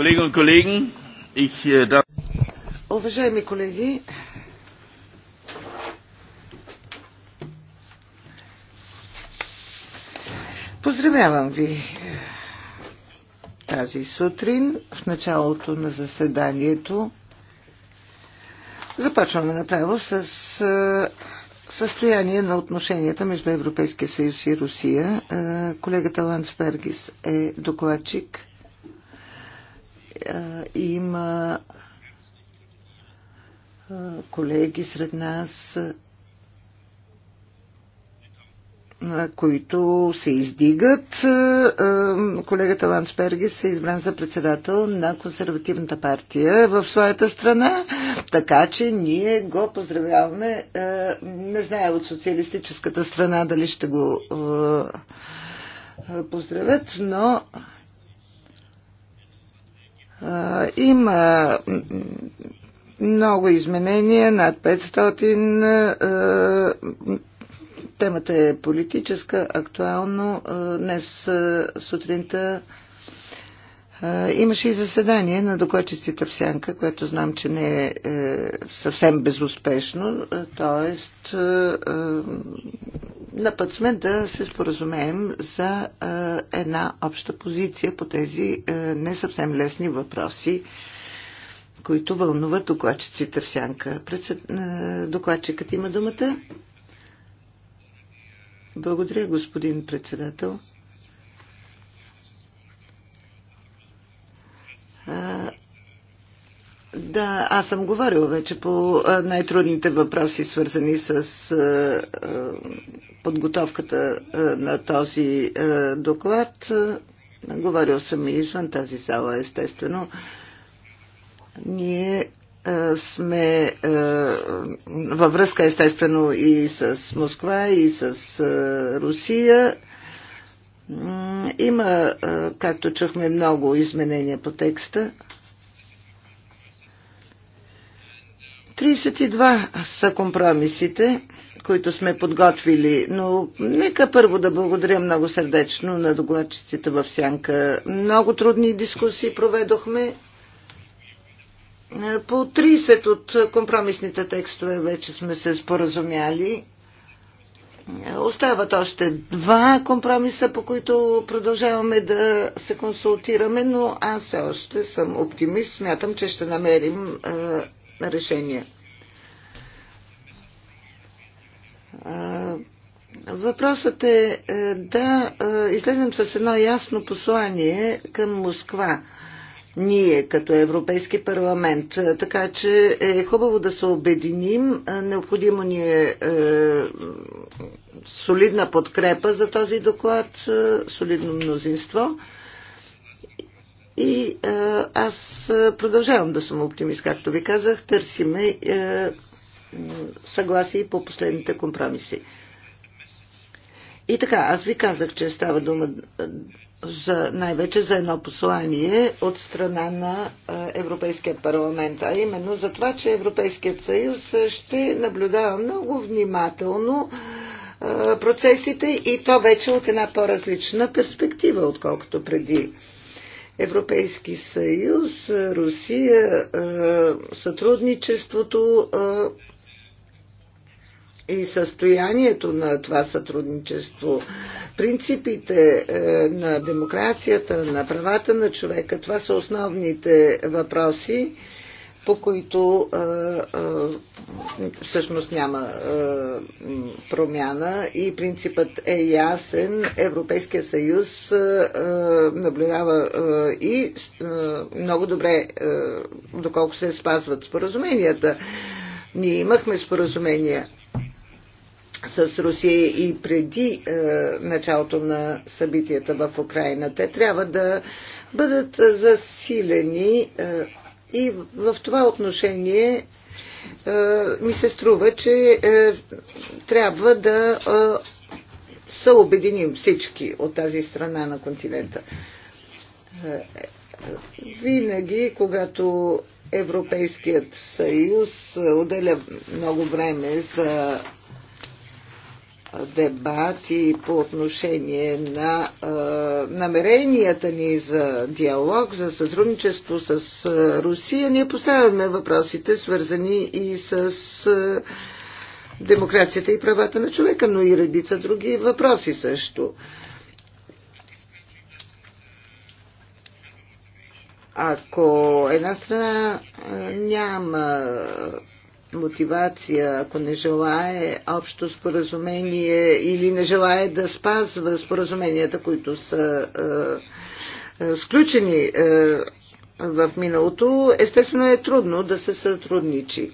Äh, Уважаеми колеги, поздравявам ви е, тази сутрин в началото на заседанието. Започваме направо с е, състояние на отношенията между Европейския съюз и Русия. Е, колегата Пергис е докладчик има колеги сред нас, които се издигат. Колегата Лансбергис е избран за председател на консервативната партия в своята страна, така че ние го поздравяваме. Не знае от социалистическата страна дали ще го поздравят, но има много изменения, над 500. Темата е политическа, актуално. Днес сутринта имаше и заседание на докладчиците в Сянка, което знам, че не е, е съвсем безуспешно. Тоест, на път сме да се споразумеем за е, една обща позиция по тези е, не съвсем лесни въпроси, които вълнуват докладчиците в сянка. Председ... Е, докладчикът има думата. Благодаря, господин председател. Да, аз съм говорила вече по най-трудните въпроси, свързани с подготовката на този доклад. Говорил съм и извън тази зала, естествено. Ние сме във връзка, естествено, и с Москва, и с Русия. Има, както чухме, много изменения по текста. 32 са компромисите, които сме подготвили, но нека първо да благодаря много сърдечно на докладчиците в Сянка. Много трудни дискусии проведохме. По 30 от компромисните текстове вече сме се споразумяли. Остават още два компромиса, по които продължаваме да се консултираме, но аз все още съм оптимист. Смятам, че ще намерим е, решение. Въпросът е, е да е, излезем с едно ясно послание към Москва ние като Европейски парламент. Е, така че е хубаво да се обединим. Необходимо ни е, е солидна подкрепа за този доклад, солидно мнозинство. И аз продължавам да съм оптимист, както ви казах. Търсиме съгласие по последните компромиси. И така, аз ви казах, че става дума за, най-вече за едно послание от страна на Европейския парламент, а именно за това, че Европейският съюз ще наблюдава много внимателно процесите и то вече от една по-различна перспектива, отколкото преди. Европейски съюз, Русия, сътрудничеството и състоянието на това сътрудничество, принципите на демокрацията, на правата на човека, това са основните въпроси, по които а, а, всъщност няма а, промяна и принципът е ясен. Европейския съюз а, наблюдава а, и а, много добре, а, доколко се спазват споразуменията. Ние имахме споразумения с Русия и преди е, началото на събитията в Украина. Те трябва да бъдат засилени. Е, и в това отношение е, ми се струва, че е, трябва да е, се обединим всички от тази страна на континента. Винаги, когато Европейският съюз отделя много време за дебати по отношение на а, намеренията ни за диалог, за сътрудничество с а, Русия, ние поставяме въпросите, свързани и с а, демокрацията и правата на човека, но и редица други въпроси също. Ако една страна няма мотивация, ако не желае общо споразумение или не желае да спазва споразуменията, които са е, е, сключени е, в миналото, естествено е трудно да се сътрудничи.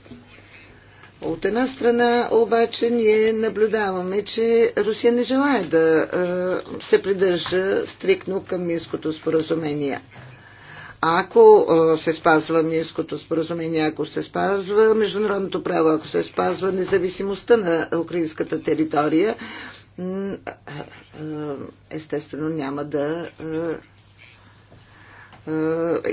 От една страна обаче ние наблюдаваме, че Русия не желая да е, се придържа стрикно към Минското споразумение ако се спазва Минското споразумение, ако се спазва международното право, ако се спазва независимостта на украинската територия, естествено няма да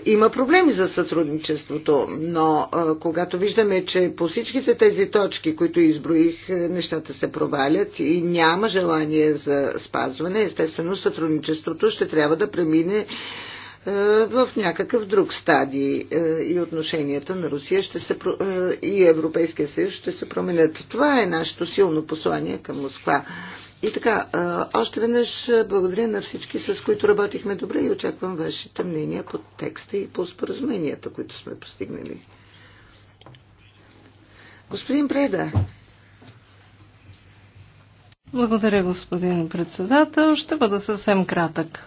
има проблеми за сътрудничеството, но когато виждаме, че по всичките тези точки, които изброих, е, нещата се провалят и няма желание за спазване, естествено сътрудничеството ще трябва да премине е, в някакъв друг стадий е, и отношенията на Русия ще се, е, и Европейския съюз ще се променят. Това е нашето силно послание към Москва. И така, още веднъж благодаря на всички, с които работихме добре и очаквам вашите мнения по текста и по споразуменията, които сме постигнали. Господин Преда. Благодаря, господин председател. Ще бъда съвсем кратък.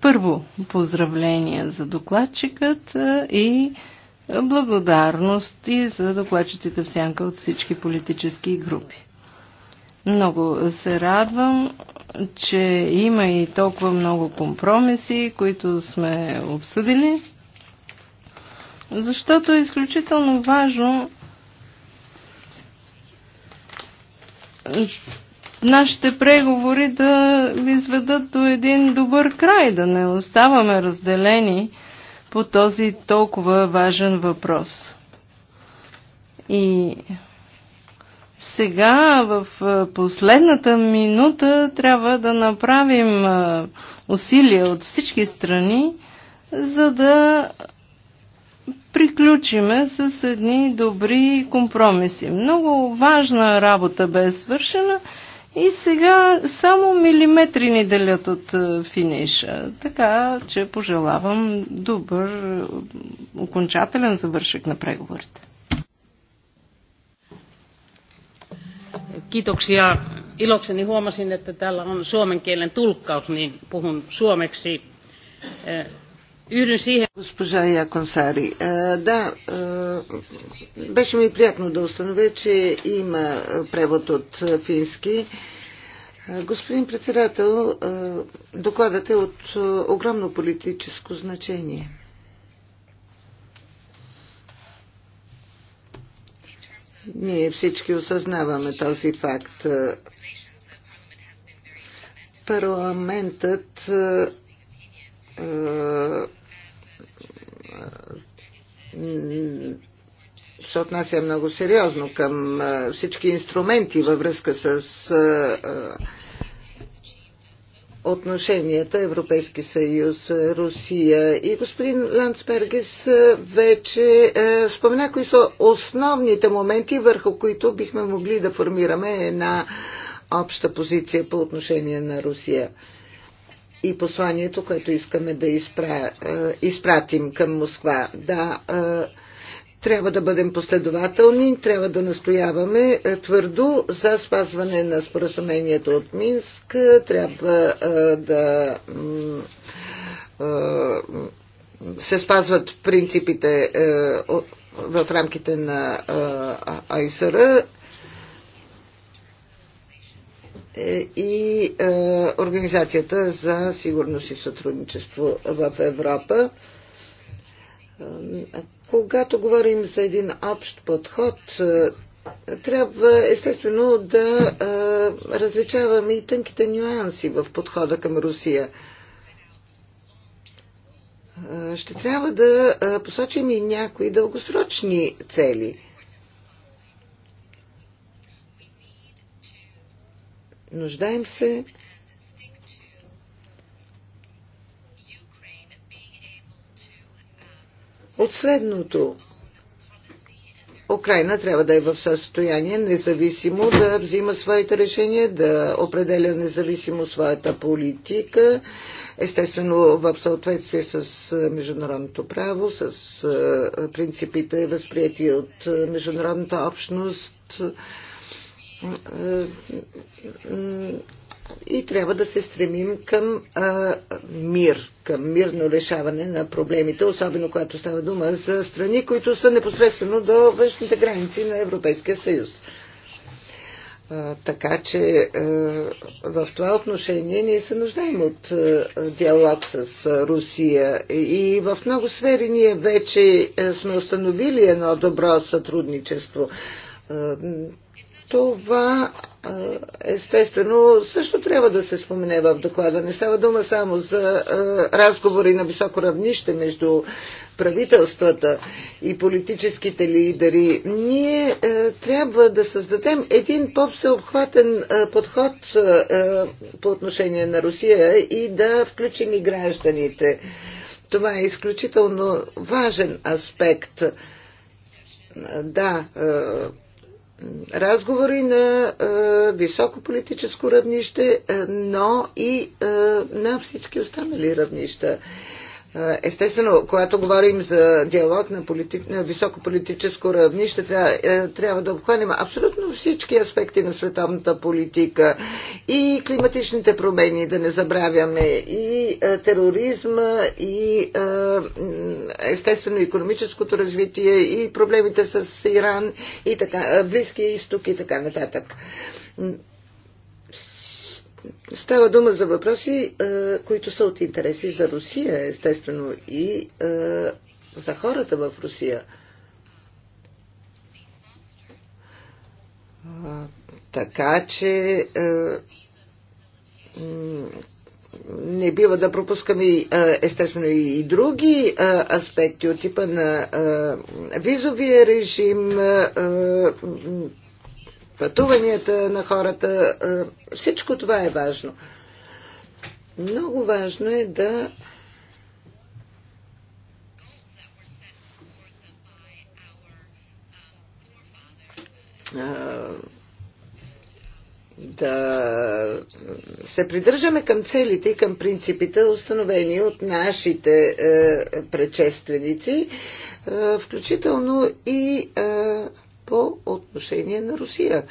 Първо, поздравления за докладчикът и благодарност и за докладчиците в сянка от всички политически групи. Много се радвам, че има и толкова много компромиси, които сме обсъдили, защото е изключително важно нашите преговори да изведат до един добър край, да не оставаме разделени по този толкова важен въпрос. И сега, в последната минута, трябва да направим усилия от всички страни, за да приключиме с едни добри компромиси. Много важна работа бе свършена. И сега само милиметри ни делят от е, финиша. Така че пожелавам добър е, окончателен завършек на преговорите. Kiitoksia. Ilokseni huomasin, että täällä on suomen kielen tulkkaus, niin puhun suomeksi. Е, Госпожа Яконсари, е, да, е, беше ми приятно да установя, че има превод от фински. Е, господин председател, докладът е от огромно политическо значение. Ние всички осъзнаваме този факт. Парламентът се отнася много сериозно към всички инструменти във връзка с отношенията Европейски съюз, Русия. И господин Ландсбергес вече спомена кои са основните моменти, върху които бихме могли да формираме една обща позиция по отношение на Русия и посланието, което искаме да изпра, е, изпратим към Москва. Да, е, трябва да бъдем последователни, трябва да настояваме е, твърдо за спазване на споразумението от Минск, трябва да се спазват принципите в рамките на АИСРА. Е, и е, Организацията за сигурност и сътрудничество в Европа. Когато говорим за един общ подход, е, трябва естествено да е, различаваме и тънките нюанси в подхода към Русия. Е, ще трябва да посочим и някои дългосрочни цели – Нуждаем се от следното. Украина трябва да е в състояние независимо да взима своите решения, да определя независимо своята политика, естествено в съответствие с е, международното право, с е, принципите, възприяти от е, международната общност, и трябва да се стремим към а, мир, към мирно решаване на проблемите, особено когато става дума за страни, които са непосредствено до външните граници на Европейския съюз. А, така че а, в това отношение ние се нуждаем от а, диалог с а, Русия и в много сфери ние вече а, сме установили едно добро сътрудничество това естествено също трябва да се спомене в доклада. Не става дума само за разговори на високо равнище между правителствата и политическите лидери. Ние трябва да създадем един по-всеобхватен подход по отношение на Русия и да включим и гражданите. Това е изключително важен аспект. Да, разговори на а, високо политическо равнище, но и а, на всички останали равнища. Е, естествено, когато говорим за диалог на, полити... на високо политическо равнище, трябва, е, трябва да обхванем абсолютно всички аспекти на световната политика и климатичните промени, да не забравяме, и е, тероризма, и естествено економическото развитие, и проблемите с Иран, и така, Близкия изток и така нататък. Става дума за въпроси, е, които са от интереси за Русия, естествено, и е, за хората в Русия. Така че е, не бива да пропускаме естествено и други аспекти от типа на визовия режим, пътуванията на хората. Всичко това е важно. Много важно е да да се придържаме към целите и към принципите, установени от нашите е, предшественици, е, включително и е, по отношение на Русия.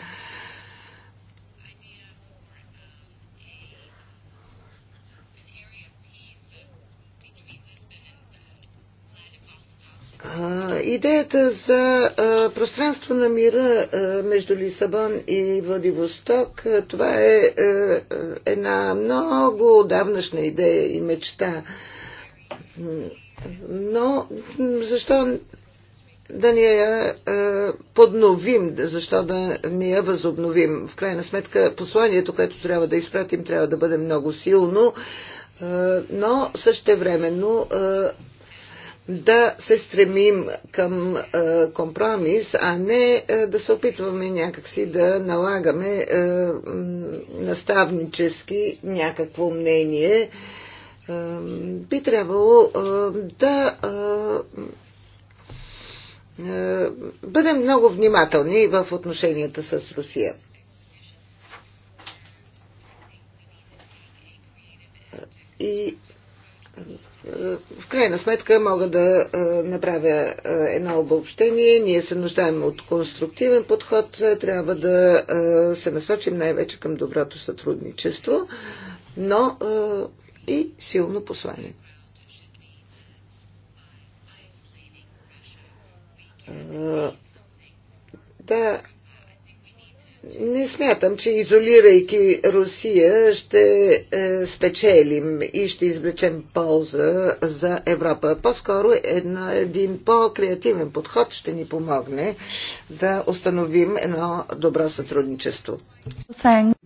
Идеята за пространство на мира между Лисабон и Владивосток, това е една много давнашна идея и мечта. Но защо да ни я е, е, подновим, защо да ни я възобновим. В крайна сметка посланието, което трябва да изпратим, трябва да бъде много силно, е, но същевременно е, да се стремим към е, компромис, а не е, да се опитваме някакси да налагаме е, наставнически някакво мнение. Е, би трябвало е, да. Е, е, бъдем много внимателни в отношенията с Русия. И е, в крайна сметка мога да е, направя едно обобщение. Ние се нуждаем от конструктивен подход. Трябва да се насочим най-вече към доброто сътрудничество, но и силно послание. Е, да, не смятам, че изолирайки Русия ще е, спечелим и ще извлечем полза за Европа. По-скоро една, един по-креативен подход ще ни помогне да установим едно добро сътрудничество.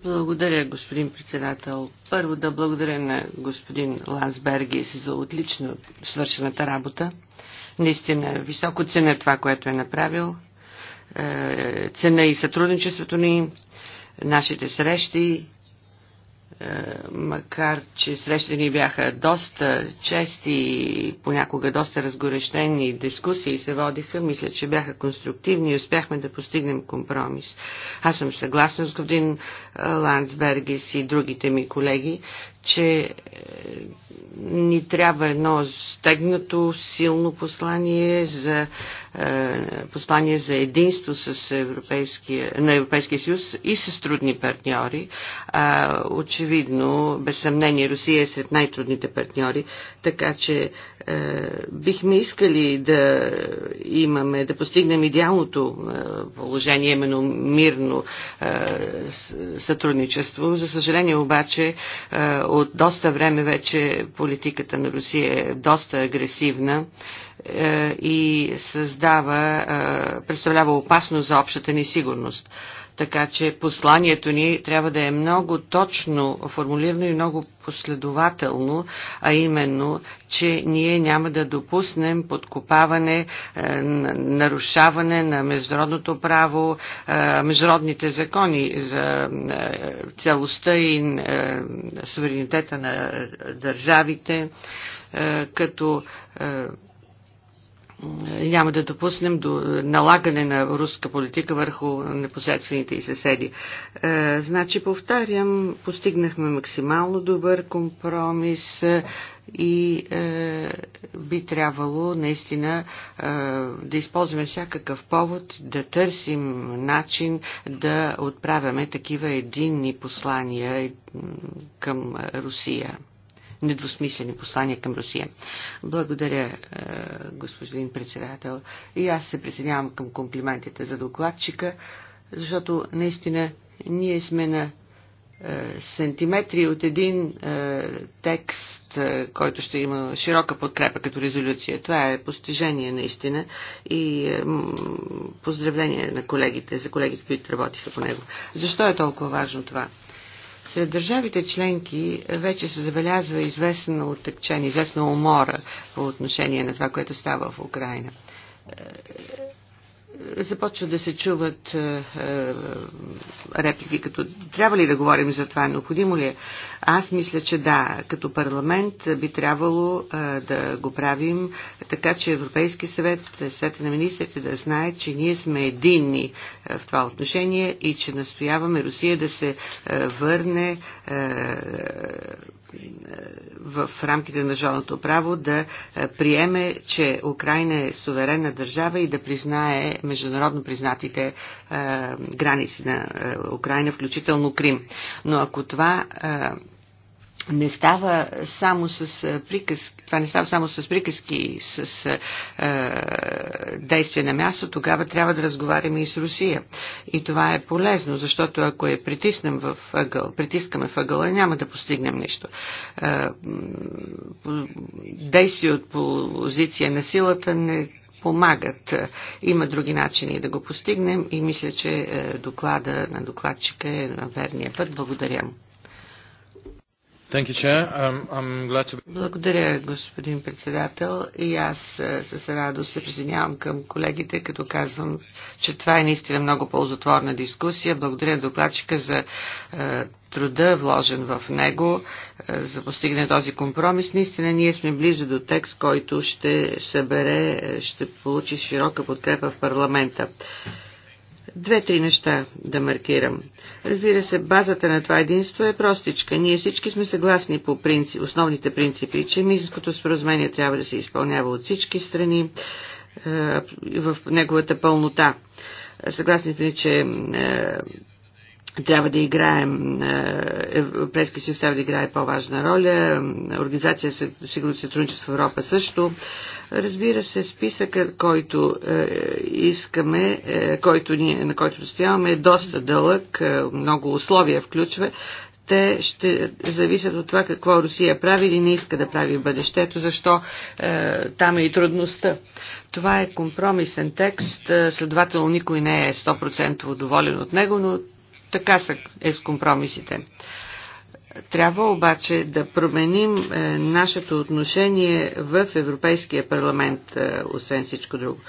Благодаря, господин председател. Първо да благодаря на господин Лансбергис за отлично свършената работа. Наистина, високо цена това, което е направил. Е, цена и сътрудничеството ни, нашите срещи, е, макар че срещите ни бяха доста чести и понякога доста разгорещени дискусии се водиха, мисля, че бяха конструктивни и успяхме да постигнем компромис. Аз съм съгласна с господин Ландсбергис и другите ми колеги, че е, ни трябва едно стегнато, силно послание за, е, послание за единство с европейския, на Европейския съюз и с трудни партньори. Е, очевидно, без съмнение, Русия е сред най-трудните партньори, така че е, бихме искали да имаме, да постигнем идеалното е, положение, именно мирно е, сътрудничество. За съжаление обаче, е, от доста време вече политиката на Русия е доста агресивна е, и създава, е, представлява опасност за общата ни сигурност. Така че посланието ни трябва да е много точно формулирано и много последователно, а именно, че ние няма да допуснем подкопаване, е, нарушаване на международното право, е, международните закони за е, целостта и суверенитета на държавите, като няма да допуснем до налагане на руска политика върху непосредствените и съседи. Е, значи, повтарям, постигнахме максимално добър компромис и е, би трябвало наистина е, да използваме всякакъв повод, да търсим начин да отправяме такива единни послания към Русия недвусмислени послания към Русия. Благодаря, е, господин председател. И аз се присъединявам към комплиментите за докладчика, защото наистина ние сме на е, сантиметри от един е, текст, е, който ще има широка подкрепа като резолюция. Това е постижение наистина и е, поздравление на колегите, за колегите, които работиха по него. Защо е толкова важно това? Сред държавите членки вече се забелязва известно оттъкчение, известна умора по отношение на това, което става в Украина. Е, Започва да се чуват е, е, реплики, като трябва ли да говорим за това, необходимо ли е? Аз мисля, че да, като парламент би трябвало е, да го правим, така че Европейски съвет, света на министрите да знае, че ние сме единни е, в това отношение и че настояваме Русия да се е, върне. Е, в рамките на международното право да е, приеме, че Украина е суверенна държава и да признае международно признатите е, граници на е, Украина, включително Крим. Но ако това не става само с приказки, това не става само с приказки, с е, действие на място, тогава трябва да разговаряме и с Русия. И това е полезно, защото ако е притиснем в ъгъл, притискаме в ъгъла, няма да постигнем нищо. Е, действие от позиция на силата не помагат. Има други начини да го постигнем и мисля, че е, доклада на докладчика е на верния път. Благодаря му. Um, Благодаря, господин председател. И аз е, с радост се присъединявам към колегите, като казвам, че това е наистина много ползотворна дискусия. Благодаря докладчика за е, труда, вложен в него, е, за постигне този компромис. Наистина ние сме близо до текст, който ще събере, ще получи широка подкрепа в парламента. Две-три неща да маркирам. Разбира се, базата на това единство е простичка. Ние всички сме съгласни по принцип, основните принципи, че мизинското споразумение трябва да се изпълнява от всички страни е, в неговата пълнота. Съгласни сме, че е, трябва да играем, е, е, Европейския съюз трябва да играе по-важна роля, Организация за сигурност и сътрудничество в Европа също. Разбира се, списъка, който е, искаме, който ние, на който настояваме, е доста дълъг, много условия включва. Те ще зависят от това какво Русия прави или не иска да прави в бъдещето, защо е, там е и трудността. Това е компромисен текст, следователно никой не е 100% доволен от него, но така са е с компромисите. Трябва обаче да променим е, нашето отношение в Европейския парламент, е, освен всичко друго.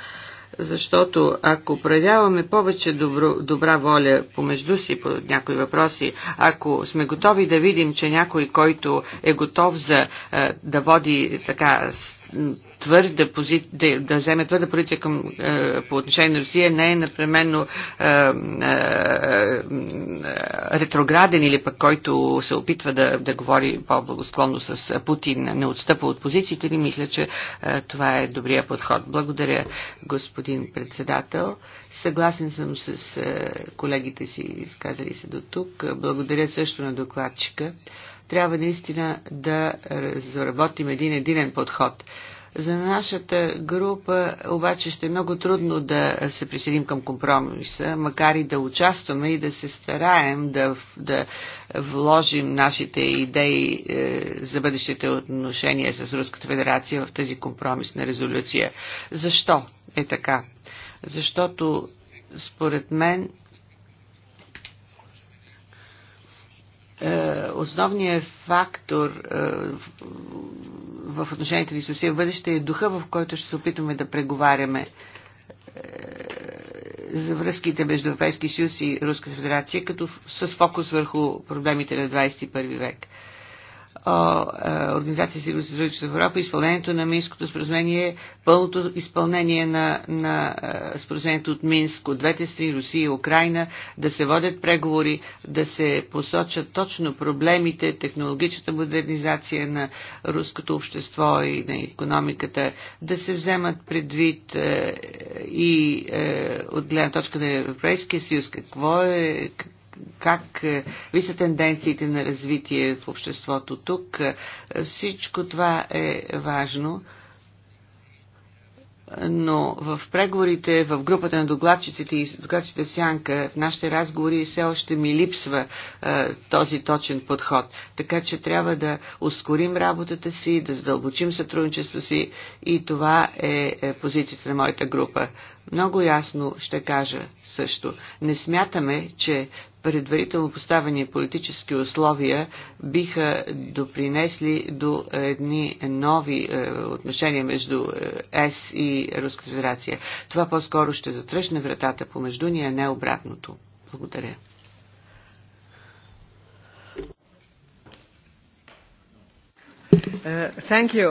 Защото ако проявяваме повече добро, добра воля помежду си по някои въпроси, ако сме готови да видим, че някой, който е готов за, е, да води така твърда пози... да, да вземе твърда позиция към, е, по отношение на Русия не е напременно е, е, ретрограден или пък който се опитва да, да говори по-благосклонно с Путин, не отстъпва от позициите ли, мисля, че е, това е добрия подход. Благодаря, господин председател. Съгласен съм с е, колегите си, изказали се до тук. Благодаря също на докладчика. Трябва наистина да заработим един единен подход. За нашата група обаче ще е много трудно да се присъединим към компромиса, макар и да участваме и да се стараем да, да вложим нашите идеи е, за бъдещите отношения с Руската федерация в тази компромисна резолюция. Защо е така? Защото според мен Е, основният е фактор е, в отношенията ни с Русия в бъдеще е духа, в който ще се опитваме да преговаряме за връзките между Европейски съюз и Руската федерация, като с фокус върху проблемите на 21 век. Е, Организация за сигурност в Европа, изпълнението на Минското споразумение, пълното изпълнение на, на е, споразумението от Минск от двете страни, Русия и Украина, да се водят преговори, да се посочат точно проблемите, технологичната модернизация на руското общество и на економиката, да се вземат предвид е, и от гледна точка на Европейския съюз, какво е, как е, ви са тенденциите на развитие в обществото тук. Е, всичко това е важно но в преговорите, в групата на докладчиците и докладчите Сянка, в нашите разговори все още ми липсва а, е, този точен подход. Така че трябва да ускорим работата си, да задълбочим сътрудничество си и това е, е позицията на моята група. Много ясно ще кажа също. Не смятаме, че предварително поставени политически условия биха допринесли до едни нови е, отношения между ЕС и Руската федерация. Това по-скоро ще затръщне вратата помежду ни, а не обратното. Благодаря. Uh, thank you.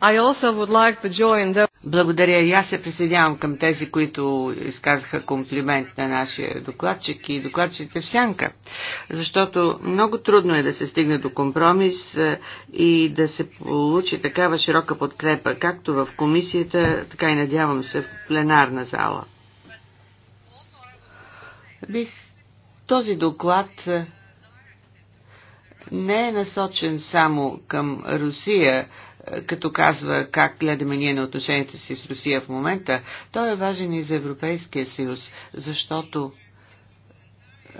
I also would like to join the благодаря и аз се присъединявам към тези, които изказаха комплимент на нашия докладчик и докладчите в сянка, защото много трудно е да се стигне до компромис е, и да се получи такава широка подкрепа, както в комисията, така и надявам се в пленарна зала. Бих този доклад е, не е насочен само към Русия, като казва как гледаме ние на отношенията си с Русия в момента, той е важен и за Европейския съюз, защото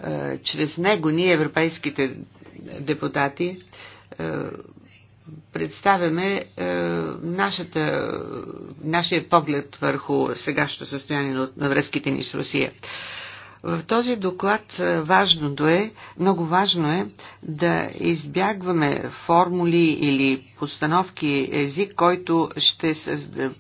е, чрез него ние, европейските депутати, е, представяме е, нашата, нашия поглед върху сегашното състояние на връзките ни с Русия. Е, в този доклад е, важното е, много важно е да избягваме формули или постановки език, който ще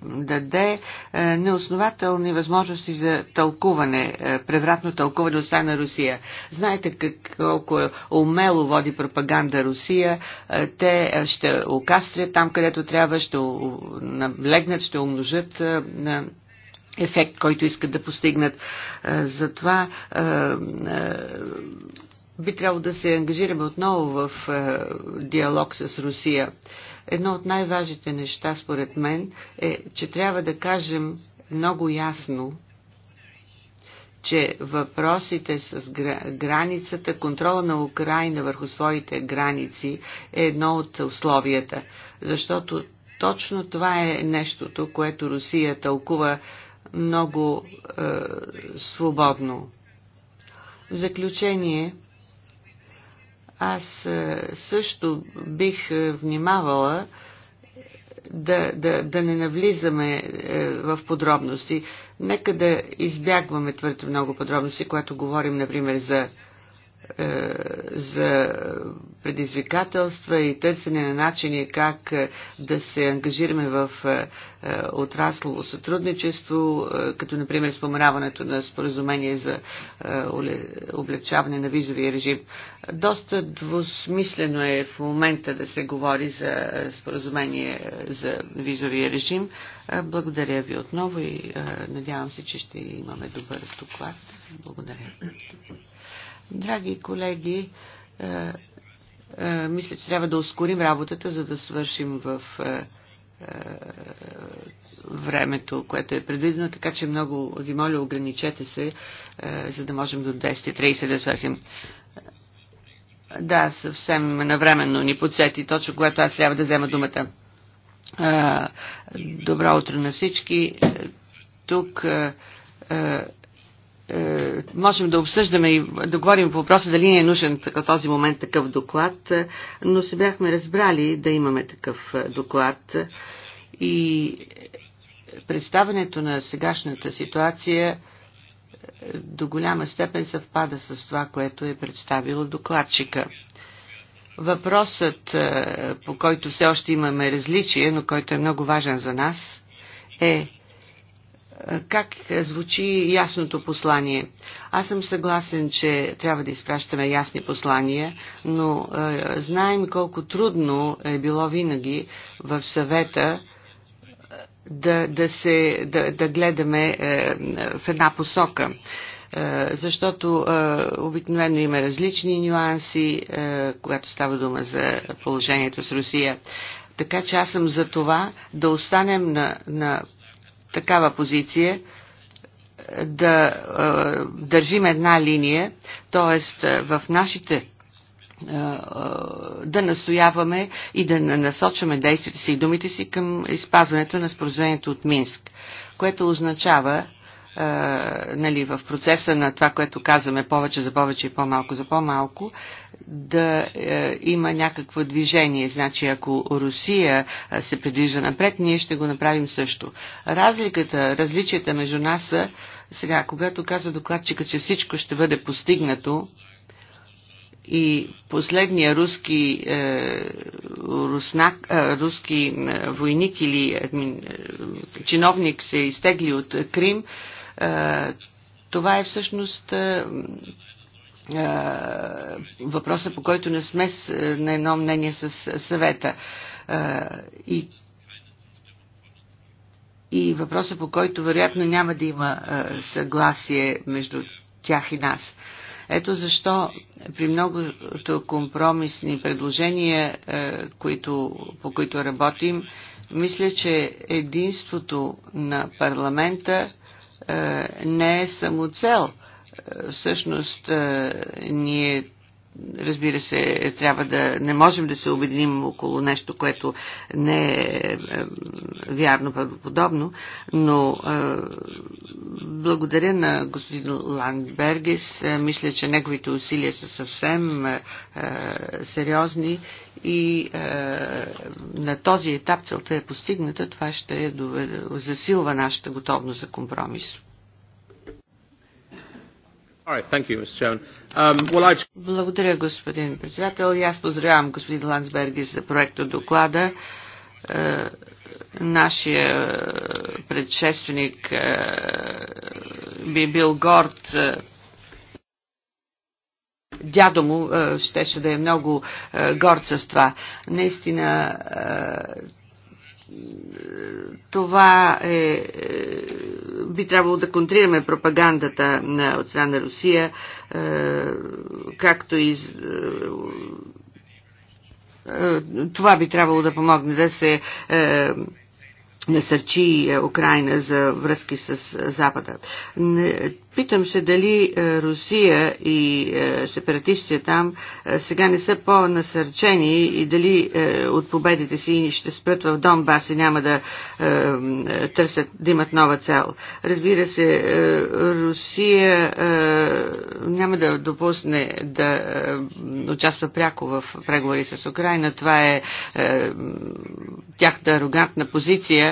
даде е, неоснователни възможности за тълкуване, е, превратно тълкуване от страна Русия. Знаете как, колко умело води пропаганда Русия. Те ще окастрят там, където трябва, ще наблегнат, ще умножат на ефект, който искат да постигнат. Е, затова е, е, би трябвало да се ангажираме отново в диалог с Русия. Едно от най-важните неща, според мен, е, че трябва да кажем много ясно, че въпросите с границата, контрола на Украина върху своите граници е едно от условията, защото точно това е нещото, което Русия тълкува много е, свободно. В заключение, аз е, също бих е, внимавала да, да, да не навлизаме е, в подробности. Нека да избягваме твърде много подробности, когато говорим, например, за е, за предизвикателства и търсене на начини как е, да се ангажираме в е, отраслово сътрудничество, като например споменаването на споразумение за облегчаване на визовия режим. Доста двусмислено е в момента да се говори за споразумение за визовия режим. Благодаря ви отново и надявам се, че ще имаме добър доклад. Благодаря. Драги колеги, е, е, мисля, че трябва да ускорим работата, за да свършим в е, времето, което е предвидено, така че много ви моля, ограничете се, за да можем до 10.30 да свършим. Да, съвсем навременно ни подсети, точно когато аз трябва да взема думата. Добро утро на всички. Тук е, можем да обсъждаме и да говорим по въпроса дали ни е нужен в този момент такъв доклад, е, но се бяхме разбрали да имаме такъв е, доклад и представенето на сегашната ситуация до голяма степен съвпада с това, което е представило докладчика. Въпросът, по който все още имаме различие, но който е много важен за нас, е как звучи ясното послание. Аз съм съгласен, че трябва да изпращаме ясни послания, но е, знаем колко трудно е било винаги в съвета е, да, да, се, да, да гледаме е, в една посока. Е, защото е, обикновено има различни нюанси, е, когато става дума за положението с Русия. Така че аз съм за това да останем на, на такава позиция е, да е, държим една линия, т.е. в нашите е, е, да настояваме и да насочваме действията си и думите си към изпазването на споразумението от Минск, което означава е, нали, в процеса на това, което казваме повече за повече и по-малко за по-малко, да е, има някакво движение. Значи, ако Русия е, се придвижва напред, ние ще го направим също. Разликата, различията между нас са, сега, когато казва докладчика, че всичко ще бъде постигнато, и последния руски, е, руснак, е, руски е, войник или е, е, чиновник се изтегли от Крим, е, това е всъщност е, въпроса, по който не сме е, на едно мнение с е, съвета. Е, и и въпроса, по който вероятно няма да има а, съгласие между тях и нас. Ето защо при многото компромисни предложения, а, които, по които работим, мисля, че единството на парламента а, не е само цел. Всъщност, ние разбира се, трябва да не можем да се обединим около нещо, което не е, е вярно правоподобно, но е, благодаря на господин Ландбергис. Е, мисля, че неговите усилия са съвсем е, е, сериозни и е, на този етап целта е постигната. Това ще е засилва нашата готовност за компромис. Um, Благодаря, господин председател. И аз поздравявам господин Лансберги за проекта доклада. Е, нашия предшественик е, би бил горд е, дядо му щеше да е много горд с това. Наистина това е, е, би трябвало да контрираме пропагандата на, от страна на Русия, е, както и е, е това би трябвало да помогне да се е, насърчи е, Украина за връзки с е, Запада. Питам се дали е, Русия и сепаратистите там сега не са по-насърчени и дали от победите си ще спрат в Донбас и няма да търсят да имат нова цел. Разбира се, Русия няма да допусне да участва пряко в преговори с Украина. Това е тяхта арогантна позиция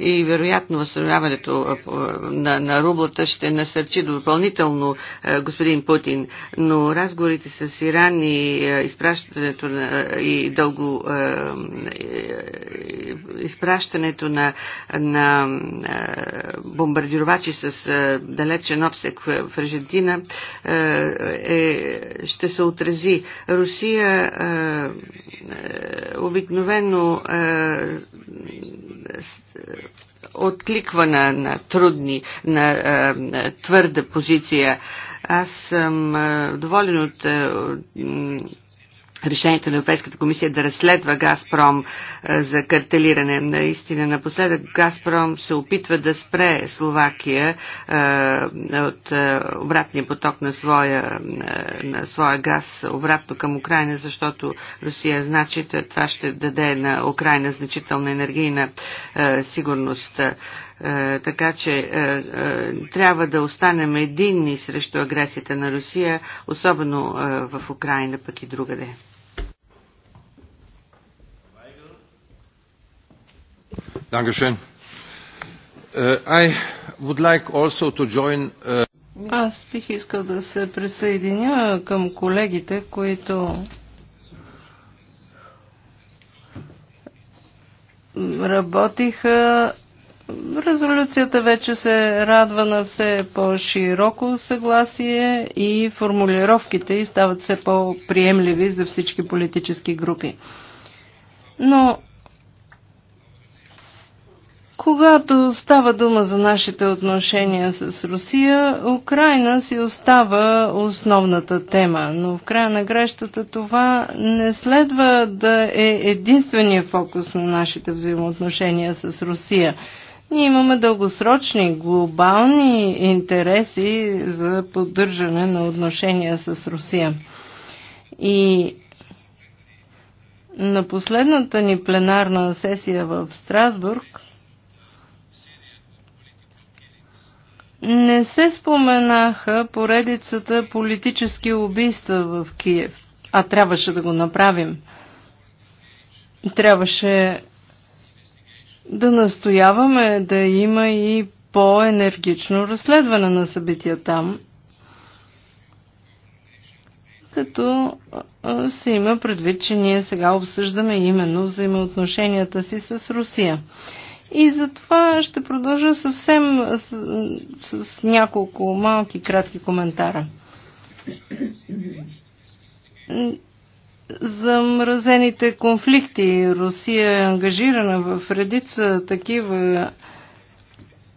и вероятно възстановяването на, на рублата ще насърчи допълнително господин Путин, но разговорите с Иран и изпращането на, и дълго изпращането на, на бомбардировачи с далечен обсек в Аржентина е, ще се отрази. Русия е, обикновено е, е, откликвана на трудни, на, е, на твърда позиция. Аз съм е, доволен от решението на Европейската комисия да разследва Газпром е, за картелиране. Наистина, напоследък Газпром се опитва да спре Словакия е, от е, обратния поток на своя, на своя газ обратно към Украина, защото Русия значи, това ще даде на Украина значителна енергийна сигурност така че трябва да останем единни срещу агресията на Русия, особено в Украина, пък и другаде. Uh, uh, Аз бих искал да се присъединя към колегите, които работиха. Резолюцията вече се радва на все по-широко съгласие и формулировките и стават все по-приемливи за всички политически групи. Но когато става дума за нашите отношения с Русия, Украина си остава основната тема, но в края на грещата това не следва да е единствения фокус на нашите взаимоотношения с Русия. Ние имаме дългосрочни глобални интереси за поддържане на отношения с Русия. И на последната ни пленарна сесия в Страсбург Не се споменаха поредицата политически убийства в Киев, а трябваше да го направим. Трябваше да настояваме да има и по-енергично разследване на събития там, като се има предвид, че ние сега обсъждаме именно взаимоотношенията си с Русия. И затова ще продължа съвсем с, с, с няколко малки кратки коментара. Замразените конфликти. Русия е ангажирана в редица такива.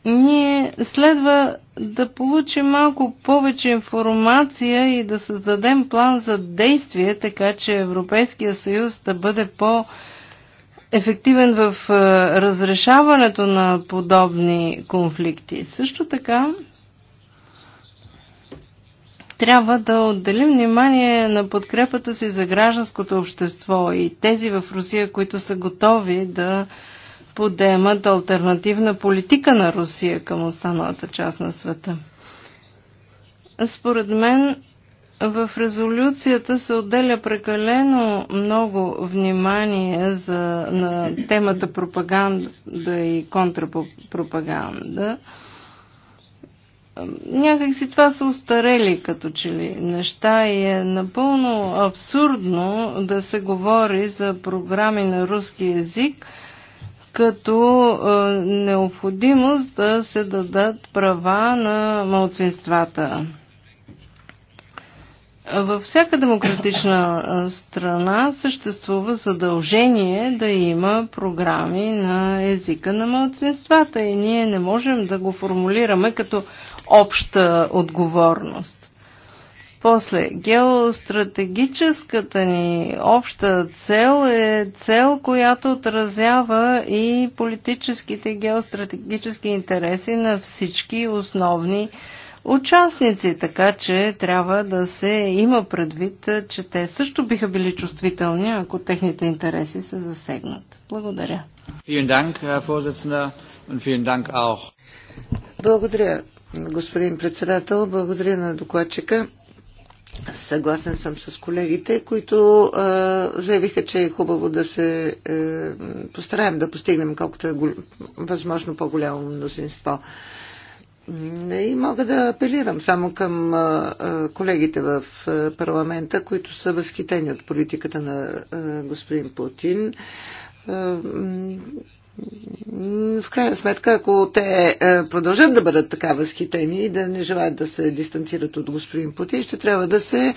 Ние следва да получим малко повече информация и да създадем план за действие, така че Европейския съюз да бъде по- ефективен в е, разрешаването на подобни конфликти. Също така трябва да отделим внимание на подкрепата си за гражданското общество и тези в Русия, които са готови да подемат альтернативна политика на Русия към останалата част на света. Според мен в резолюцията се отделя прекалено много внимание за, на темата пропаганда и контрапропаганда. Някак си това са устарели като че ли неща и е напълно абсурдно да се говори за програми на руски язик като е, необходимост да се дадат права на малцинствата. Във всяка демократична страна съществува задължение да има програми на езика на младсинствата и ние не можем да го формулираме като обща отговорност. После, геостратегическата ни обща цел е цел, която отразява и политическите геостратегически интереси на всички основни участници, така че трябва да се има предвид, е, че те също биха били чувствителни, ако техните интереси се засегнат. Благодаря. Благодаря, господин председател. Благодаря на докладчика. Съгласен съм с колегите, които а, заявиха, че е хубаво да се е, постараем да постигнем колкото е възможно по-голямо мнозинство. И мога да апелирам само към колегите в парламента, които са възхитени от политиката на господин Путин. В крайна сметка, ако те продължат да бъдат така възхитени и да не желаят да се дистанцират от господин Путин, ще трябва да се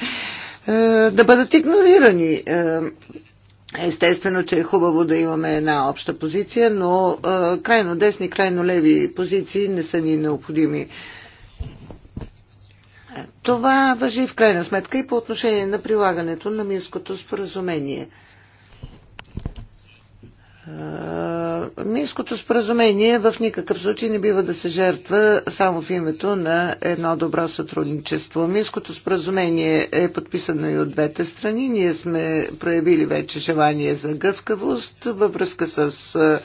да бъдат игнорирани. Естествено, че е хубаво да имаме една обща позиция, но а, крайно десни, крайно леви позиции не са ни необходими. Това въжи в крайна сметка и по отношение на прилагането на Минското споразумение – Минското споразумение в никакъв случай не бива да се жертва само в името на едно добро сътрудничество. Минското споразумение е подписано и от двете страни. Ние сме проявили вече желание за гъвкавост във връзка с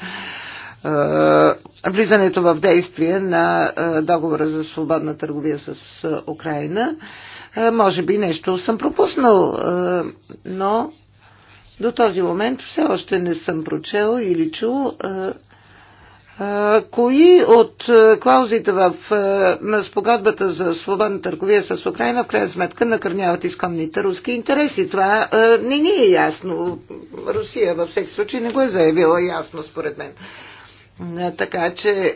влизането в действие на договора за свободна търговия с Украина. Може би нещо съм пропуснал, но до този момент все още не съм прочел или чул кои от клаузите в спогадбата за свободна търговия с Украина в крайна сметка накърняват изконните руски интереси? Това не ни е ясно. Русия във всеки случай не го е заявила ясно, според мен. Така че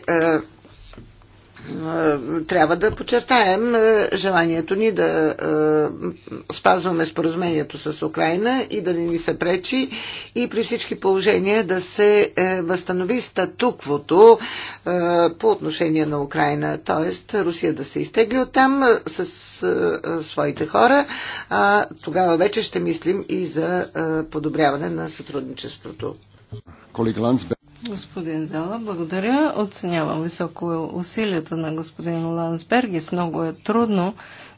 е, трябва да подчертаем е, желанието ни да е, спазваме споразумението с Украина и да не ни се пречи и при всички положения да се възстанови статуквото по отношение на Украина. Тоест Русия да се изтегли от там с своите хора, а тогава вече ще мислим и за подобряване на сътрудничеството. Колега Ландсберг. Господин Зала, благодаря. Оценявам високо усилията на господин Лансбергис. Много е трудно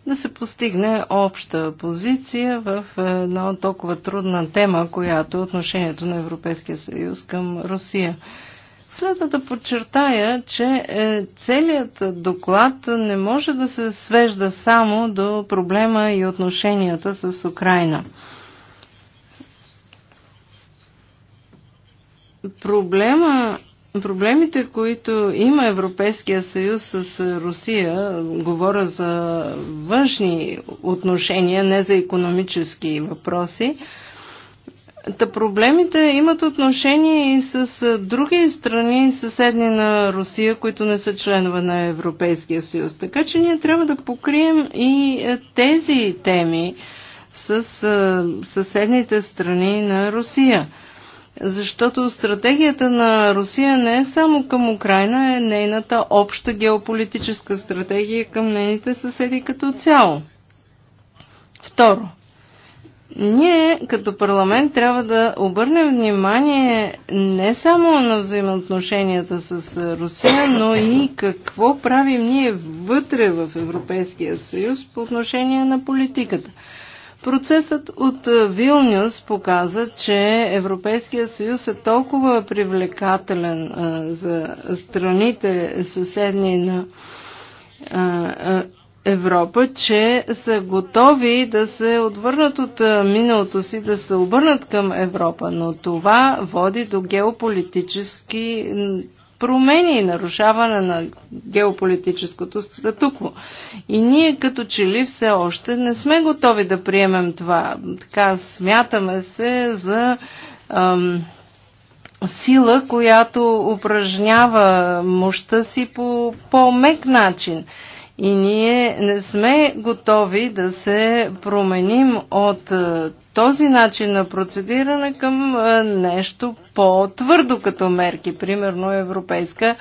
да се постигне обща позиция в една толкова трудна тема, която е отношението на Европейския съюз към Русия. Следва да подчертая, че е, целият доклад не може да се свежда само до проблема и отношенията с Украина. Проблема, проблемите, които има Европейския съюз с Русия, говоря за външни отношения, не за економически въпроси, Та проблемите имат отношение и с други страни, съседни на Русия, които не са членове на Европейския съюз. Така че ние трябва да покрием и тези теми с съседните страни на Русия. Защото стратегията на Русия не е само към Украина, е нейната обща геополитическа стратегия към нейните съседи като цяло. Второ, ние като парламент трябва да обърнем внимание не само на взаимоотношенията с Русия, но и какво правим ние вътре в Европейския съюз по отношение на политиката. Процесът от е, Вилнюс показа, че Европейския съюз е толкова привлекателен е, за страните съседни на е, Европа, че са готови да се отвърнат от миналото си, да се обърнат към Европа. Но това води до геополитически промени, нарушаване на геополитическото статукво. И ние като че ли все още не сме готови да приемем това. Така смятаме се за ам, сила, която упражнява мощта си по по-мек начин. И ние не сме готови да се променим от този начин на процедиране към нещо по-твърдо като мерки, примерно Европейска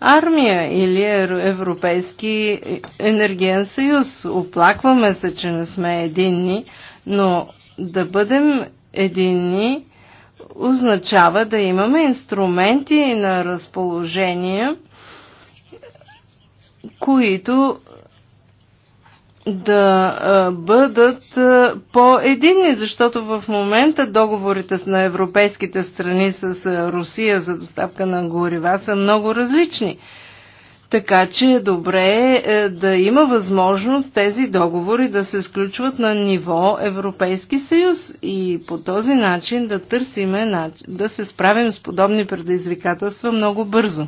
армия или Европейски енергиен съюз. Оплакваме се, че не сме единни, но да бъдем единни означава да имаме инструменти на разположение, които да бъдат по-единни, защото в момента договорите на европейските страни с Русия за доставка на горива са много различни. Така че е добре е, да има възможност тези договори да се сключват на ниво Европейски съюз и по този начин да търсиме да се справим с подобни предизвикателства много бързо.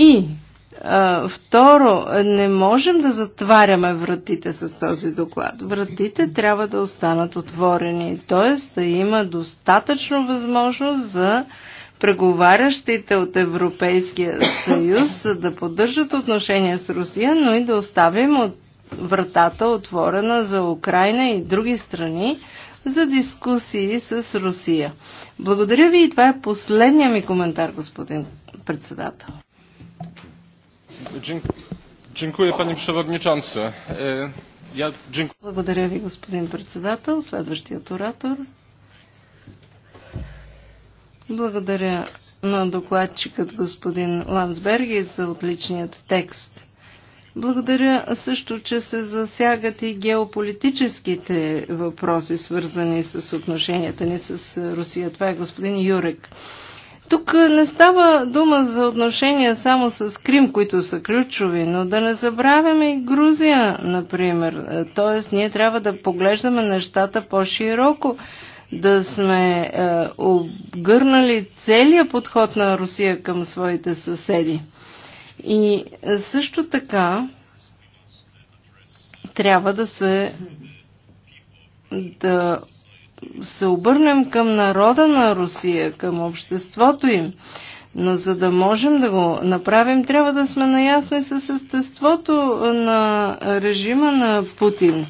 И а, второ, не можем да затваряме вратите с този доклад. Вратите трябва да останат отворени, т.е. да има достатъчно възможност за преговарящите от Европейския съюз да поддържат отношения с Русия, но и да оставим от вратата отворена за Украина и други страни за дискусии с Русия. Благодаря ви и това е последния ми коментар, господин председател. E, Благодаря ви, господин председател. Следващият оратор. Благодаря на докладчикът господин Ландсберги за отличният текст. Благодаря също, че се засягат и геополитическите въпроси, свързани с отношенията ни с Русия. Това е господин Юрек. Тук не става дума за отношения само с Крим, които са ключови, но да не забравяме и Грузия, например. Е, тоест, ние трябва да поглеждаме нещата по-широко, да сме е, обгърнали целият подход на Русия към своите съседи. И е, също така трябва да се да се обърнем към народа на Русия, към обществото им. Но за да можем да го направим, трябва да сме наясни с естеството на режима на Путин.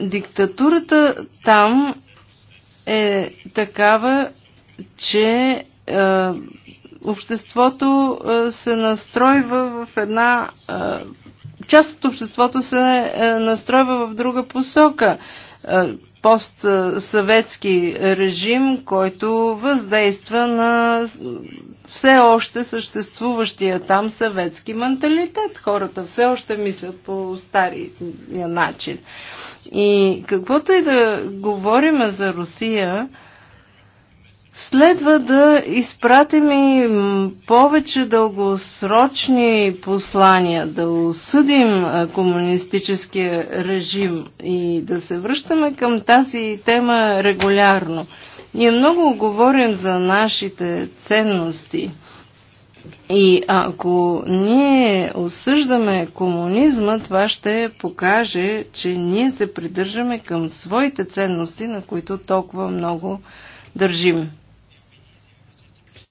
Диктатурата там е такава, че е, обществото е, се настройва в една. Е, част от обществото се е, настройва в друга посока. Е, е, постсъветски режим, който въздейства на все още съществуващия там съветски менталитет. Хората все още мислят по стария начин. И каквото и да говорим за Русия, Следва да изпратим и повече дългосрочни послания, да осъдим комунистическия режим и да се връщаме към тази тема регулярно. Ние много говорим за нашите ценности. И ако ние осъждаме комунизма, това ще покаже, че ние се придържаме към своите ценности, на които толкова много държим.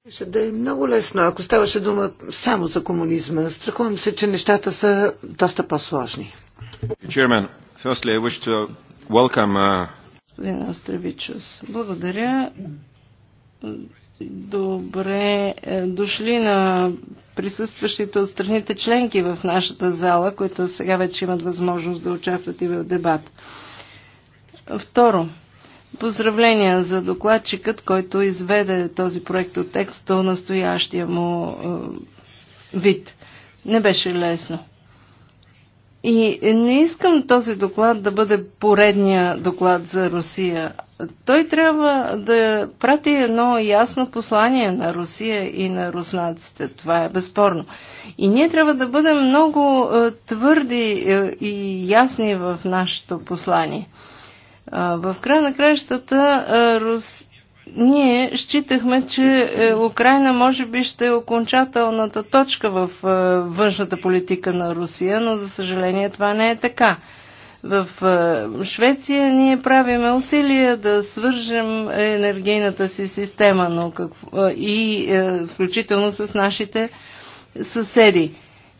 Ще да е много лесно, ако ставаше дума само за комунизма. Страхувам се, че нещата са доста по-сложни. Uh, Господин Островичус, благодаря. Добре е, дошли на присъстващите от страните членки в нашата зала, които сега вече имат възможност да участват и в дебат. Второ, Поздравления за докладчикът, който изведе този проект от текст до настоящия му е, вид. Не беше лесно. И не искам този доклад да бъде поредния доклад за Русия. Той трябва да прати едно ясно послание на Русия и на руснаците. Това е безспорно. И ние трябва да бъдем много е, твърди е, и ясни в нашето послание. В края на краищата Рус... ние считахме, че е, Украина може би ще е окончателната точка в е, външната политика на Русия, но за съжаление това не е така. В е, Швеция ние правиме усилия да свържем енергийната си система но какво... и включително с нашите съседи.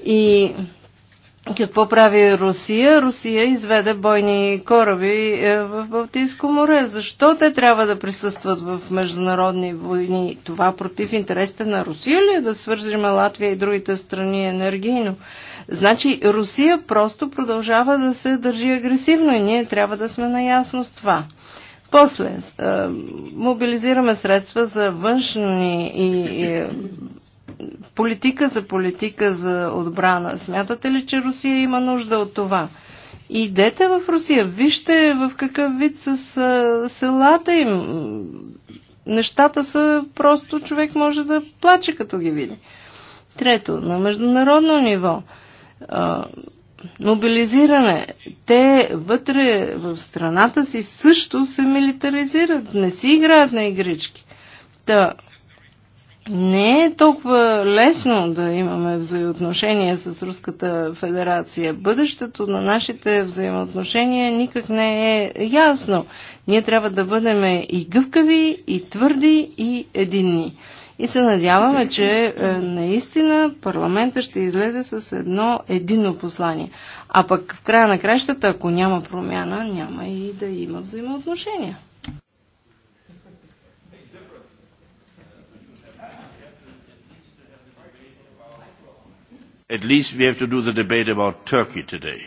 И какво прави Русия? Русия изведе бойни кораби е, в Балтийско море. Защо те трябва да присъстват в международни войни? Това против интересите на Русия ли е да свържим Латвия и другите страни енергийно? Значи Русия просто продължава да се държи агресивно и ние трябва да сме наясно с това. После е, мобилизираме средства за външни и политика за политика за отбрана. Смятате ли, че Русия има нужда от това? Идете в Русия, вижте в какъв вид с селата им. Нещата са просто човек може да плаче като ги види. Трето, на международно ниво мобилизиране. Те вътре в страната си също се милитаризират, не си играят на игрички. Та, не е толкова лесно да имаме взаимоотношения с Руската федерация. Бъдещето на нашите взаимоотношения никак не е ясно. Ние трябва да бъдем и гъвкави, и твърди, и единни. И се надяваме, че е, наистина парламента ще излезе с едно едино послание. А пък в края на кращата, ако няма промяна, няма и да има взаимоотношения. At least we have to do the debate about Turkey today.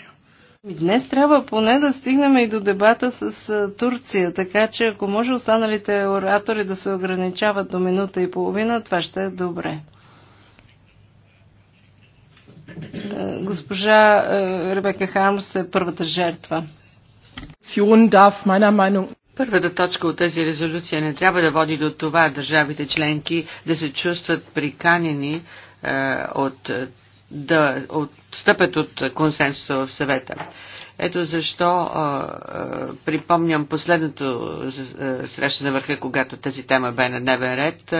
Ами днес трябва поне да стигнем и до дебата с Турция, така че ако може останалите оратори да се ограничават до минута и половина, това ще е добре. Госпожа Ребека Хармс е първата жертва. Първата точка от тази резолюция не трябва да води до това държавите членки да се чувстват приканени от да отстъпят от консенсуса в съвета. Ето защо а, а, припомням последното среща на върха, когато тази тема бе на дневен ред.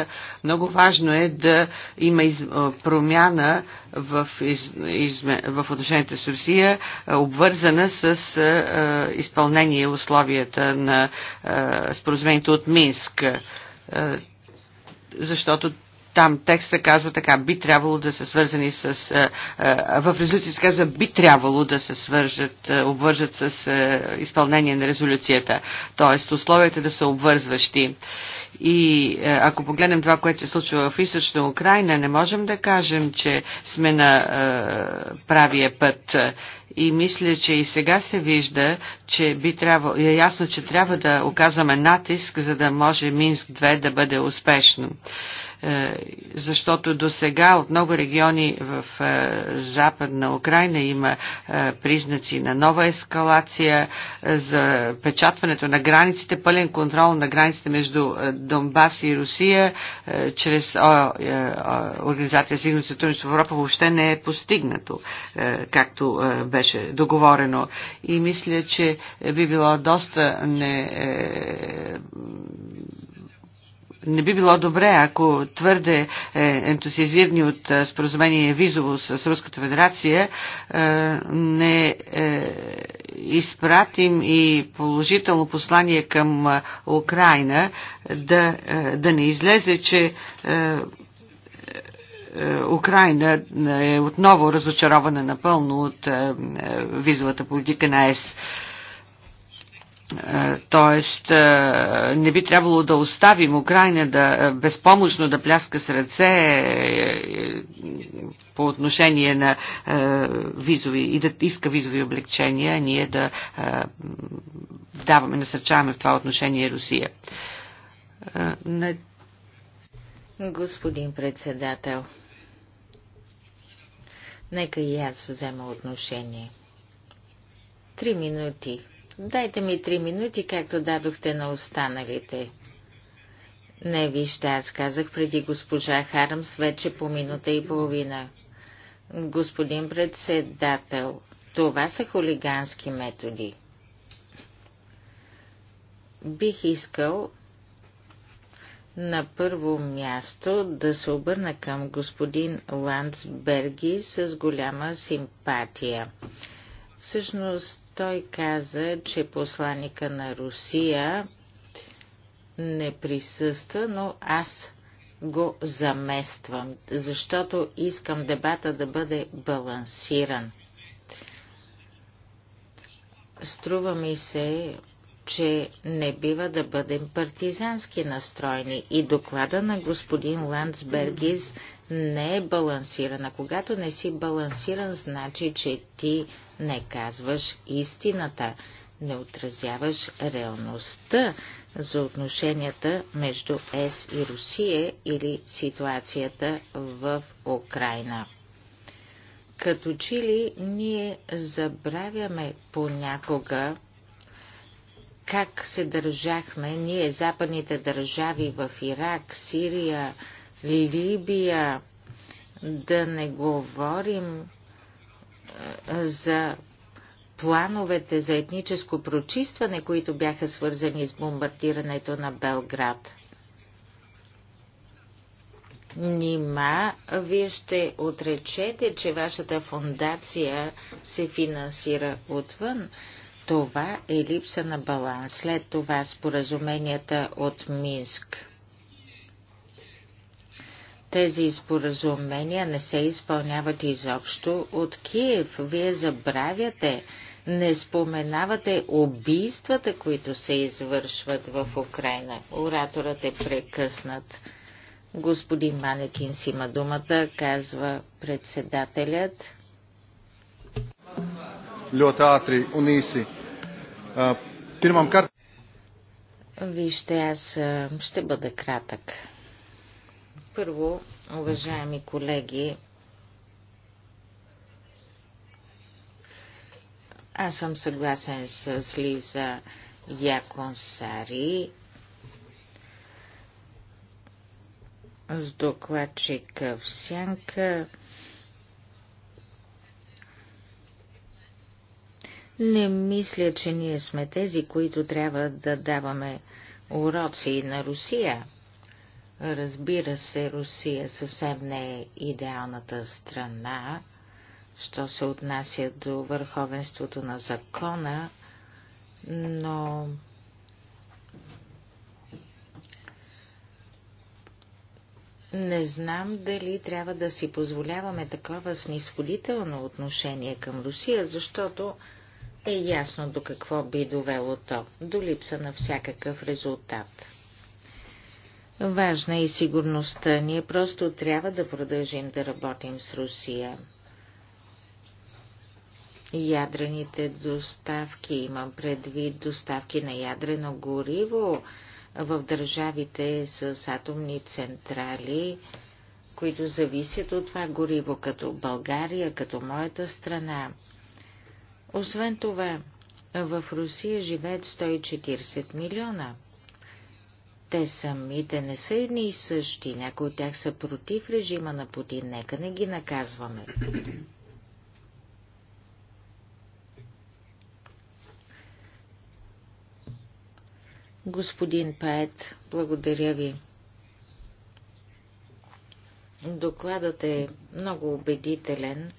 Много важно е да има из, а, промяна в, из, из, в отношенията с Русия, а, обвързана с а, изпълнение условията на а, споразумението от Минск. А, защото там текста казва така, би трябвало да се свързани с... Е, е, в резолюцията казва, би трябвало да се свържат, е, обвържат с изпълнение на резолюцията. Тоест, условията да са обвързващи. И ако погледнем това, което се случва в източна Украина, не можем да кажем, че сме на а, правия път. И мисля, че и сега се вижда, че би трябвало, е ясно, че трябва да оказваме натиск, за да може Минск 2 да бъде успешно. Е, защото до сега от много региони в е, Западна Украина има е, признаци на нова ескалация за печатването на границите, пълен контрол на границите между Донбас и Русия чрез Организация за сигурност и сътрудничество в Европа въобще не е постигнато, както беше договорено. И мисля, че би било доста не не би било добре, ако твърде е ентусиазирани от споразумение визово с Руската федерация, не е, изпратим и положително послание към Украина, да, да не излезе, че Украина е отново разочарована напълно от визовата политика на ЕС. Е, тоест, е, не би трябвало да оставим Украина да е, безпомощно да пляска с ръце по отношение на визови и да иска визови облегчения, ние да даваме, насърчаваме в това отношение Русия. Господин председател, нека и аз взема отношение. Три минути Дайте ми три минути, както дадохте на останалите. Не вижте, аз казах преди госпожа Харамс вече по минута и половина. Господин председател, това са хулигански методи. Бих искал на първо място да се обърна към господин Ландсберги с голяма симпатия. Всъщност той каза, че посланника на Русия не присъства, но аз го замествам, защото искам дебата да бъде балансиран. Струва ми се, че не бива да бъдем партизански настроени и доклада на господин Ландсбергис не е балансирана. Когато не си балансиран, значи, че ти не казваш истината, не отразяваш реалността за отношенията между ЕС и Русия или ситуацията в Украина. Като че ли ние забравяме понякога как се държахме ние, западните държави в Ирак, Сирия, Либия, да не говорим е, за плановете за етническо прочистване, които бяха свързани с бомбардирането на Белград. Нима, вие ще отречете, че вашата фундация се финансира отвън. Това е липса на баланс. След това споразуменията от Минск. Тези споразумения не се изпълняват изобщо от Киев. Вие забравяте, не споменавате убийствата, които се извършват в Украина. Ораторът е прекъснат. Господин Манекин си има думата, казва председателят. Льотатри, униси. Пирмам карта. Вижте, аз ще бъда кратък. Първо, уважаеми колеги, аз съм съгласен с Лиза Яконсари, с докладчик в сянка. Не мисля, че ние сме тези, които трябва да даваме уроци на Русия – Разбира се, Русия съвсем не е идеалната страна, що се отнася до върховенството на закона, но не знам дали трябва да си позволяваме такова снисходително отношение към Русия, защото е ясно до какво би довело то, до липса на всякакъв резултат. Важна е и сигурността. Ние просто трябва да продължим да работим с Русия. Ядрените доставки, имам предвид доставки на ядрено гориво в държавите с атомни централи, които зависят от това гориво, като България, като моята страна. Освен това, в Русия живеят 140 милиона – те самите не са едни и същи. Някои от тях са против режима на Путин. Нека не ги наказваме. Господин Пает, благодаря ви. Докладът е много убедителен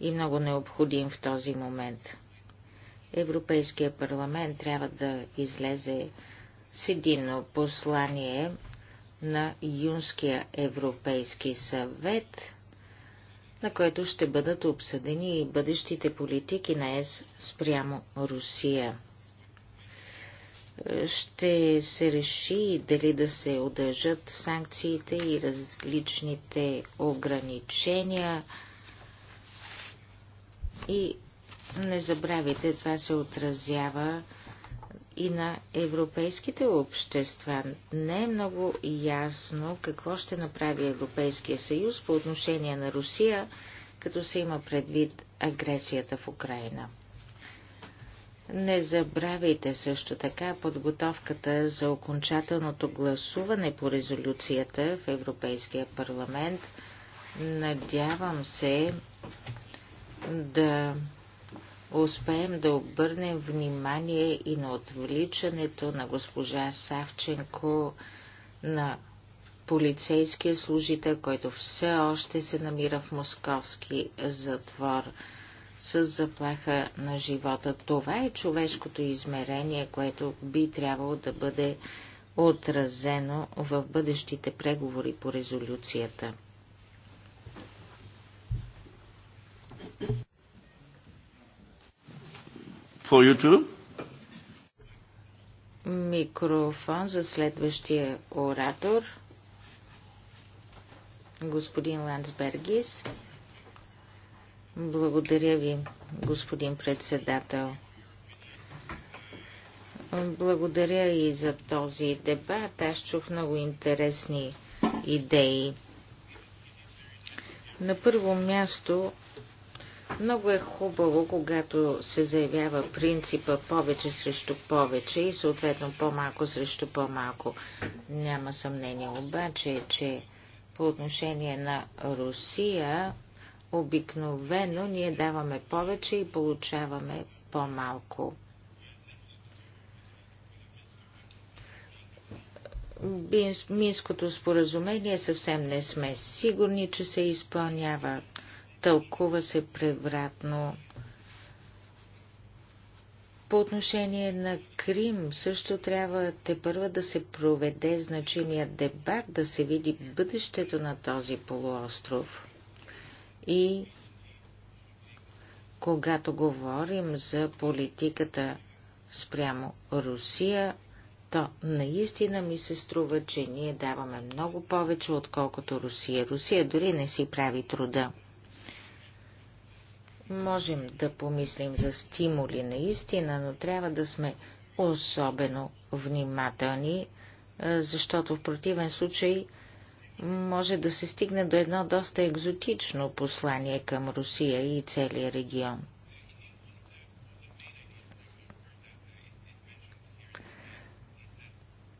и много необходим в този момент. Европейския парламент трябва да излезе с единно послание на Юнския Европейски съвет, на което ще бъдат обсъдени и бъдещите политики на ЕС спрямо Русия. Ще се реши дали да се удържат санкциите и различните ограничения. И не забравяйте, това се отразява и на европейските общества. Не е много ясно какво ще направи Европейския съюз по отношение на Русия, като се има предвид агресията в Украина. Не забравяйте също така подготовката за окончателното гласуване по резолюцията в Европейския парламент. Надявам се да успеем да обърнем внимание и на отвличането на госпожа Савченко на полицейския служител, който все още се намира в московски затвор с заплаха на живота. Това е човешкото измерение, което би трябвало да бъде отразено в бъдещите преговори по резолюцията for you too. Микрофон за следващия оратор. Господин Ландсбергис. Благодаря ви, господин председател. Благодаря и за този дебат. Аз чух много интересни идеи. На първо място много е хубаво, когато се заявява принципа повече срещу повече и съответно по-малко срещу по-малко. Няма съмнение обаче, че по отношение на Русия обикновено ние даваме повече и получаваме по-малко. Минското споразумение съвсем не сме сигурни, че се изпълнява тълкува се превратно. По отношение на Крим също трябва те първа да се проведе значимия дебат, да се види бъдещето на този полуостров. И когато говорим за политиката спрямо Русия, то наистина ми се струва, че ние даваме много повече, отколкото Русия. Русия дори не си прави труда. Можем да помислим за стимули наистина, но трябва да сме особено внимателни, защото в противен случай може да се стигне до едно доста екзотично послание към Русия и целия регион.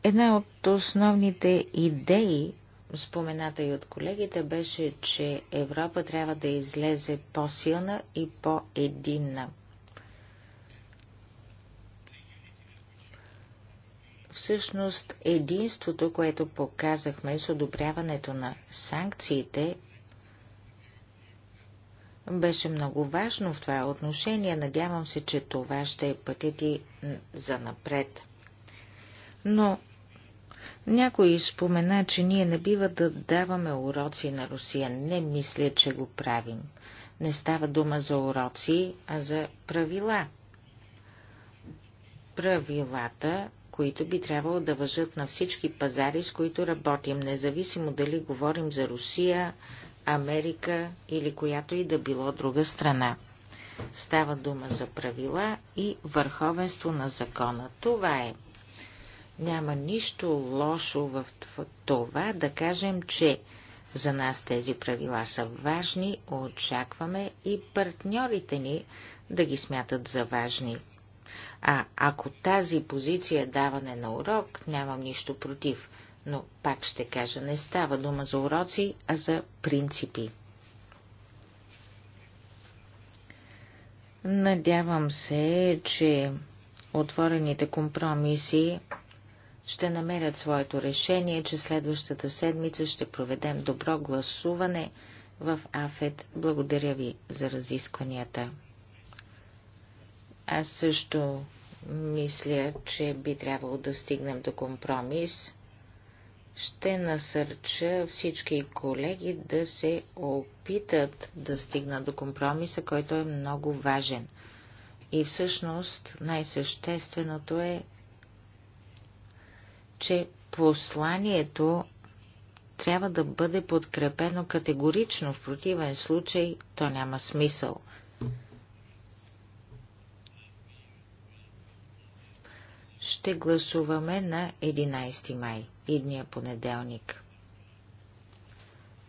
Една от основните идеи спомената и от колегите, беше, че Европа трябва да излезе по-силна и по-единна. Всъщност, единството, което показахме с одобряването на санкциите, беше много важно в това отношение. Надявам се, че това ще е пътят за напред. Но някой спомена, че ние не бива да даваме уроци на Русия. Не мисля, че го правим. Не става дума за уроци, а за правила. Правилата, които би трябвало да въжат на всички пазари, с които работим, независимо дали говорим за Русия, Америка или която и да било друга страна. Става дума за правила и върховенство на закона. Това е няма нищо лошо в това да кажем, че за нас тези правила са важни, очакваме и партньорите ни да ги смятат за важни. А ако тази позиция е даване на урок, нямам нищо против, но пак ще кажа, не става дума за уроци, а за принципи. Надявам се, че отворените компромиси ще намерят своето решение, че следващата седмица ще проведем добро гласуване в АФЕД. Благодаря ви за разискванията. Аз също мисля, че би трябвало да стигнем до компромис. Ще насърча всички колеги да се опитат да стигнат до компромиса, който е много важен. И всъщност най-същественото е че посланието трябва да бъде подкрепено категорично, в противен случай то няма смисъл. Ще гласуваме на 11 май, идния понеделник.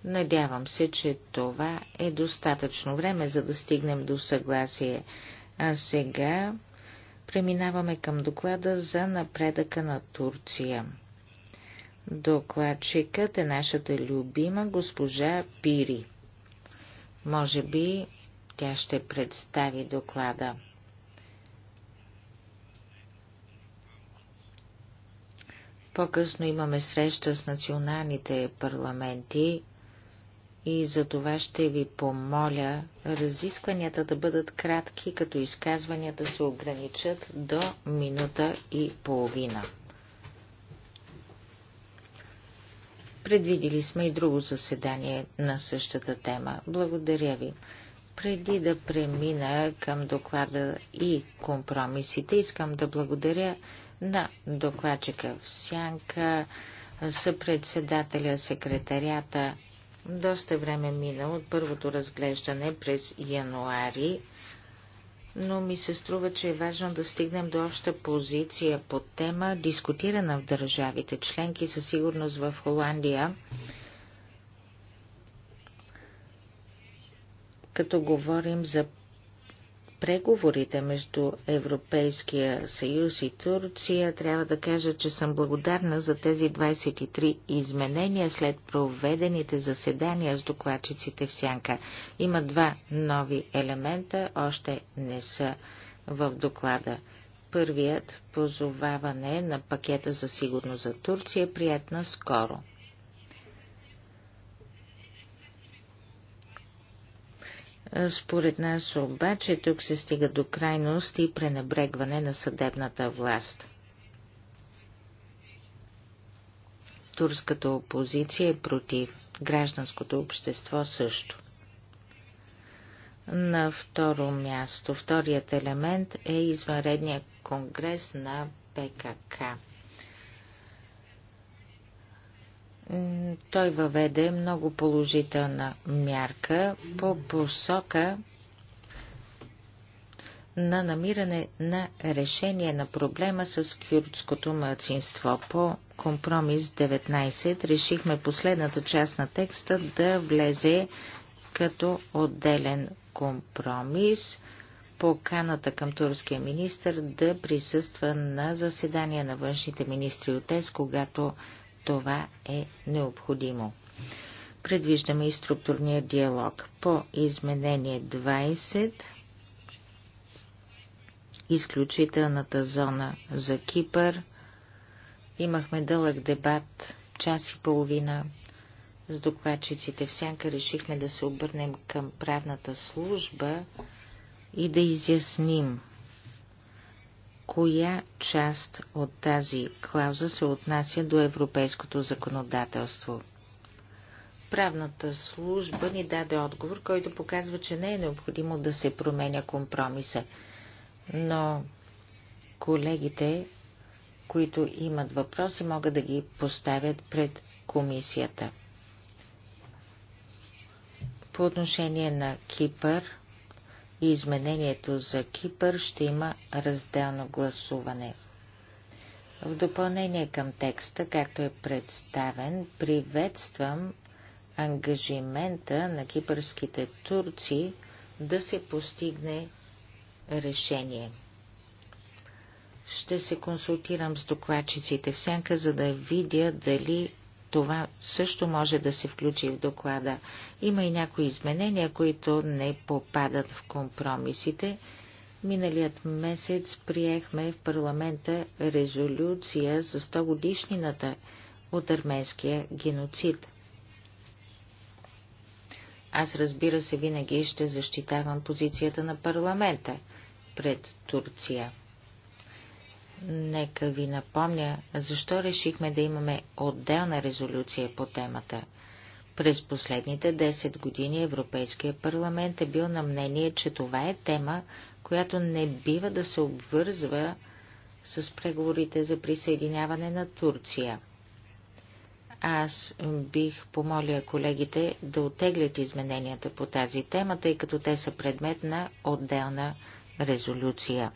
Надявам се, че това е достатъчно време, за да стигнем до съгласие. А сега Преминаваме към доклада за напредъка на Турция. Докладчикът е нашата любима госпожа Пири. Може би тя ще представи доклада. По-късно имаме среща с националните парламенти и за това ще ви помоля разискванията да бъдат кратки, като изказванията се ограничат до минута и половина. Предвидили сме и друго заседание на същата тема. Благодаря ви. Преди да премина към доклада и компромисите, искам да благодаря на докладчика в Сянка, съпредседателя, секретарята, доста време мина от първото разглеждане през януари, но ми се струва, че е важно да стигнем до обща позиция по тема, дискутирана в държавите членки, със сигурност в Холандия. като говорим за преговорите между Европейския съюз и Турция, трябва да кажа, че съм благодарна за тези 23 изменения след проведените заседания с докладчиците в Сянка. Има два нови елемента, още не са в доклада. Първият позоваване на пакета за сигурност за Турция, приятна скоро. Е, според нас обаче тук се стига до крайност и пренебрегване на съдебната власт. Турската опозиция е против, гражданското общество също. На второ място, вторият елемент е извънредният конгрес на ПКК. Той въведе много положителна мярка по посока на намиране на решение на проблема с кюрдското младсинство. По компромис 19 решихме последната част на текста да влезе като отделен компромис поканата към турския министр да присъства на заседание на външните министри от ЕС, когато това е необходимо. Предвиждаме и структурния диалог. По изменение 20 изключителната зона за Кипър. Имахме дълъг дебат, час и половина с докладчиците. сянка решихме да се обърнем към правната служба и да изясним коя част от тази клауза се отнася до европейското законодателство. Правната служба ни даде отговор, който показва, че не е необходимо да се променя компромиса. Но колегите, които имат въпроси, могат да ги поставят пред комисията. По отношение на Кипър, и изменението за Кипър ще има разделно гласуване. В допълнение към текста, както е представен, приветствам ангажимента на кипърските турци да се постигне решение. Ще се консултирам с докладчиците в сянка, за да видя дали това също може да се включи в доклада. Има и някои изменения, които не попадат в компромисите. Миналият месец приехме в парламента резолюция за 100 годишнината от арменския геноцид. Аз разбира се винаги ще защитавам позицията на парламента пред Турция. Нека ви напомня, защо решихме да имаме отделна резолюция по темата. През последните 10 години Европейския парламент е бил на мнение, че това е тема, която не бива да се обвързва с преговорите за присъединяване на Турция. Аз бих помолил колегите да отеглят измененията по тази тема, тъй като те са предмет на отделна резолюция.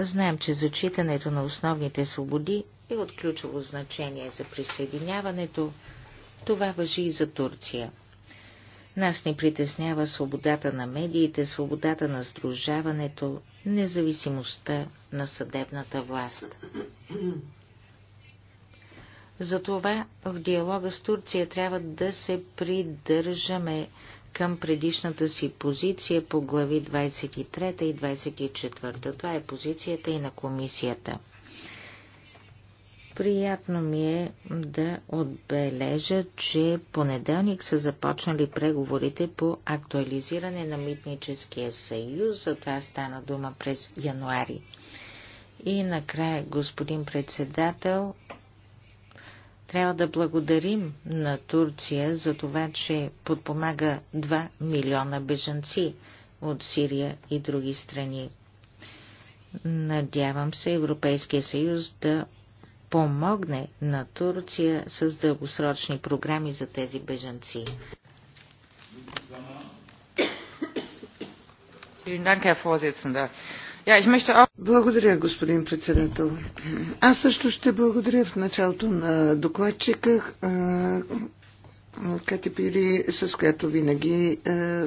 Знаем, че зачитането на основните свободи е от ключово значение за присъединяването. Това въжи и за Турция. Нас ни притеснява свободата на медиите, свободата на сдружаването, независимостта на съдебната власт. Затова в диалога с Турция трябва да се придържаме към предишната си позиция по глави 23 и 24. Това е позицията и на комисията. Приятно ми е да отбележа, че понеделник са започнали преговорите по актуализиране на Митническия съюз, за това стана дума през януари. И накрая, господин председател, трябва да благодарим на Турция за това, че подпомага 2 милиона бежанци от Сирия и други страни. Надявам се Европейския съюз да помогне на Турция с дългосрочни програми за тези бежанци. Vielen Dank, Herr Vorsitzender. Благодаря, господин председател. Аз също ще благодаря в началото на докладчика Кати Пири, с която винаги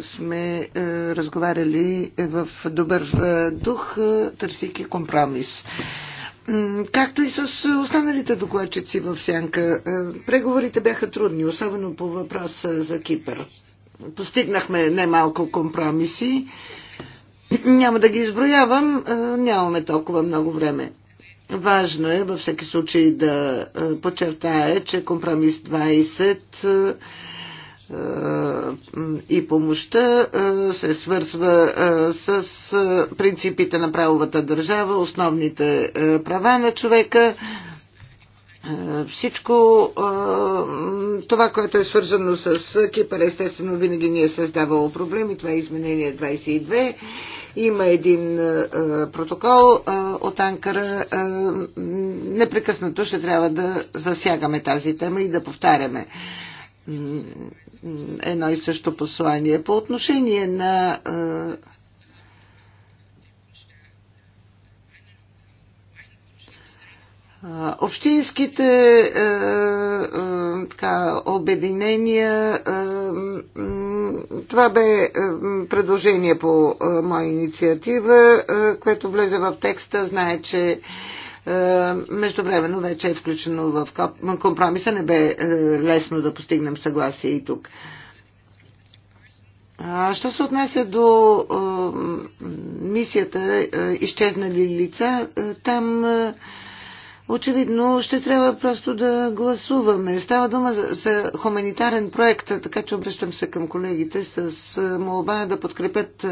сме разговаряли в добър дух, търсики компромис както и с останалите докладчици в Сянка. Преговорите бяха трудни, особено по въпроса за Кипър. Постигнахме немалко компромиси. Няма да ги изброявам, нямаме толкова много време. Важно е във всеки случай да подчертая, че компромис 20 и помощта се свързва с принципите на правовата държава, основните права на човека, всичко това, което е свързано с Кипър, естествено винаги ни е създавало проблеми. Това е изменение 22 има един е, е, протокол е, от Анкара. Непрекъснато ще трябва да засягаме тази тема и да повтаряме едно и също послание. По отношение на Общинските е, е, така, обединения, е, това бе е, предложение по е, моя инициатива, е, което влезе в текста. Знае, че междувременно вече е включено в компромиса. Не бе лесно да постигнем съгласие и тук. Що се отнася до мисията изчезнали лица, там очевидно ще трябва просто да гласуваме. Става дума за, хуманитарен проект, така че обръщам се към колегите с молба да подкрепят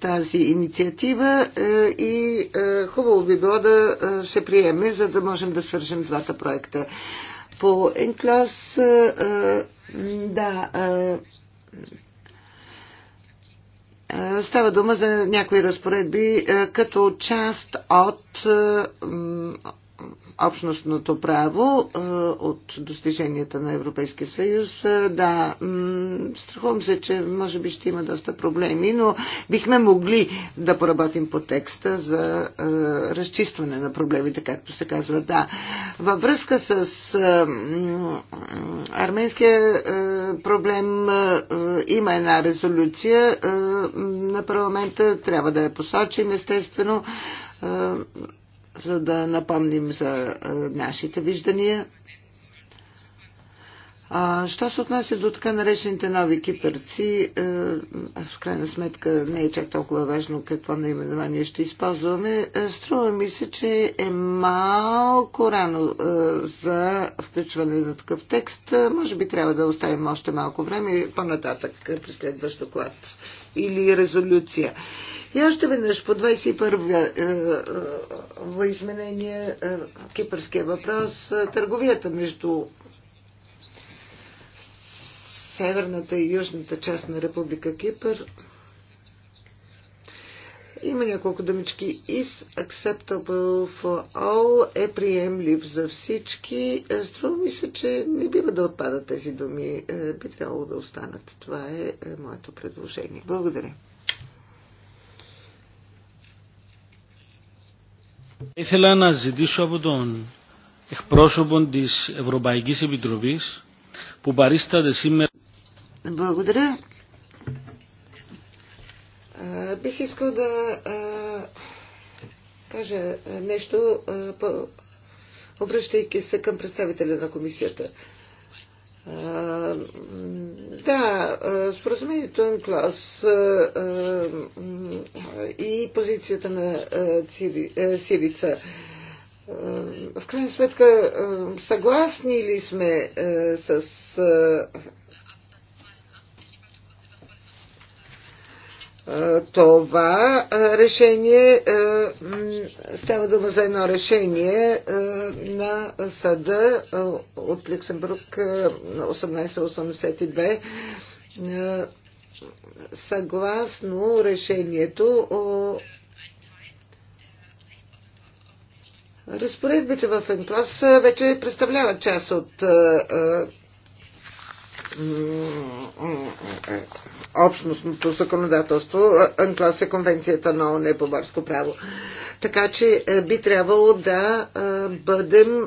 тази инициатива и хубаво би било да се приеме, за да можем да свържем двата проекта. По Енклас, да, е, става дума за някои разпоредби е, като част от общностното право от достиженията на Европейския съюз. Да, страхувам се, че може би ще има доста проблеми, но бихме могли да поработим по текста за разчистване на проблемите, както се казва. Да, във връзка с арменския проблем има една резолюция на парламента, трябва да я посочим естествено за да напомним за нашите виждания. А, що се отнася до така наречените нови кипърци, в крайна сметка не е чак толкова важно какво наименование ще използваме. Струва ми се, че е малко рано за включване на такъв текст. Може би трябва да оставим още малко време по-нататък при следващ доклад или резолюция. И още веднъж по 21 е, е, изменение е, кипърския въпрос търговията между северната и южната част на Република Кипър има няколко думички. Is acceptable for all е приемлив за всички. Е, струва ми се, че не бива да отпадат тези думи. Е, би трябвало да останат. Това е, е моето предложение. Благодаря. Ήθελα να ζητήσω από τον εκπρόσωπο της Ευρωπαϊκής Επιτροπής που παρίσταται σήμερα. Благодаря. Бих искал да кажа нещо, обръщайки се към представителя на комисията. Да, споразумението Анклас и позицията на Сирица. В крайна сметка, съгласни ли сме с Е, това е, решение е, става дума за едно решение на съда от Люксембург 1882 съгласно решението разпоредбите в Ентлас вече представляват част от общностното законодателство, Анклас е конвенцията на ОНЕ по морско право. Така че е, би трябвало да е, бъдем е,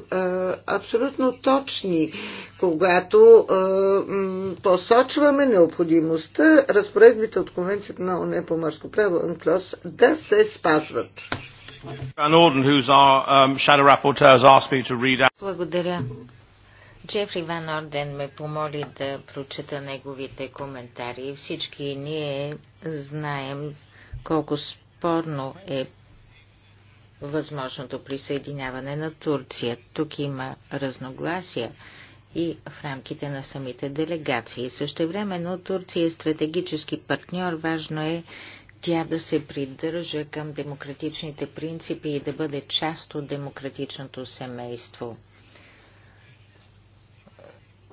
абсолютно точни, когато посочваме необходимостта разпоредбите от конвенцията на ОНЕ по морско право, Анклас, да се спазват. Um, Благодаря. Джефри Ван Орден ме помоли да прочета неговите коментари. Всички ние знаем колко спорно е възможното присъединяване на Турция. Тук има разногласия и в рамките на самите делегации. също времено Турция е стратегически партньор. Важно е тя да се придържа към демократичните принципи и да бъде част от демократичното семейство.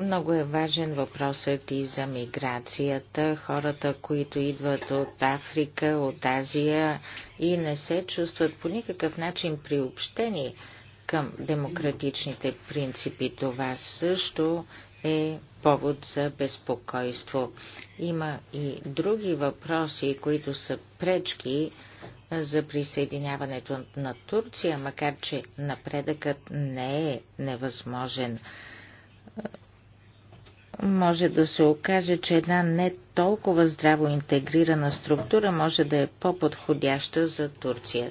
Много е важен въпросът и за миграцията, хората, които идват от Африка, от Азия и не се чувстват по никакъв начин приобщени към демократичните принципи. Това също е повод за безпокойство. Има и други въпроси, които са пречки за присъединяването на Турция, макар че напредъкът не е невъзможен може да се окаже, че една не толкова здраво интегрирана структура може да е по-подходяща за Турция.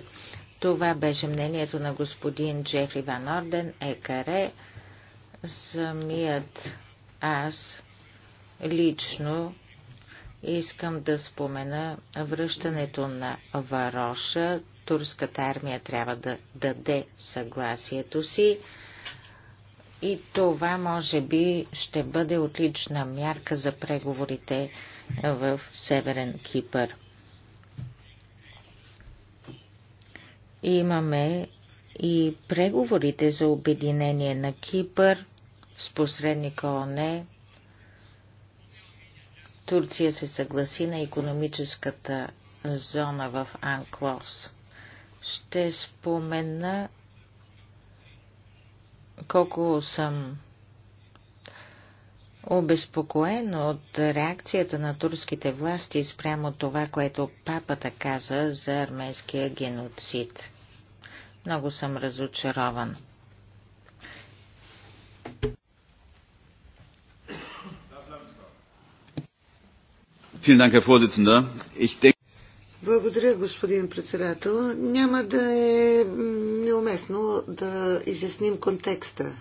Това беше мнението на господин Джефри Ван Орден, Екаре. Самият аз лично искам да спомена връщането на Вароша. Турската армия трябва да даде съгласието си. И това може би ще бъде отлична мярка за преговорите в Северен Кипър. И имаме и преговорите за обединение на Кипър с посредника ОНЕ. Турция се съгласи на економическата зона в Анклос. Ще спомена колко съм обезпокоен от реакцията на турските власти спрямо това, което папата каза за армейския геноцид. Много съм разочарован. Vielen Dank, Herr Vorsitzender. Ich denke благодаря, господин председател. Няма да е неуместно да изясним контекста.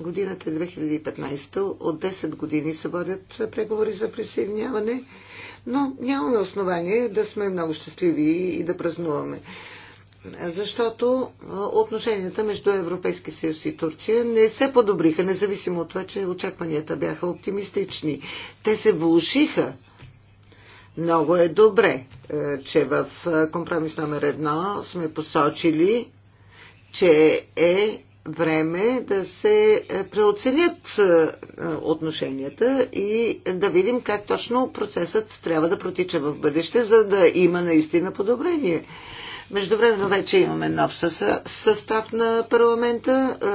Годината е 2015. От 10 години се водят преговори за присъединяване, но нямаме основание да сме много щастливи и да празнуваме. Защото отношенията между Европейски съюз и Турция не се подобриха, независимо от това, че очакванията бяха оптимистични. Те се влушиха много е добре, е, че в е, компромис номер едно сме посочили, че е време да се е, преоценят отношенията и да видим как точно процесът трябва да протича в бъдеще, за да има наистина подобрение. Междувременно вече имаме нов състав на парламента, е,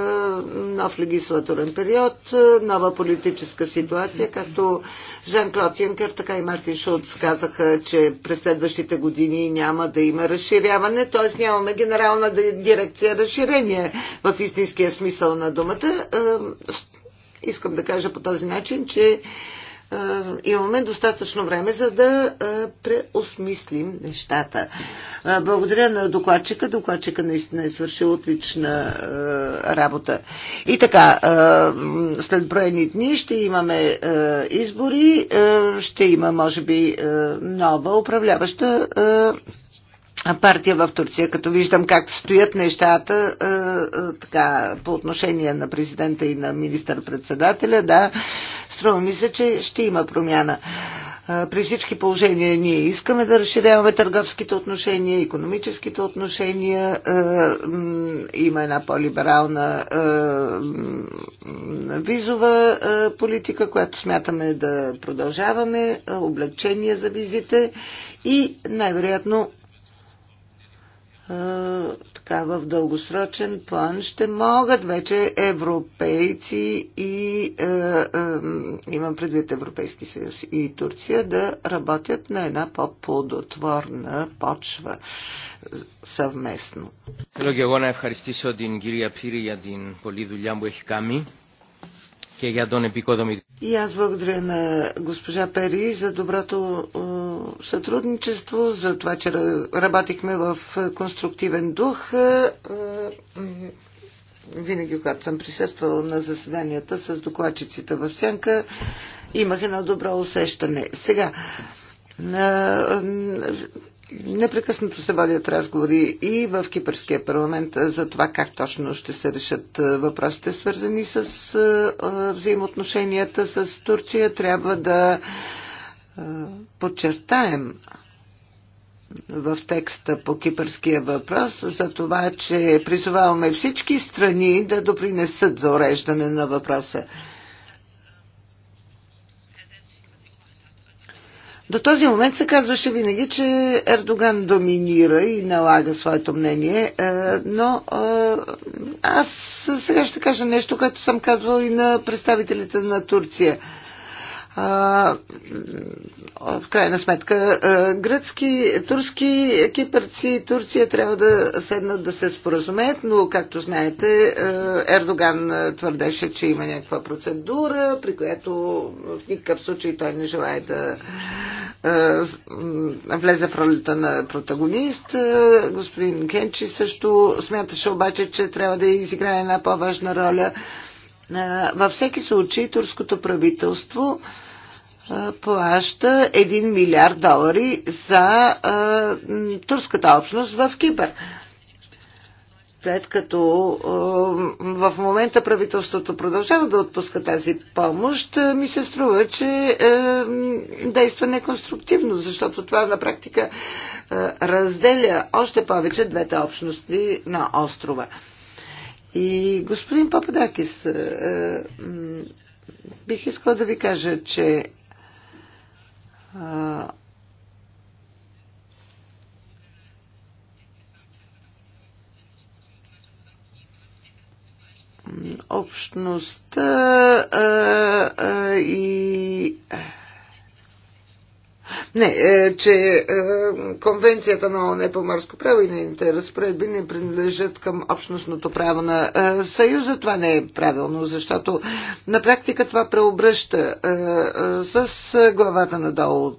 нов легислатурен период, е, нова политическа ситуация, както Жан-Клод Юнкер, така и Мартин Шулц казаха, че през следващите години няма да има разширяване, т.е. нямаме генерална дирекция разширение в истинския смисъл на думата. Е, искам да кажа по този начин, че е, имаме достатъчно време, за да е, преосмислим нещата. Е, благодаря на докладчика. Докладчика наистина е свършил отлична работа. И така, след броени дни ще имаме избори, ще има, може би, нова управляваща партия в Турция, като виждам как стоят нещата е, е, така, по отношение на президента и на министър-председателя, да, струва ми се, че ще има промяна. Е, при всички положения ние искаме да разширяваме търговските отношения, економическите отношения. Има една по-либерална визова политика, която смятаме да продължаваме, облегчение за визите и най-вероятно така в дългосрочен план ще могат вече европейци и е, е, имам предвид Европейски съюз и Турция да работят на една по-плодотворна почва съвместно. Θέλω και εγώ να ευχαριστήσω την κυρία Πύρη για την δουλειά που έχει κάνει και για τον επικοδομητή. И аз благодаря на госпожа Пери за доброто сътрудничество, за това, че работихме в конструктивен дух. Е, е, винаги, когато съм присъствала на заседанията с докладчиците в Сянка, имах едно добро усещане. Сега, е, Непрекъснато се водят разговори и в Кипърския парламент за това как точно ще се решат е, въпросите, свързани с е, е, взаимоотношенията с Турция. Трябва да подчертаем в текста по кипърския въпрос за това, че призоваваме всички страни да допринесат за уреждане на въпроса. До този момент се казваше винаги, че Ердоган доминира и налага своето мнение, е, но е, аз сега ще кажа нещо, което съм казвал и на представителите на Турция – в крайна сметка гръцки, турски, кипърци и Турция трябва да седнат да се споразумеят, но както знаете Ердоган твърдеше, че има някаква процедура, при която в никакъв случай той не желая да влезе в ролята на протагонист. Господин Кенчи също смяташе обаче, че трябва да изиграе една по-важна роля. Във всеки случай турското правителство а, плаща 1 милиард долари за турската общност в Кипър след като в момента правителството продължава да отпуска тази помощ, ми се струва, че действа неконструктивно, защото това на практика разделя още повече двете общности на острова. И господин Пападакис, бих искала да ви кажа, че общността а, а, и а, не, е, че е, конвенцията на ООН е по морско право и нейните разпоредби не принадлежат към общностното право на е, Съюза. Това не е правилно, защото на практика това преобръща е, е, с главата надолу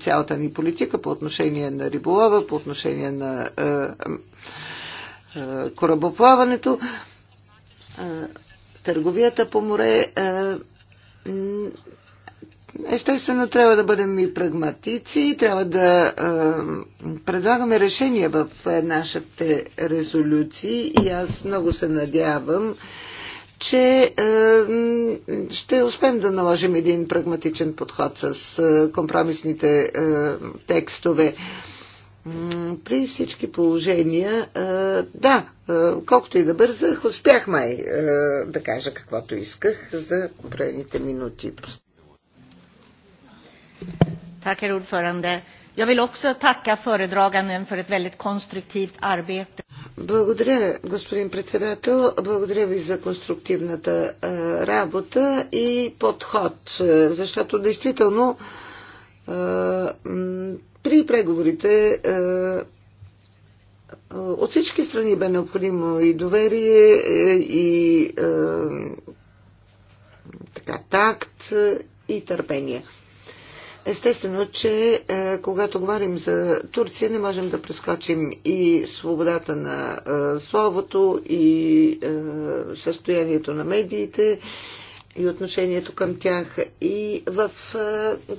цялата ни политика по отношение на риболова, по отношение на е, е, корабоплаването. Е, търговията по море. Е, Естествено, трябва да бъдем и прагматици трябва да е, предлагаме решения в е, нашите резолюции и аз много се надявам, че е, ще успеем да наложим един прагматичен подход с е, компромисните е, текстове. При всички положения, е, да, е, колкото и да бързах, успях май е, да кажа каквото исках за проените минути. Herr ordförande. Jag vill också tacka föredraganden för ett väldigt konstruktivt arbete. Благодаря, господин председател. Благодаря ви за конструктивната а, работа и подход, защото действително а, при преговорите а, от всички страни бе необходимо и доверие, и а, така, такт и търпение. Естествено, че е, когато говорим за Турция, не можем да прескочим и свободата на е, словото, и е, състоянието на медиите, и отношението към тях. И в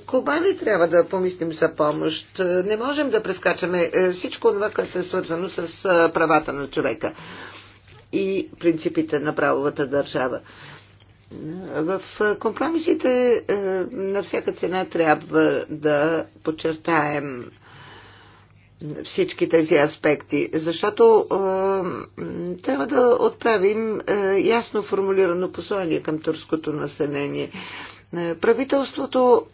Кобани трябва да помислим за помощ. Не можем да прескачаме всичко това, което е свързано с правата на човека и принципите на правовата държава. В компромисите е, на всяка цена трябва да подчертаем всички тези аспекти, защото е, трябва да отправим е, ясно формулирано послание към турското население. Е, правителството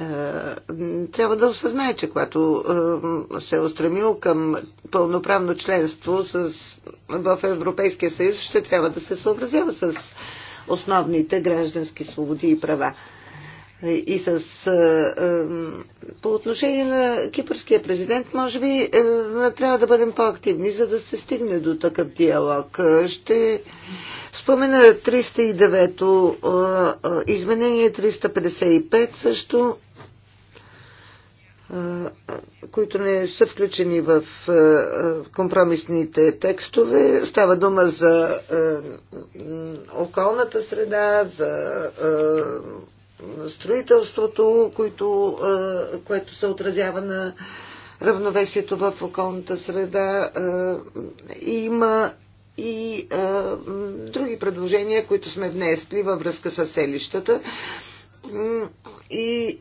е, трябва да осъзнае, че когато е, се е устремил към пълноправно членство с, в Европейския съюз, ще трябва да се съобразява с основните граждански свободи и права. Е, и с, по отношение на кипърския президент, може би трябва да бъдем по-активни, за да се стигне до такъв диалог. Ще спомена 309-то, изменение 355 също които не са включени в компромисните текстове. Става дума за околната среда, за строителството, което, което се отразява на равновесието в околната среда. и Има и други предложения, които сме внесли във връзка с селищата. И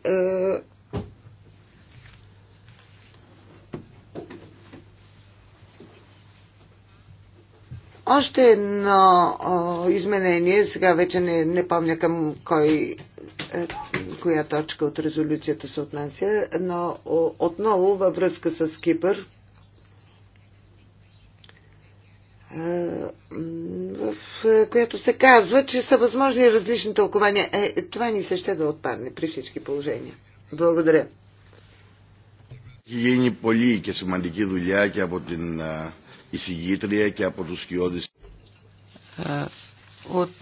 Още едно о, изменение, сега вече не, не помня към кой, е, коя точка от резолюцията се отнася, но о, отново във връзка с Кипър. Е, в която се казва, че са възможни различни тълкования. Е, това ни се ще да отпадне при всички положения. Благодаря. Έχει γίνει πολύ η συγγήτρια και από τους σκιώδεις. От,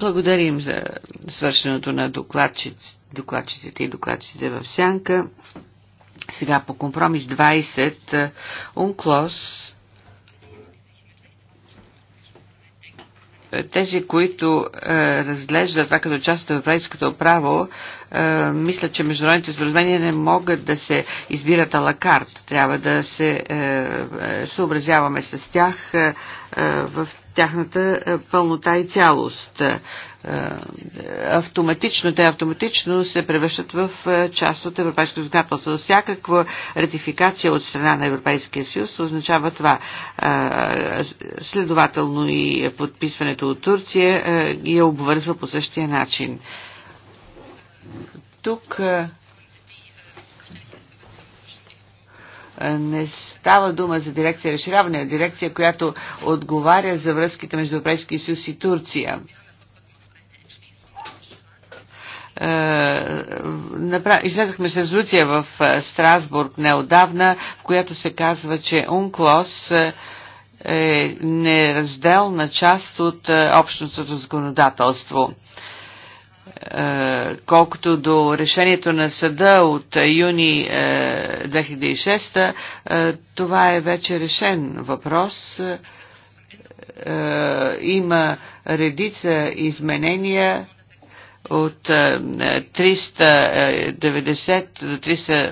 благодарим за свършеното на докладчиците, докладчиците и докладчиците в сянка. Сега по компромис 20 е, Унклос тези, които е, разглеждат това като част от европейското право, е, мислят, че международните споразумения не могат да се избират алакарт. Трябва да се е, е съобразяваме с тях е, е в тяхната е, пълнота и цялост. Е, автоматично, те автоматично се превръщат в е, част от европейското законодателство. Всякаква ратификация от страна на Европейския съюз означава това. Е, следователно и подписването от Турция ги е обвързва по същия начин. Тук не става дума за дирекция разширяване, а дирекция, която отговаря за връзките между Европейския съюз и Турция е, излязахме с резолюция в е, Страсбург неодавна, в която се казва, че УНКЛОС е, е неразделна част от общностното законодателство. Колкото до решението на съда от юни 2006, това е вече решен въпрос. Има редица изменения от 390 е, е,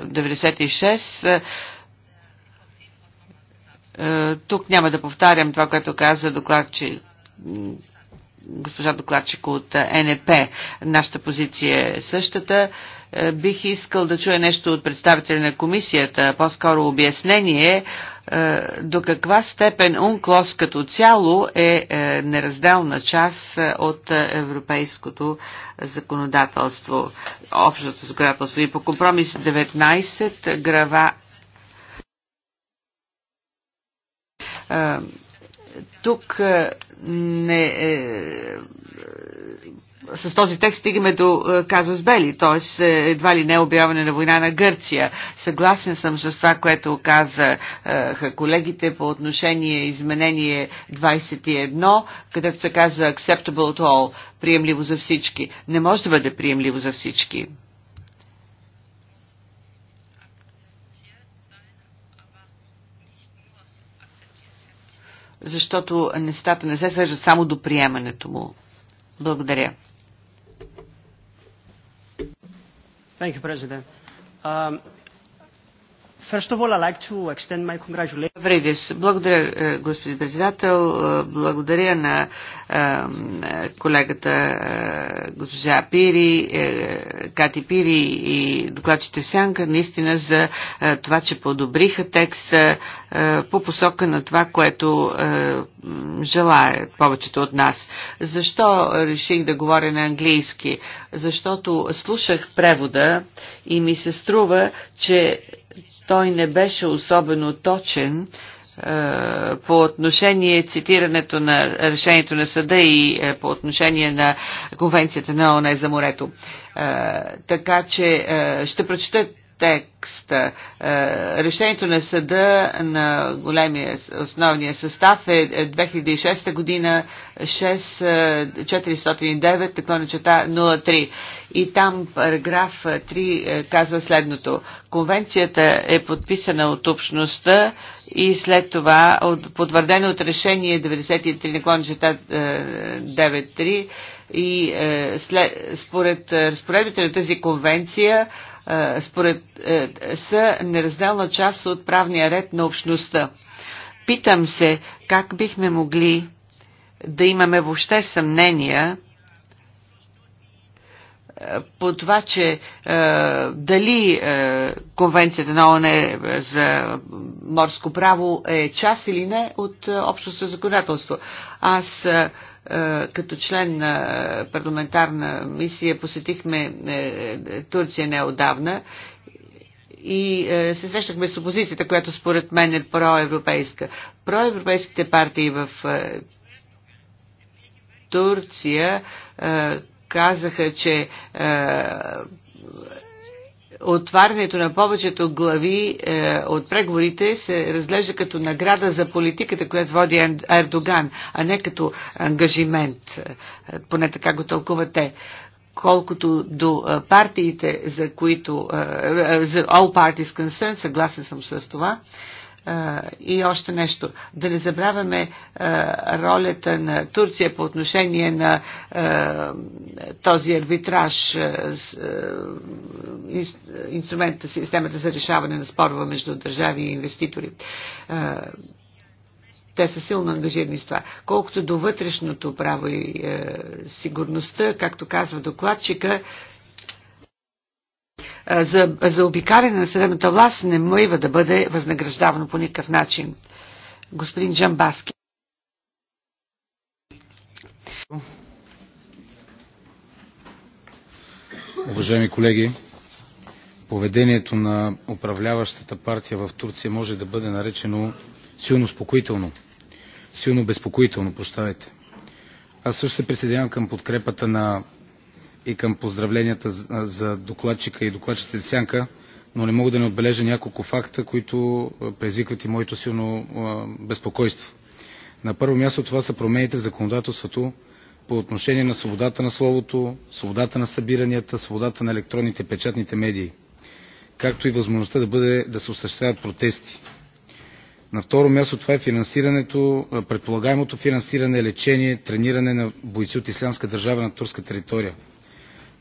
до 396 е, тук няма да повтарям това, което каза докладчик госпожа докладчик от НП. Нашата позиция е същата. Бих искал да чуя нещо от представителя на комисията, по-скоро обяснение е, до каква степен УНКЛОС като цяло е, е неразделна част е, от европейското законодателство, общото законодателство. И по компромис 19 грава тук е, не, е, е, с този текст стигаме до е, казус Бели, т.е. едва ли не обяване на война на Гърция. Съгласен съм с това, което каза е, колегите по отношение изменение 21, където се казва acceptable to all, приемливо за всички. Не може да бъде приемливо за всички. защото нещата не се свеждат само до приемането му. Благодаря. Thank you, President. Um, Вредис, благодаря, е, господин председател. Е, благодаря на е, колегата госпожа Пири, Кати Пири и докладчите Сянка, наистина за това, че подобриха текста по посока на това, което желая повечето от нас. Защо реших да говоря на английски? Защото слушах превода и ми се струва, че той не беше особено точен е, по отношение цитирането на решението на съда и е, по отношение на Конвенцията на ОНЕ за морето. Е, така че ще прочета текста. Е, решението на съда на големия основния състав е 2006 е година 6409 на чета 03. И там параграф 3 е, казва следното. Конвенцията е подписана от общността и след това от, потвърдена от решение 93 наклона чета 93 и е, след, според разпоредбите на тази конвенция според, е, са неразделна част от правния ред на общността. Питам се, как бихме могли да имаме въобще съмнения по това, че е, дали е, конвенцията на ОНЕ за морско право е част или не от е, общото законодателство. Аз е, е, като член на парламентарна мисия посетихме е, Турция неодавна и е, се срещахме с опозицията, която според мен е проевропейска. Проевропейските партии в Турция казаха, че отварянето на повечето глави е, от преговорите се разглежда като награда за политиката, която води Ердоган, а не като ангажимент. Е, поне така го тълкуват те колкото до е, партиите, за които е, за All Parties Concern, съгласен съм с това, и още нещо. Да не забравяме ролята на Турция по отношение на този арбитраж, инструмента, системата за решаване на спорва между държави и инвеститори те са силно ангажирани с това. Колкото до вътрешното право и е, сигурността, както казва докладчика, за, за обикаляне на съдебната власт не мъйва да бъде възнаграждавано по никакъв начин. Господин Джамбаски. Уважаеми колеги, поведението на управляващата партия в Турция може да бъде наречено силно спокоително. Силно безпокоително, прощавайте. Аз също се присъединявам към подкрепата на и към поздравленията за докладчика и докладчите сянка, но не мога да не отбележа няколко факта, които предизвикват и моето силно безпокойство. На първо място това са промените в законодателството по отношение на свободата на словото, свободата на събиранията, свободата на електронните печатните медии, както и възможността да, бъде, да се осъществяват протести. На второ място това е финансирането, предполагаемото финансиране, лечение, трениране на бойци от Ислямска държава на турска територия –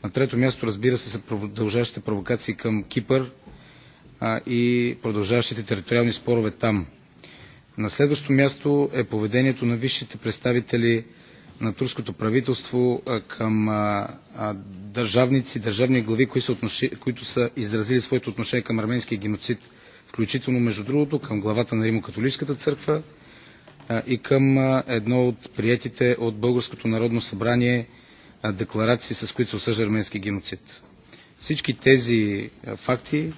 на трето място, разбира се, са продължаващите провокации към Кипър а, и продължаващите териториални спорове там. На следващо място е поведението на висшите представители на турското правителство а, към а, а, държавници, държавни глави, които са, които са изразили своето отношение към арменския геноцид, включително, между другото, към главата на Римокатолическата църква а, и към а, едно от приятите от Българското народно събрание – декларации, с които се осъжда арменски геноцид. Всички тези факти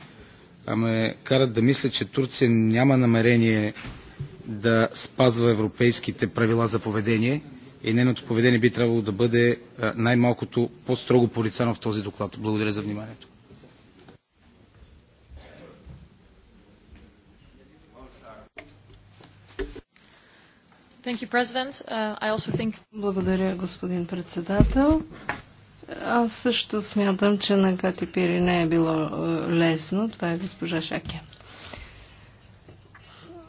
ме карат да мисля, че Турция няма намерение да спазва европейските правила за поведение и нейното поведение би трябвало да бъде най-малкото по-строго порицано в този доклад. Благодаря за вниманието. Thank you, President. Uh, I also think... Благодаря, господин председател. Аз също смятам, че на Кати Пири не е било е, лесно. Това е госпожа Шаке.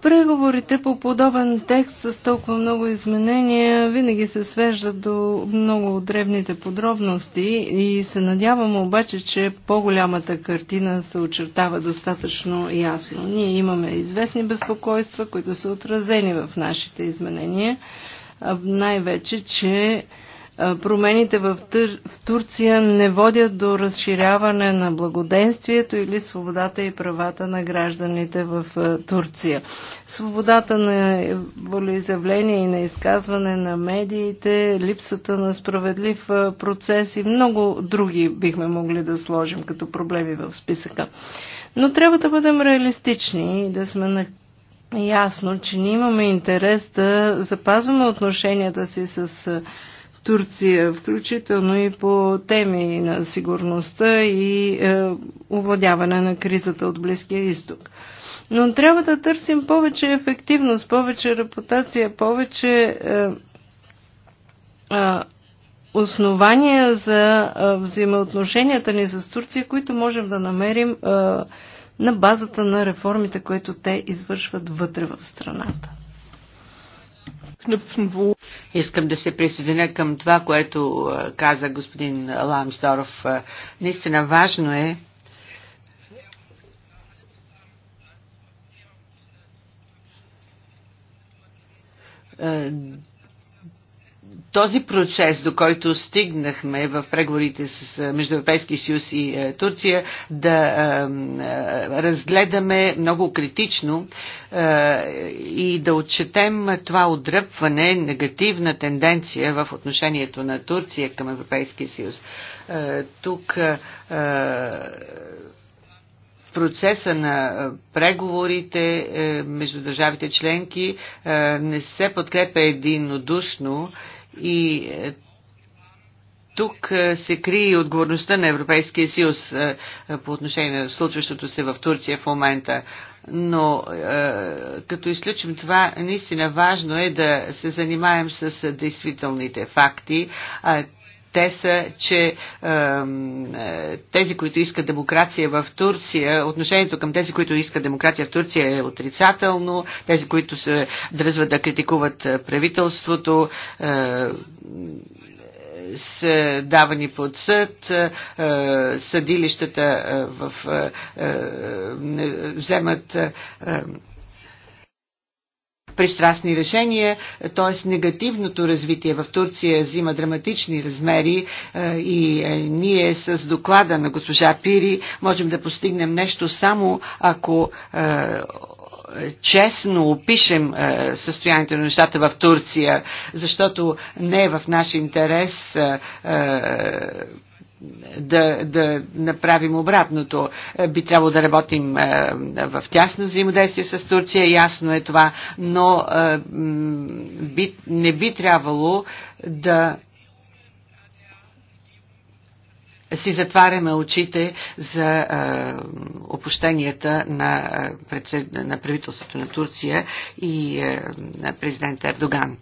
Преговорите по подобен текст с толкова много изменения винаги се свеждат до много древните подробности и се надявам обаче, че по-голямата картина се очертава достатъчно ясно. Ние имаме известни безпокойства, които са отразени в нашите изменения, най-вече, че промените в, Тър... в Турция не водят до разширяване на благоденствието или свободата и правата на гражданите в Турция. Свободата на волеизявление и на изказване на медиите, липсата на справедлив процес и много други бихме могли да сложим като проблеми в списъка. Но трябва да бъдем реалистични и да сме на ясно, че ние имаме интерес да запазваме отношенията си с Турция, включително и по теми на сигурността и е, овладяване на кризата от Близкия изток. Но трябва да търсим повече ефективност, повече репутация, повече е, е, основания за е, взаимоотношенията ни с Турция, които можем да намерим е, на базата на реформите, които те извършват вътре в страната. Искам да се присъединя към това, което каза господин Ламсдоров. Наистина важно е този процес, до който стигнахме в преговорите с, между Европейския съюз и Турция, да разгледаме много критично и да отчетем това отдръпване, негативна тенденция в отношението на Турция към Европейския съюз. тук процеса на преговорите е, между държавите членки не се подкрепя единодушно и е, тук е, се крие и отговорността на Европейския съюз е, по отношение на случващото се в Турция в момента. Но като изключим това, наистина важно е да се занимаем с действителните факти те са, че е, тези, които искат демокрация в Турция, отношението към тези, които искат демокрация в Турция е отрицателно, тези, които се дръзват да критикуват е, правителството, е, са давани под съд, е, е, съдилищата в, вземат пристрастни решения, т.е. негативното развитие в Турция взима драматични размери е, и е, ние с доклада на госпожа Пири можем да постигнем нещо само ако е, честно опишем състоянието на нещата в Турция, защото не е в наш интерес да, да направим обратното. Е, би трябвало да работим е, в тясно взаимодействие с Турция, ясно е това, но е, би, не би трябвало да си затваряме очите за а, опущенията на, на правителството на Турция и а, на президента Ердоган.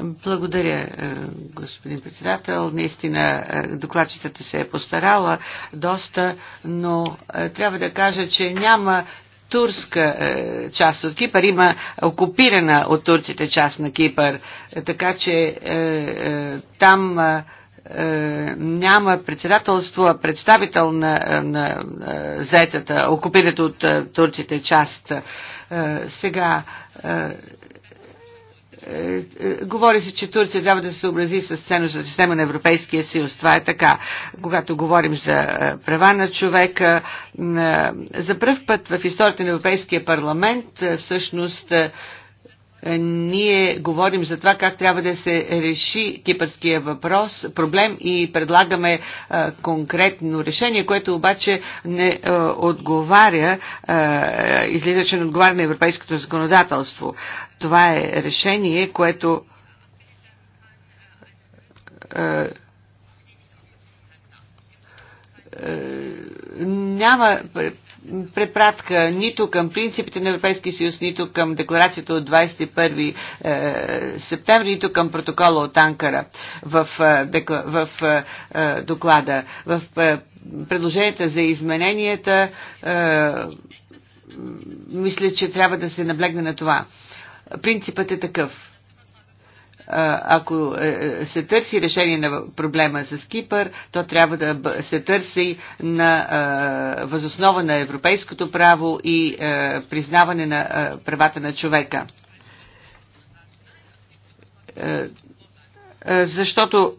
Благодаря, е, господин председател. Наистина е, докладчицата се е постарала доста, но е, трябва да кажа, че няма турска част от Кипър, има окупирана от турците част на Кипър, така че там няма председателство, а представител на, на, заетата, окупирата от турците част. сега Говори се, че Турция трябва да се съобрази с ценностната система на Европейския съюз. Това е така. Когато говорим за е, права на човека, е, за първ път в историята на Европейския парламент е, всъщност ние говорим за това как трябва да се реши кипърския въпрос, проблем и предлагаме а, конкретно решение, което обаче не а, отговаря, излиза, че не отговаря на европейското законодателство. Това е решение, което е, е, няма препратка нито към принципите на Европейския съюз, нито към декларацията от 21 е, септември, нито към протокола от Анкара в, е, в е, е, доклада. В е, предложенията за измененията е, мисля, че трябва да се наблегне на това принципът е такъв. Ако е, е, се търси решение на проблема с Кипър, то трябва да се търси на възоснова на европейското право и признаване на правата на човека. Е, защото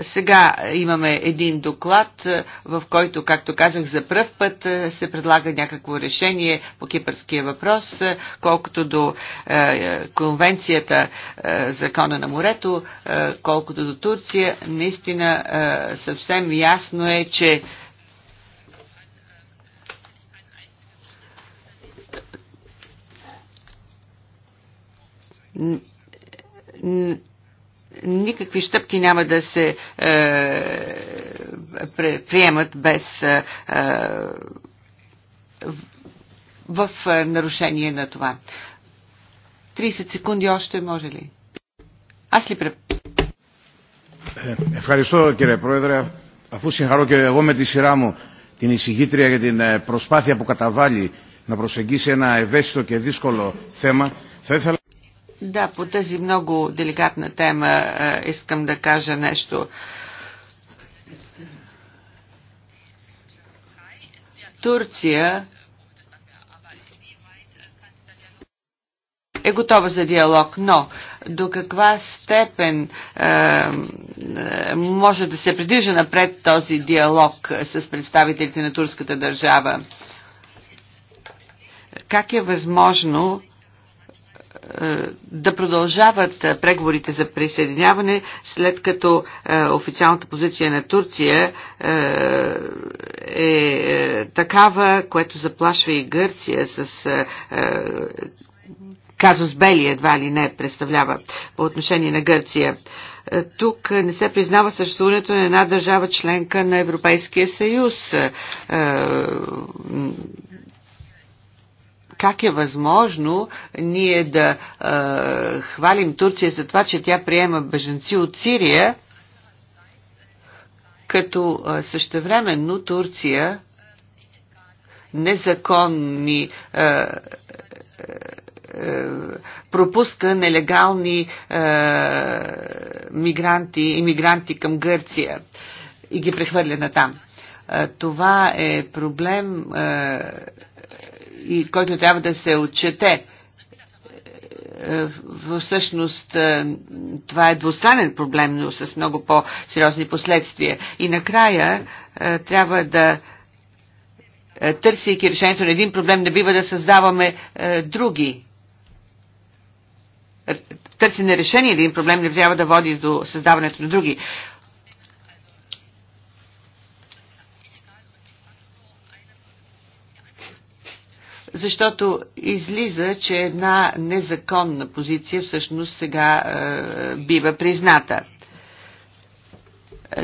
сега имаме един доклад, е, в който, както казах, за пръв път е, се предлага някакво решение по кипърския въпрос, е, колкото до конвенцията закона на морето, колкото до Турция. Наистина съвсем ясно е, че н- никакви стъпки няма да се е, приемат без е, в, в нарушение на това. 30 секунди още може ли? Аз ли преп... Ευχαριστώ κύριε Πρόεδρε. Αφού συγχαρώ και εγώ με τη σειρά μου την εισηγήτρια για την προσπάθεια που καταβάλει να προσεγγίσει ένα ευαίσθητο και δύσκολο θέμα, θα ήθελα... Да, по тази много деликатна тема е, искам да кажа нещо. Турция е готова за диалог, но до каква степен е, може да се придвижи напред този диалог с представителите на турската държава? Как е възможно е, да продължават е, преговорите за присъединяване, след като е, официалната позиция на Турция е такава, което заплашва и Гърция с казус Бели едва ли не представлява по отношение на Гърция. Тук не се признава съществуването на една държава членка на Европейския съюз. Как е възможно ние да е, хвалим Турция за това, че тя приема беженци от Сирия, като същевременно Турция незаконни е, е, пропуска нелегални е, мигранти, иммигранти към Гърция и ги прехвърля на там. Това е проблем, и който трябва да се отчете. Е, всъщност е, това е двустранен проблем, но с много по-сериозни последствия. И накрая е, трябва да търсейки решението на един проблем, не бива да създаваме други търсене решение на един проблем не трябва да води до създаването на други защото излиза, че една незаконна позиция всъщност сега е, бива призната.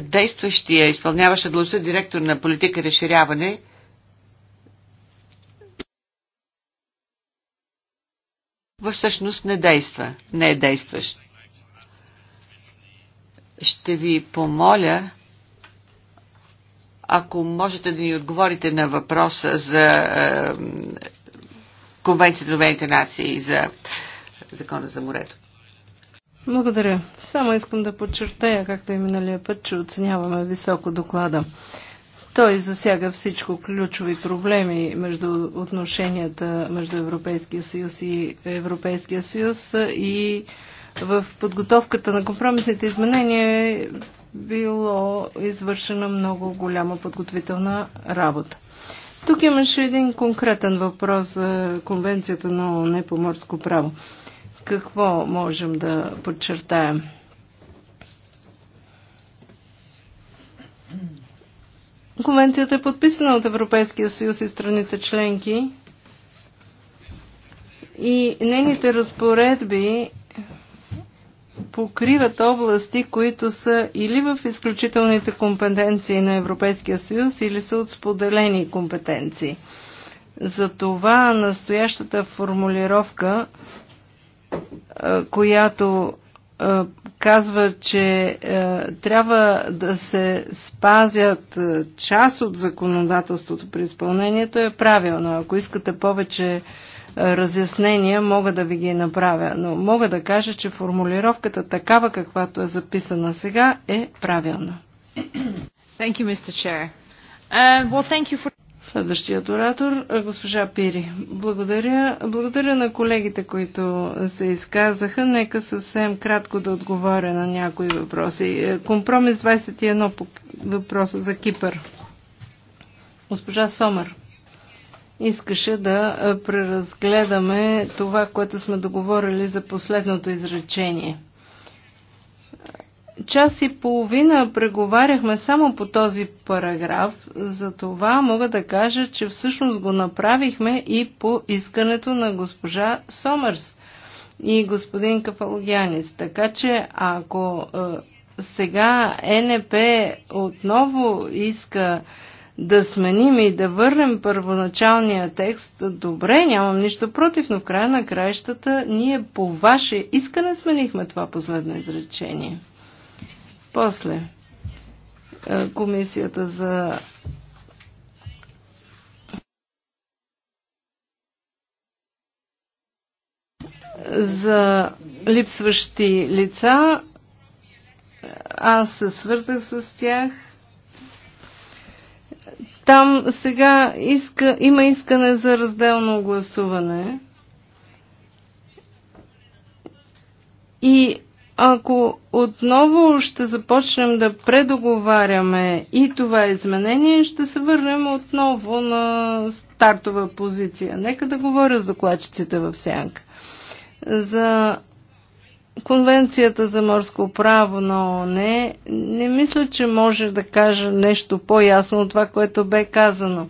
Действащия, изпълняваща длъжност директор на политика разширяване, всъщност не действа, не е действащ. Ще ви помоля ако можете да ни отговорите на въпроса за е, Конвенцията на Обединените нации за Закона за морето. Благодаря. Само искам да подчертая, както и миналия път, че оценяваме високо доклада. Той засяга всичко ключови проблеми между отношенията между Европейския съюз и Европейския съюз и в подготовката на компромисните изменения е било извършена много голяма подготвителна работа. Тук имаше един конкретен въпрос за Конвенцията на непоморско по морско право. Какво можем да подчертаем? Конвенцията е подписана от Европейския съюз и страните членки и нейните разпоредби покриват области, които са или в изключителните компетенции на Европейския съюз, или са от споделени компетенции. Затова настоящата формулировка, която казва, че трябва да се спазят част от законодателството при изпълнението, е правилно. Ако искате повече разяснения мога да ви ги направя, но мога да кажа, че формулировката такава, каквато е записана сега, е правилна. Thank you, Mr. Chair. Uh, well, thank you for... Следващият оратор, госпожа Пири. Благодаря, благодаря на колегите, които се изказаха. Нека съвсем кратко да отговоря на някои въпроси. Е, компромис 21 по въпроса за Кипър. Госпожа Сомър искаше да преразгледаме това, което сме договорили за последното изречение. Час и половина преговаряхме само по този параграф, за това мога да кажа, че всъщност го направихме и по искането на госпожа Сомърс и господин Кафалогянец. Така че ако сега НП отново иска да сменим и да върнем първоначалния текст, добре, нямам нищо против, но в края на краищата ние по ваше искане сменихме това последно изречение. После е, комисията за за липсващи лица. Аз се свързах с тях там сега иска, има искане за разделно гласуване. И ако отново ще започнем да предоговаряме и това изменение, ще се върнем отново на стартова позиция. Нека да говоря с докладчиците в сянка. За Конвенцията за морско право на ООН е, не мисля, че може да кажа нещо по-ясно от това, което бе казано.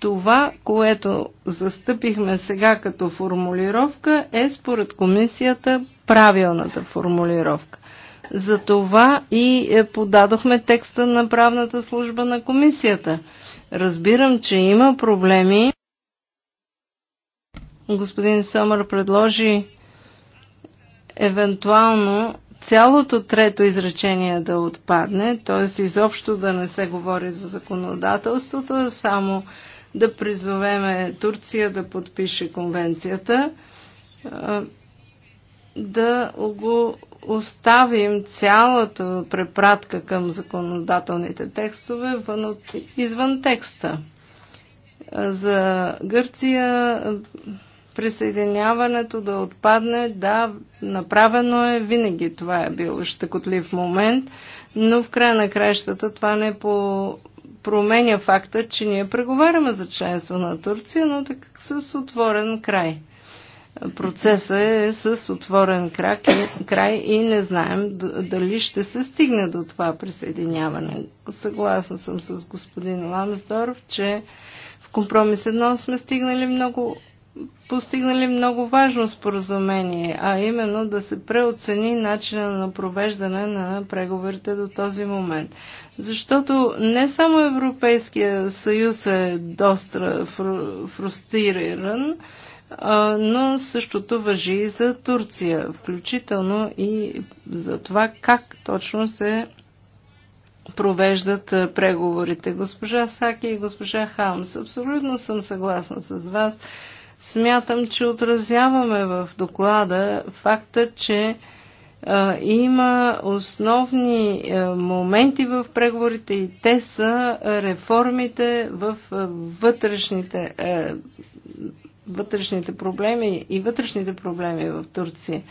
Това, което застъпихме сега като формулировка, е според комисията правилната формулировка. Затова и е, подадохме текста на правната служба на комисията. Разбирам, че има проблеми. Господин Сомър предложи евентуално цялото трето изречение да отпадне, т.е. изобщо да не се говори за законодателството, а само да призовеме Турция да подпише конвенцията, да го оставим цялата препратка към законодателните текстове вън от, извън текста. За Гърция присъединяването да отпадне. Да, направено е винаги. Това е бил щекотлив момент, но в края на краищата това не по променя факта, че ние преговаряме за членство на Турция, но така с отворен край. Процесът е с отворен крак и, край и не знаем дали ще се стигне до това присъединяване. Съгласна съм с господин Ламсдорф, че в компромис едно сме стигнали много постигнали много важно споразумение, а именно да се преоцени начина на провеждане на преговорите до този момент. Защото не само Европейския съюз е доста фру, фрустриран, но същото въжи и за Турция, включително и за това как точно се провеждат преговорите. Госпожа Саки и госпожа Хамс, абсолютно съм съгласна с вас смятам, че отразяваме в доклада факта, че а, има основни а, моменти в преговорите и те са реформите в а, вътрешните, а, вътрешните проблеми и вътрешните проблеми в Турция.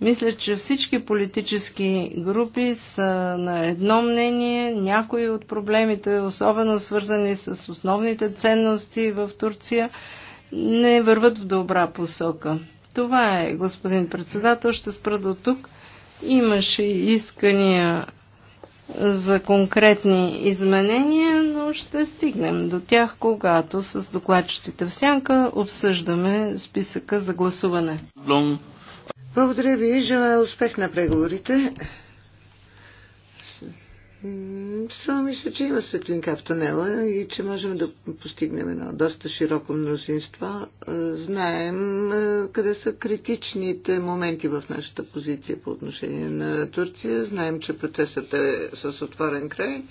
Мисля, че всички политически групи са на едно мнение. Някои от проблемите, особено свързани с основните ценности в Турция, не върват в добра посока. Това е, господин председател, ще спра до тук. Имаше искания за конкретни изменения, но ще стигнем до тях, когато с докладчиците в сянка обсъждаме списъка за гласуване. Благодаря ви и желая успех на преговорите. Струва ми се, че има светлинка в тунела и че можем да постигнем едно доста широко мнозинство. Е, Знаем е, къде са критичните моменти в нашата позиция по отношение на Турция. Знаем, че процесът е с отворен край.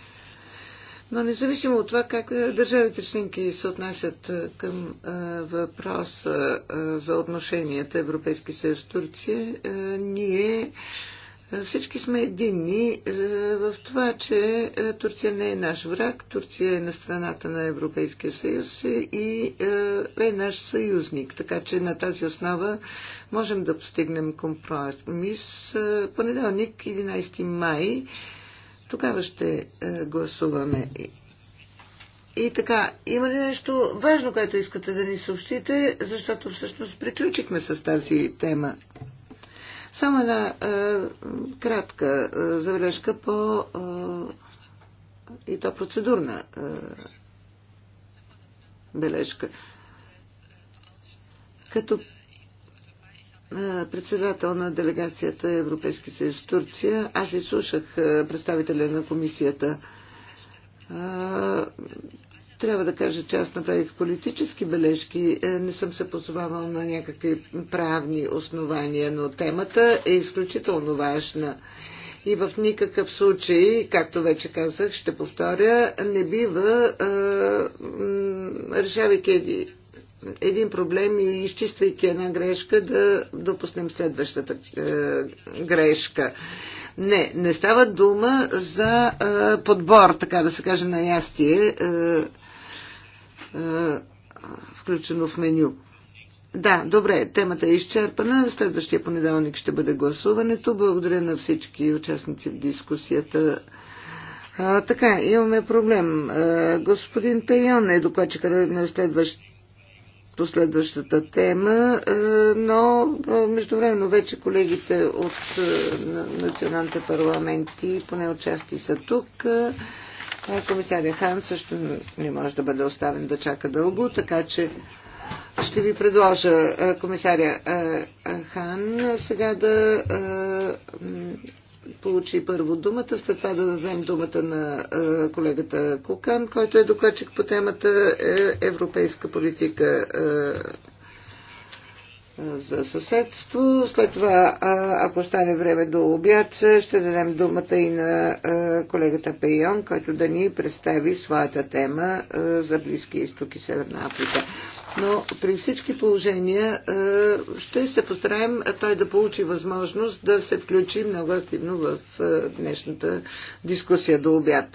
Но независимо от това как е, държавите членки се отнасят към въпроса за отношенията Европейски съюз-Турция, ние всички сме единни е, в това, че е, Турция не е наш враг, Турция е на страната на Европейския съюз и е, е наш съюзник. Така че на тази основа можем да постигнем компромис. Понеделник, 11 май, тогава ще гласуваме. И така, има ли нещо важно, което искате да ни съобщите, защото всъщност приключихме с тази тема? Само една е, кратка е, завръжка по е, и то процедурна е, бележка. Като е, председател на делегацията Европейски съюз Турция. Аз изслушах е, представителя на комисията. Е, трябва да кажа, че аз направих политически бележки. Е, не съм се позовавал на някакви правни основания, но темата е изключително важна. И в никакъв случай, както вече казах, ще повторя, не бива, е, решавайки един проблем и изчиствайки една грешка, да допуснем следващата е, грешка. Не, не става дума за подбор, така да се каже, на ястие е, включено в меню. Да, добре, темата е изчерпана. Следващия понеделник ще бъде гласуването. Благодаря на всички участници в дискусията. А, така, имаме проблем. А, господин Пейон е докладчика на следващ, последващата тема, а, но междувременно вече колегите от а, националните парламенти, поне отчасти са тук. А, Комисаря Хан също не може да бъде оставен да чака дълго, така че ще ви предложа е, комисаря е, е, Хан сега да получи първо думата, след това да дадем думата на колегата Кукан, който е докладчик по темата Европейска политика за съседство. След това, ако стане време до обяд, ще дадем думата и на колегата Пейон, който да ни представи своята тема за Близки изток и Северна Африка. Но при всички положения ще се постараем той да получи възможност да се включи много активно в днешната дискусия до обяд.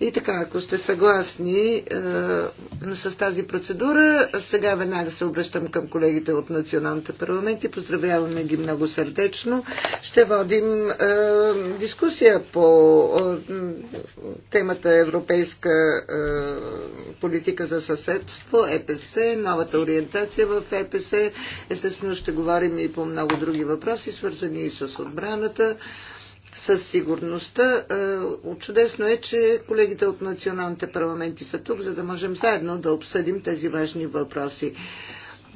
И така, ако сте съгласни е, с тази процедура, сега веднага се обръщам към колегите от националните парламенти. Поздравяваме ги много сърдечно. Ще водим е, дискусия по е, темата Европейска е, политика за съседство, ЕПС, новата ориентация в ЕПС. Естествено ще говорим и по много други въпроси, свързани и с отбраната със сигурността. Е, чудесно е, че колегите от националните парламенти са тук, за да можем заедно да обсъдим тези важни въпроси.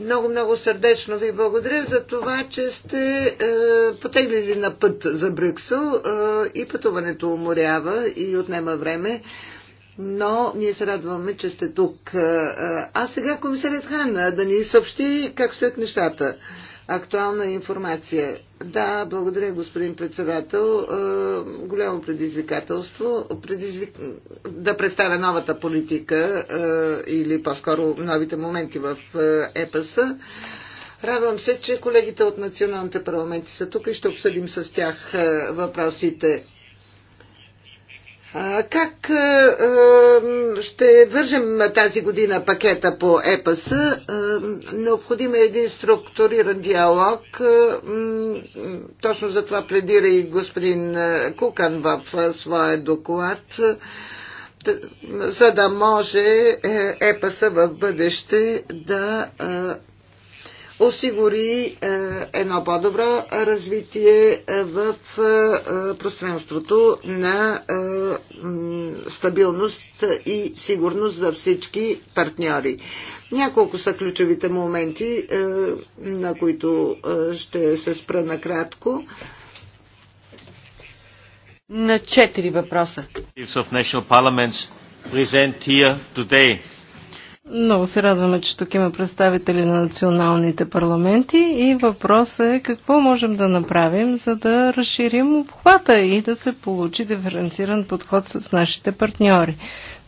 Много-много сърдечно ви благодаря за това, че сте е, потеглили на път за Брюксел е, и пътуването уморява и отнема време, но ние се радваме, че сте тук. Е, а сега комисарят Хан да ни съобщи как стоят нещата актуална информация. Да, благодаря, господин председател. Е, голямо предизвикателство Предизвик... да представя новата политика е, или по-скоро новите моменти в е, ЕПС. Радвам се, че колегите от националните парламенти са тук и ще обсъдим с тях въпросите. Как ще вържем тази година пакета по ЕПАС? Необходим е един структуриран диалог. Точно за това пледира и господин Кукан в своя доклад за да може е, ЕПАСа в бъдеще да осигури е, едно по-добро развитие е, в е, пространството на стабилност и сигурност за всички партньори. Няколко са ключовите моменти, на които ще се спра накратко. На четири въпроса. Много се радваме, че тук има представители на националните парламенти и въпросът е какво можем да направим, за да разширим обхвата и да се получи диференциран подход с нашите партньори.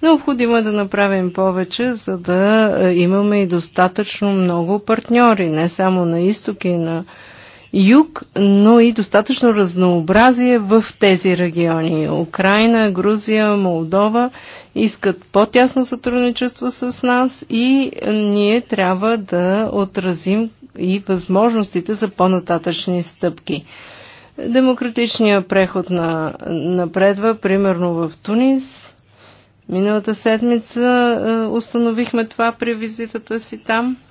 Необходимо е да направим повече, за да е, имаме и достатъчно много партньори, не само на изток и на юг, но и достатъчно разнообразие в тези региони. Украина, Грузия, Молдова искат по-тясно сътрудничество с нас и ние трябва да отразим и възможностите за по-нататъчни стъпки. Демократичният преход на, напредва, примерно в Тунис. Миналата седмица е, установихме това при визитата си там –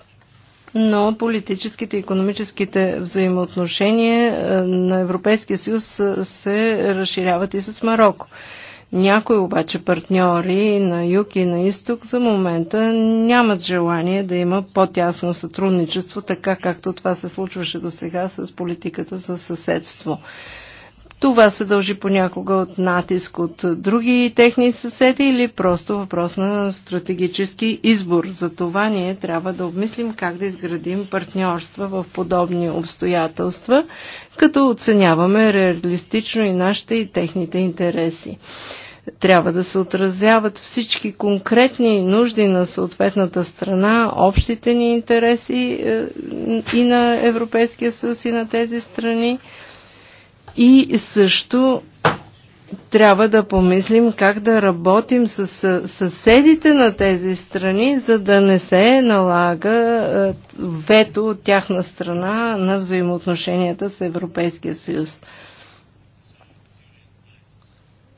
но политическите и економическите взаимоотношения е, на Европейския съюз е, се разширяват и с Марокко. Някои обаче партньори на юг и на изток за момента нямат желание да има по-тясно сътрудничество, така както това се случваше до сега с политиката за съседство. Това се дължи понякога от натиск от други техни съседи или просто въпрос на стратегически избор. За това ние трябва да обмислим как да изградим партньорства в подобни обстоятелства, като оценяваме реалистично и нашите и техните интереси. Трябва да се отразяват всички конкретни нужди на съответната страна, общите ни интереси е, и на Европейския съюз и на тези страни – и също трябва да помислим как да работим с съседите на тези страни, за да не се налага е, вето от тяхна страна на взаимоотношенията с Европейския съюз.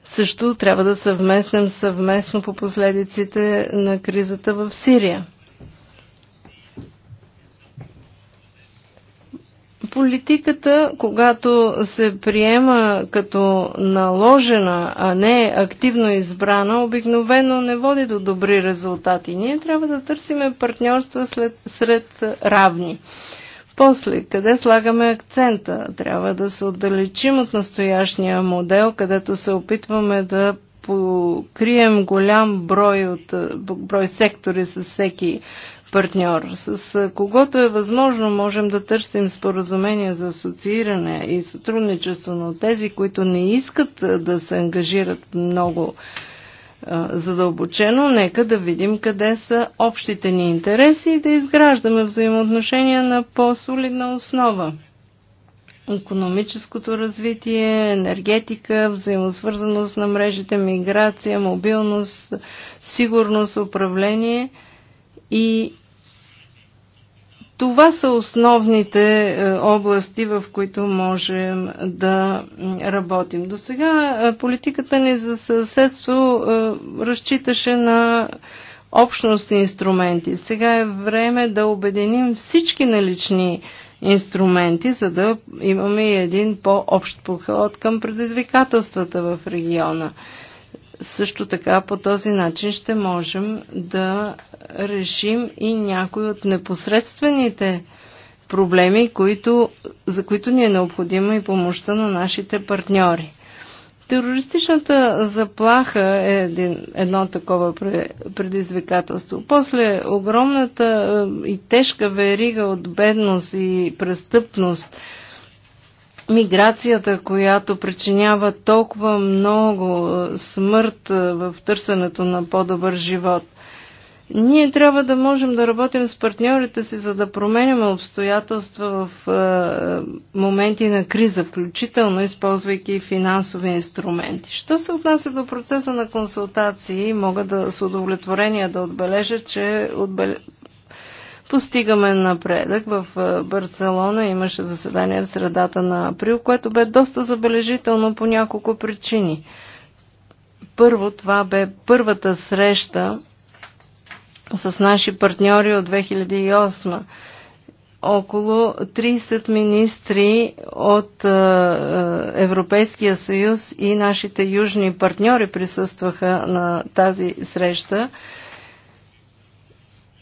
Също трябва да съвместнем съвместно по последиците на кризата в Сирия. политиката, когато се приема като наложена, а не активно избрана, обикновено не води до добри резултати. Ние трябва да търсиме партньорства след, сред равни. После, къде слагаме акцента? Трябва да се отдалечим от настоящия модел, където се опитваме да покрием голям брой, от, брой сектори с всеки партньор. С когото е възможно, можем да търсим споразумение за асоцииране и сътрудничество, но тези, които не искат да се ангажират много задълбочено, нека да видим къде са общите ни интереси и да изграждаме взаимоотношения на по-солидна основа. Економическото развитие, енергетика, взаимосвързаност на мрежите, миграция, мобилност, сигурност, управление и това са основните е, области, в които можем да работим. До сега е, политиката ни за съседство е, разчиташе на общностни инструменти. Сега е време да обединим всички налични инструменти, за да имаме един по-общ подход към предизвикателствата в региона. Също така по този начин ще можем да решим и някои от непосредствените проблеми, които, за които ни е необходима и помощта на нашите партньори. Терористичната заплаха е един, едно такова предизвикателство. После огромната е, и тежка верига от бедност и престъпност – миграцията, която причинява толкова много е, смърт е, в търсенето на по-добър живот. Ние трябва да можем да работим с партньорите си, за да променяме обстоятелства в е, моменти на криза, включително използвайки финансови инструменти. Що се отнася до процеса на консултации, мога да с удовлетворение да отбележа, че Постигаме напредък. В е, Барселона имаше заседание в средата на април, което бе доста забележително по няколко причини. Първо, това бе първата среща с наши партньори от 2008 около 30 министри от е, е, Европейския съюз и нашите южни партньори присъстваха на тази среща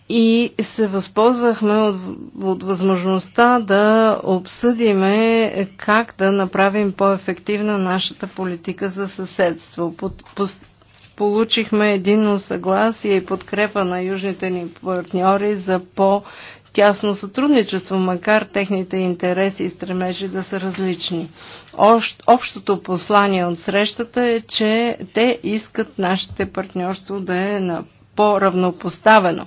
и се възползвахме от, от възможността да обсъдиме как да направим по-ефективна нашата политика за съседство. Под, по, получихме единно съгласие и подкрепа на южните ни партньори за по- тясно сътрудничество, макар техните интереси и стремежи да са различни. Общото послание от срещата е, че те искат нашите партньорство да е на по-равнопоставено.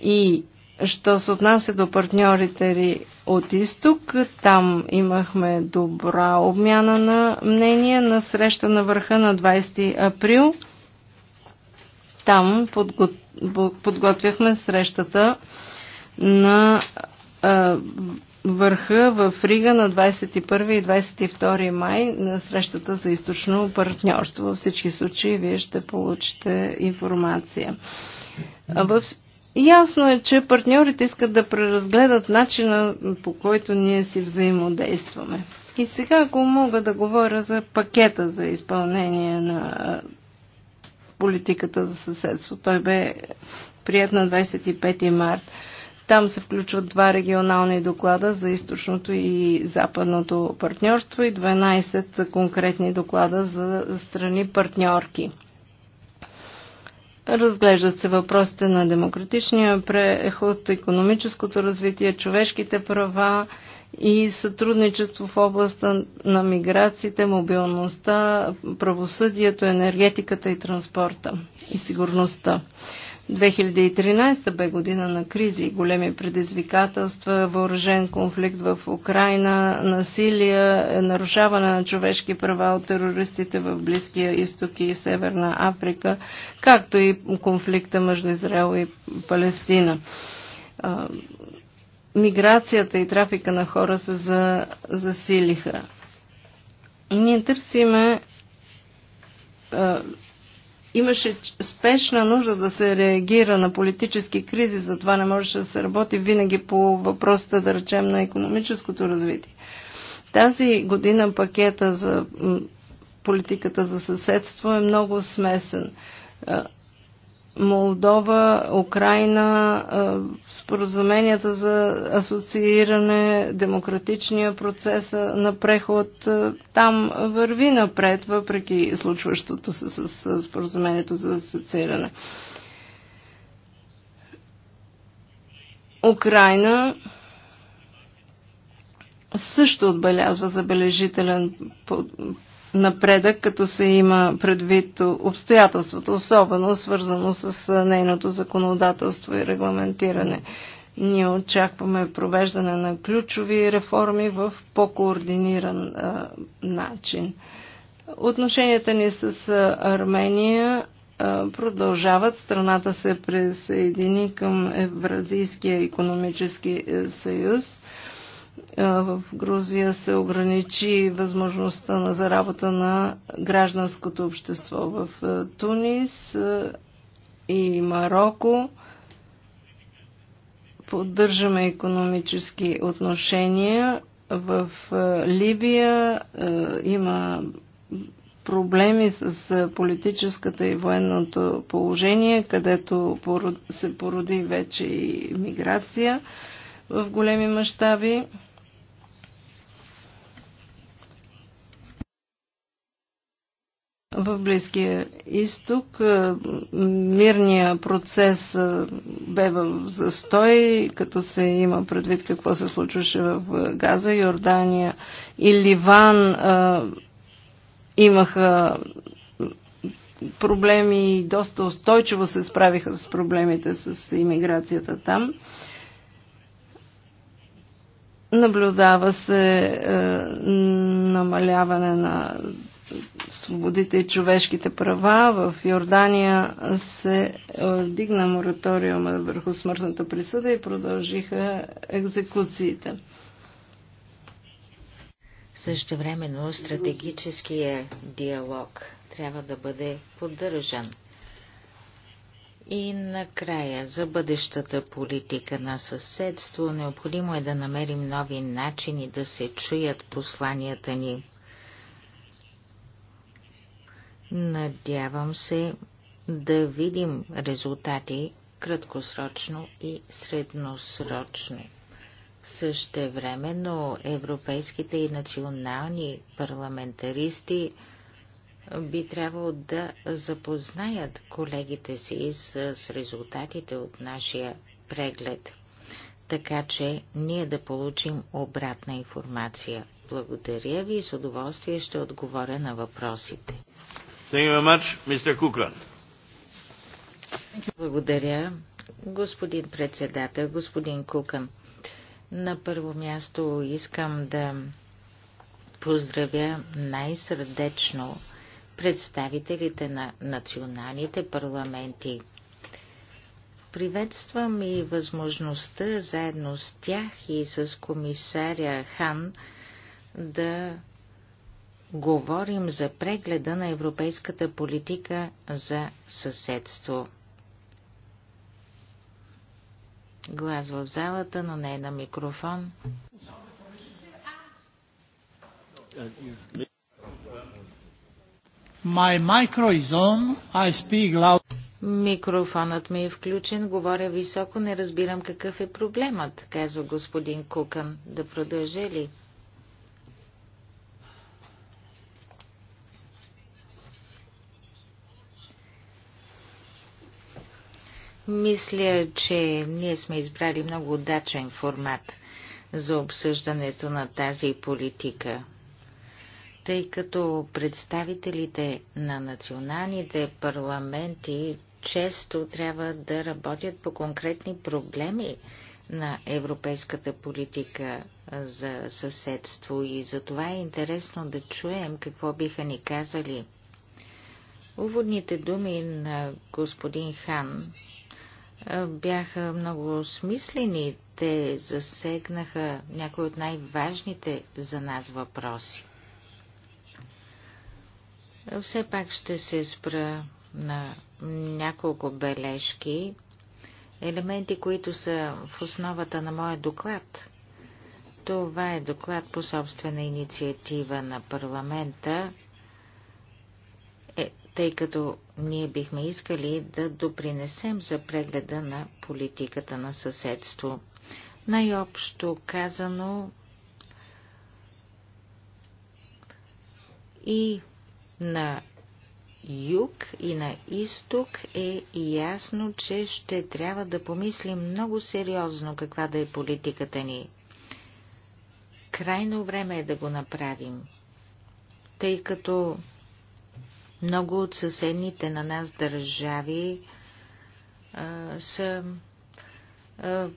И що се отнася до партньорите от изток, там имахме добра обмяна на мнение на среща на върха на 20 април. Там подго... подготвяхме срещата на а, върха в Рига на 21 и 22 май на срещата за източно партньорство. Във всички случаи вие ще получите информация. В Ясно е, че партньорите искат да преразгледат начина по който ние си взаимодействаме. И сега, ако мога да говоря за пакета за изпълнение на политиката за съседство, той бе прият на 25 март. Там се включват два регионални доклада за източното и западното партньорство и 12 конкретни доклада за страни партньорки. Разглеждат се въпросите на демократичния преход, економическото развитие, човешките права и сътрудничество в областта на миграциите, мобилността, правосъдието, енергетиката и транспорта и сигурността. 2013 бе година на кризи големи предизвикателства, въоръжен конфликт в Украина, насилие, нарушаване на човешки права от терористите в Близкия изток и Северна Африка, както и конфликта между Израел и Палестина. Миграцията и трафика на хора се засилиха. Ние търсиме имаше спешна нужда да се реагира на политически кризи, затова не можеше да се работи винаги по въпросите, да речем, на економическото развитие. Тази година пакета за политиката за съседство е много смесен. Молдова, Украина, споразуменията за асоцииране, демократичния процес на преход, там върви напред, въпреки случващото се с споразумението за асоцииране. Украина също отбелязва забележителен напредък, като се има предвид обстоятелствата, особено свързано с нейното законодателство и регламентиране. Ние очакваме провеждане на ключови реформи в по-координиран начин. Отношенията ни с Армения продължават. Страната се присъедини към Евразийския економически съюз в Грузия се ограничи възможността на заработа на гражданското общество. В Тунис и Марокко поддържаме економически отношения. В Либия има проблеми с политическата и военното положение, където се породи вече и миграция в големи мащаби. в Близкия изток. Мирния процес бе в застой, като се има предвид какво се случваше в Газа, Йордания и Ливан имаха проблеми и доста устойчиво се справиха с проблемите с иммиграцията там. Наблюдава се е, намаляване на свободите и човешките права. В Йордания се е, дигна мораториума върху смъртната присъда и продължиха екзекуциите. Също стратегическия диалог трябва да бъде поддържан. И накрая, за бъдещата политика на съседство, необходимо е да намерим нови начини да се чуят посланията ни. Надявам се да видим резултати краткосрочно и средносрочно. но европейските и национални парламентаристи би трябвало да запознаят колегите си с резултатите от нашия преглед, така че ние да получим обратна информация. Благодаря ви и с удоволствие ще отговоря на въпросите. Благодаря, господин председател, господин Кукан. На първо място искам да поздравя най-сърдечно представителите на националните парламенти. Приветствам и възможността заедно с тях и с комисаря Хан да говорим за прегледа на европейската политика за съседство. Глас в залата, но не на микрофон. My micro is on. I speak loud. Микрофонът ми е включен, говоря високо, не разбирам какъв е проблемът, казва господин Кукън. Да продължа ли? Мисля, че ние сме избрали много удачен формат за обсъждането на тази политика, тъй като представителите на националните парламенти често трябва да работят по конкретни проблеми на европейската политика за съседство и за това е интересно да чуем какво биха ни казали. Уводните думи на господин Хан е, бяха много смислени. Те засегнаха някои от най-важните за нас въпроси. Все пак ще се спра на няколко бележки, елементи, които са в основата на моя доклад. Това е доклад по собствена инициатива на парламента, е, тъй като ние бихме искали да допринесем за прегледа на политиката на съседство. Най-общо казано и на юг и на изток е ясно, че ще трябва да помислим много сериозно каква да е политиката ни. Крайно време е да го направим, тъй като много от съседните на нас държави а, са а,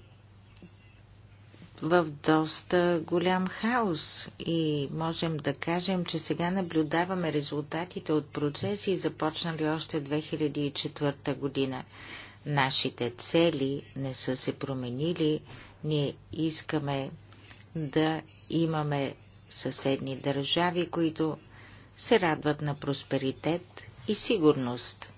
в доста голям хаос и можем да кажем, че сега наблюдаваме резултатите от процеси, започнали още 2004 година. Нашите цели не са се променили, ние искаме да имаме съседни държави, които се радват на просперитет и сигурност.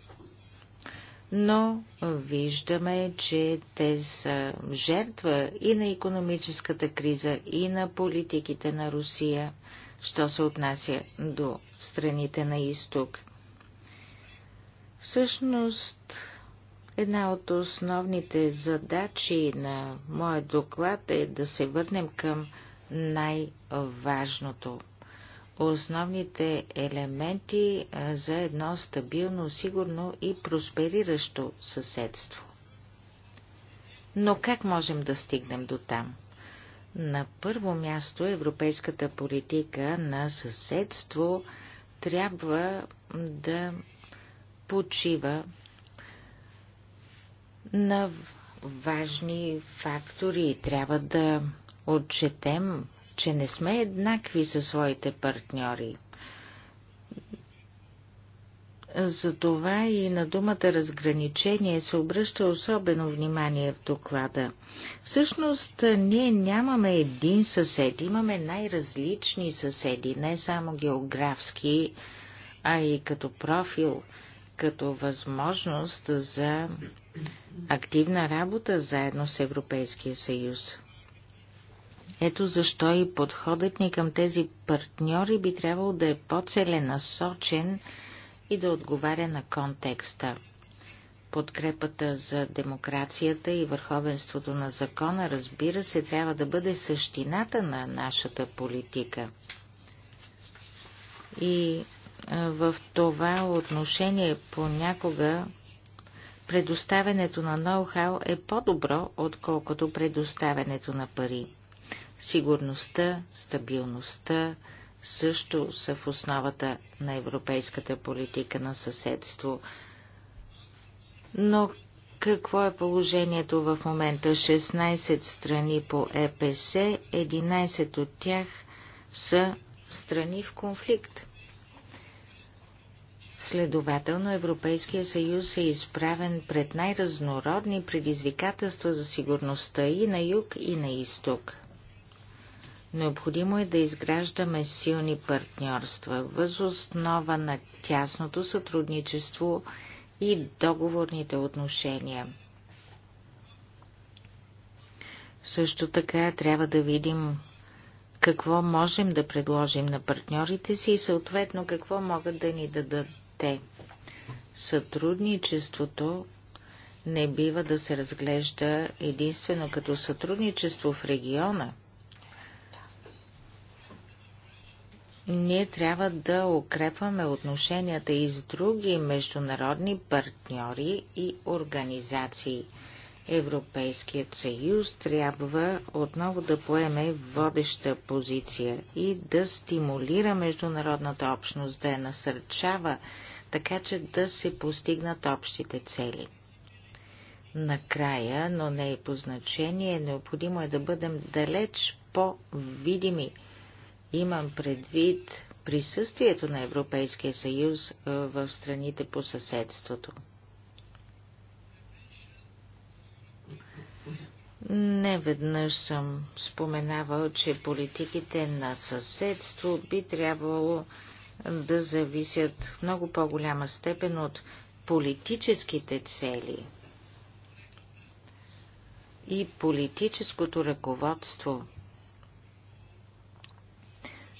Но виждаме, че те са жертва и на економическата криза, и на политиките на Русия, що се отнася до страните на изток. Всъщност, една от основните задачи на моят доклад е да се върнем към най-важното основните елементи за едно стабилно, сигурно и проспериращо съседство. Но как можем да стигнем до там? На първо място европейската политика на съседство трябва да почива на важни фактори. Трябва да отчетем че не сме еднакви със своите партньори. Затова и на думата разграничение се обръща особено внимание в доклада. Всъщност, ние нямаме един съсед, имаме най-различни съседи, не само географски, а и като профил, като възможност за активна работа заедно с Европейския съюз. Ето защо и подходът ни към тези партньори би трябвало да е по-целенасочен и да отговаря на контекста. Подкрепата за демокрацията и върховенството на закона, разбира се, трябва да бъде същината на нашата политика. И в това отношение понякога предоставянето на ноу-хау е по-добро, отколкото предоставянето на пари. Сигурността, стабилността също са в основата на европейската политика на съседство. Но какво е положението в момента? 16 страни по ЕПС, 11 от тях са страни в конфликт. Следователно Европейския съюз е изправен пред най-разнородни предизвикателства за сигурността и на юг, и на изток. Необходимо е да изграждаме силни партньорства въз основа на тясното сътрудничество и договорните отношения. Също така трябва да видим какво можем да предложим на партньорите си и съответно какво могат да ни дадат те. Сътрудничеството не бива да се разглежда единствено като сътрудничество в региона – Ние трябва да укрепваме отношенията и с други международни партньори и организации. Европейският съюз трябва отново да поеме водеща позиция и да стимулира международната общност, да я насърчава, така че да се постигнат общите цели. Накрая, но не и е по значение, необходимо е да бъдем далеч по-видими – Имам предвид присъствието на Европейския съюз в страните по съседството. Не веднъж съм споменавал, че политиките на съседство би трябвало да зависят в много по-голяма степен от политическите цели и политическото ръководство –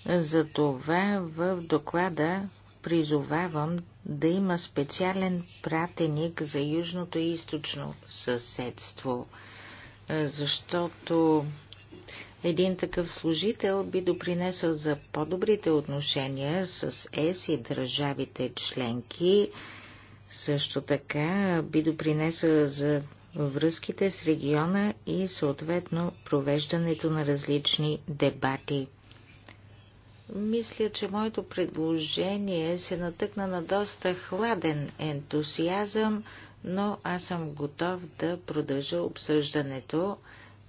затова в доклада призовавам да има специален пратеник за южното и източно съседство, защото един такъв служител би допринесъл за по-добрите отношения с ЕС и държавите членки, също така би допринесъл за връзките с региона и съответно провеждането на различни дебати. Мисля, че моето предложение се натъкна на доста хладен ентусиазъм, но аз съм готов да продължа обсъждането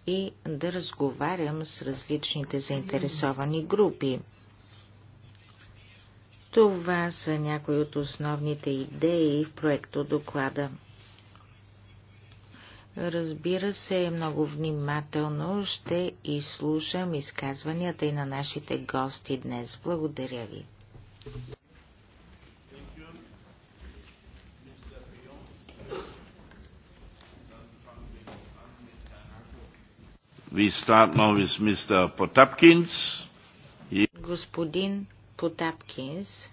и да разговарям с различните заинтересовани групи. Това са някои от основните идеи в проекто доклада. Разбира се, много внимателно ще изслушам изказванията и на нашите гости днес. Благодаря ви. Господин Потапкинс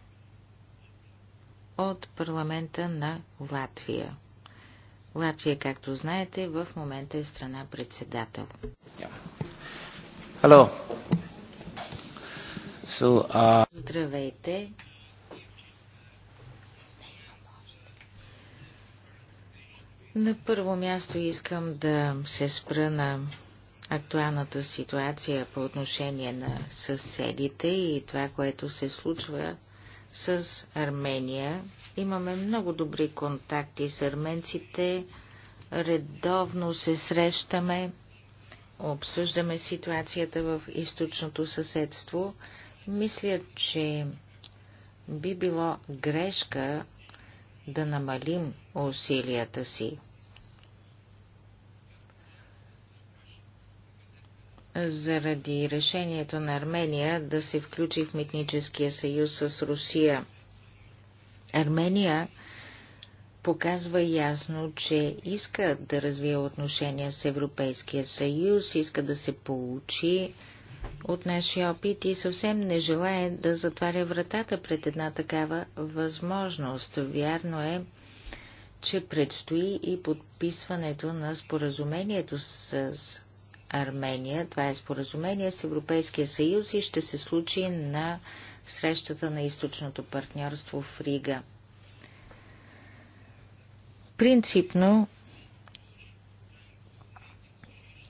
от парламента на Латвия. Латвия, както знаете, в момента е страна председател. Hello. So, uh... Здравейте. На първо място искам да се спра на актуалната ситуация по отношение на съседите и това, което се случва с Армения. Имаме много добри контакти с арменците. Редовно се срещаме, обсъждаме ситуацията в източното съседство. Мисля, че би било грешка да намалим усилията си. заради решението на Армения да се включи в Митническия съюз с Русия. Армения показва ясно, че иска да развие отношения с Европейския съюз, иска да се получи от нашия опит и съвсем не желая да затваря вратата пред една такава възможност. Вярно е, че предстои и подписването на споразумението с Армения. Това е споразумение с Европейския съюз и ще се случи на срещата на източното партньорство в Рига. Принципно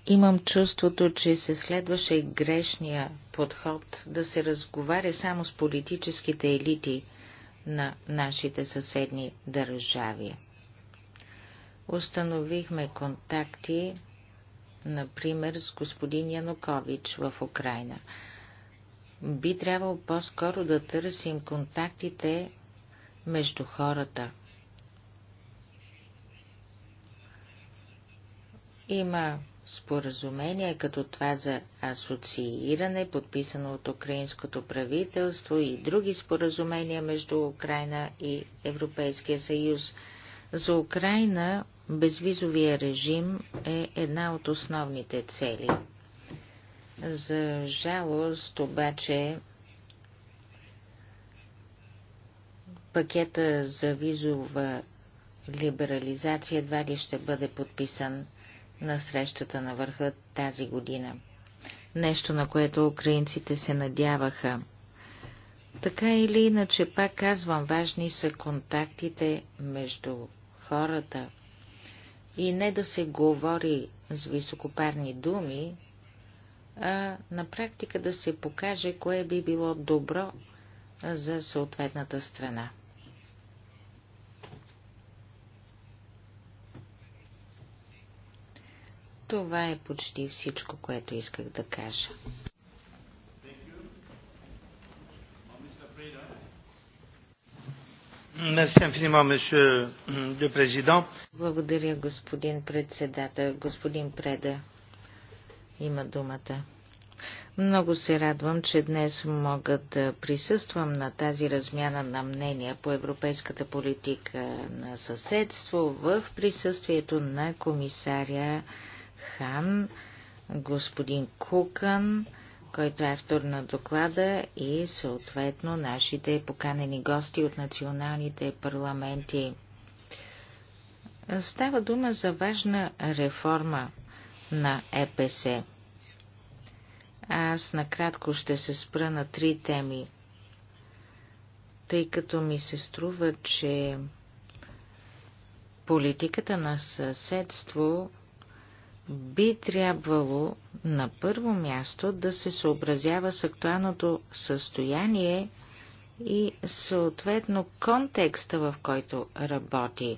имам чувството, че се следваше грешния подход да се разговаря само с политическите елити на нашите съседни държави. Установихме контакти например с господин Янукович в Украина. Би трябвало по-скоро да търсим контактите между хората. Има споразумение като това за асоцииране, подписано от украинското правителство и други споразумения между Украина и Европейския съюз. За Украина Безвизовия режим е една от основните цели. За жалост обаче пакета за визова либерализация едва ли ще бъде подписан на срещата на върха тази година. Нещо, на което украинците се надяваха. Така или иначе, пак казвам, важни са контактите между хората, и не да се говори с високопарни думи, а на практика да се покаже кое би било добро за съответната страна. Това е почти всичко, което исках да кажа. Благодаря, господин председател. Господин Преда има думата. Много се радвам, че днес мога да присъствам на тази размяна на мнения по европейската политика на съседство в присъствието на комисаря Хан, господин Кукан, който е автор на доклада и съответно нашите поканени гости от националните парламенти. Става дума за важна реформа на ЕПС. Аз накратко ще се спра на три теми, тъй като ми се струва, че политиката на съседство би трябвало на първо място да се съобразява с актуалното състояние и съответно контекста, в който работи.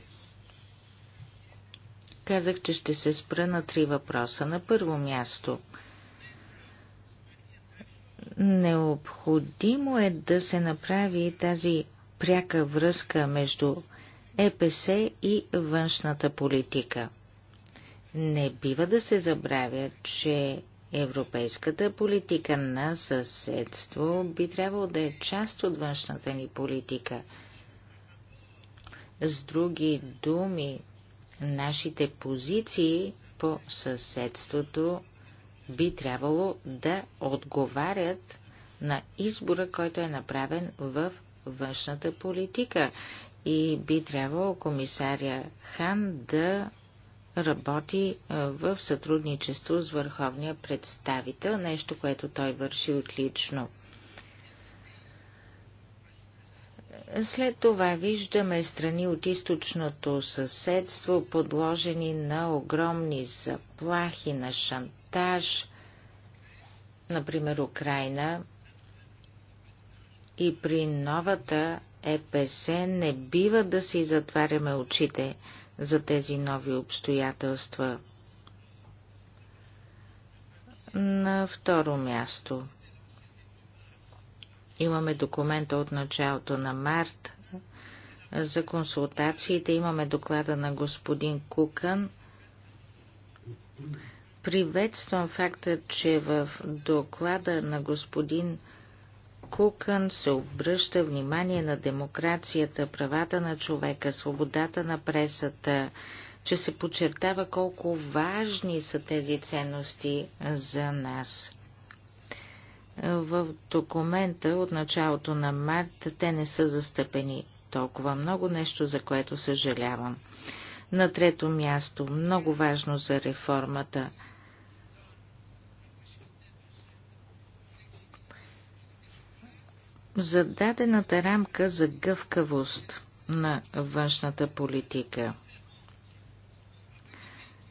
Казах, че ще се спра на три въпроса. На първо място необходимо е да се направи тази пряка връзка между ЕПС и външната политика – не бива да се забравя, че европейската политика на съседство би трябвало да е част от външната ни политика. С други думи, нашите позиции по съседството би трябвало да отговарят на избора, който е направен в външната политика. И би трябвало комисаря Хан да работи в сътрудничество с върховния представител, нещо, което той върши отлично. След това виждаме страни от източното съседство, подложени на огромни заплахи, на шантаж, например Украина. И при новата ЕПС не бива да си затваряме очите – за тези нови обстоятелства. На второ място имаме документа от началото на март за консултациите. Имаме доклада на господин Кукан. Приветствам факта, че в доклада на господин Кукан Кукън се обръща внимание на демокрацията, правата на човека, свободата на пресата, че се подчертава колко важни са тези ценности за нас. В документа от началото на март те не са застъпени толкова много нещо, за което съжалявам. На трето място, много важно за реформата – за дадената рамка за гъвкавост на външната политика.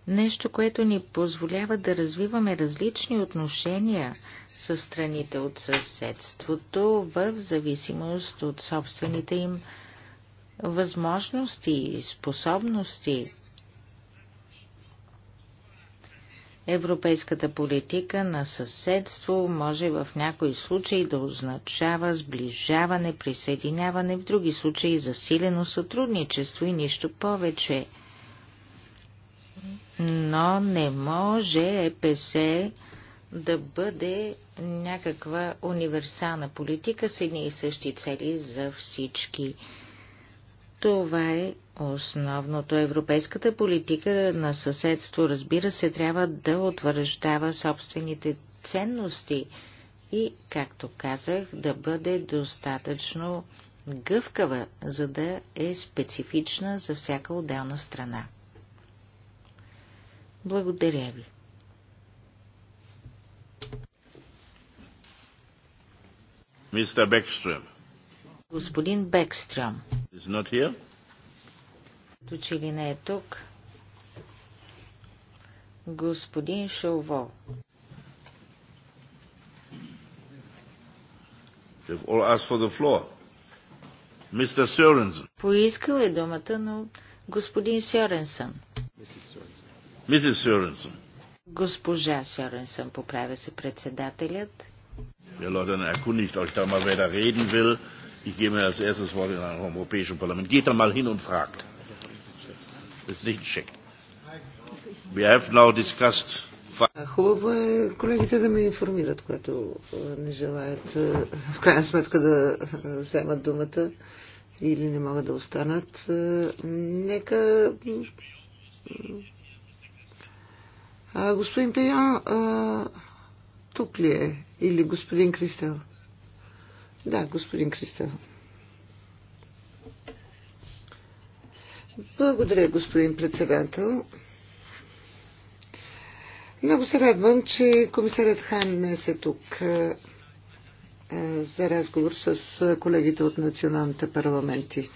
Нещо, което ни позволява да развиваме различни отношения с страните от съседството в зависимост от собствените им възможности и способности. Европейската политика на съседство може в някои случаи да означава сближаване, присъединяване, в други случаи засилено сътрудничество и нищо повече. Но не може ЕПС да бъде някаква универсална политика с едни и същи цели за всички. Това е основното. Европейската политика на съседство, разбира се, трябва да утвърждава собствените ценности и, както казах, да бъде достатъчно гъвкава, за да е специфична за всяка отделна страна. Благодаря ви. Mr. Beckström. Господин Бекстрем. Като че ли не е тук? Господин Шалво. Поискал е думата, но господин Сьоренсън. Госпожа Сьоренсън поправя се председателят. Leute euch da mal, reden will. Ich gebe mir als erstes das Wort in einem Europäischen Parlament. Geht da mal hin und fragt. Das ist nicht geschickt. We have now discussed Хубаво е колегите да ме информират, което не желаят в крайна сметка да вземат думата или не могат да останат. Нека а, господин Пиян, тук ли е? Или господин Кристел? Да, господин Кристал. Благодаря, господин председател. Много се радвам, че комисарят Хан днес е тук е, за разговор с колегите от националните парламенти.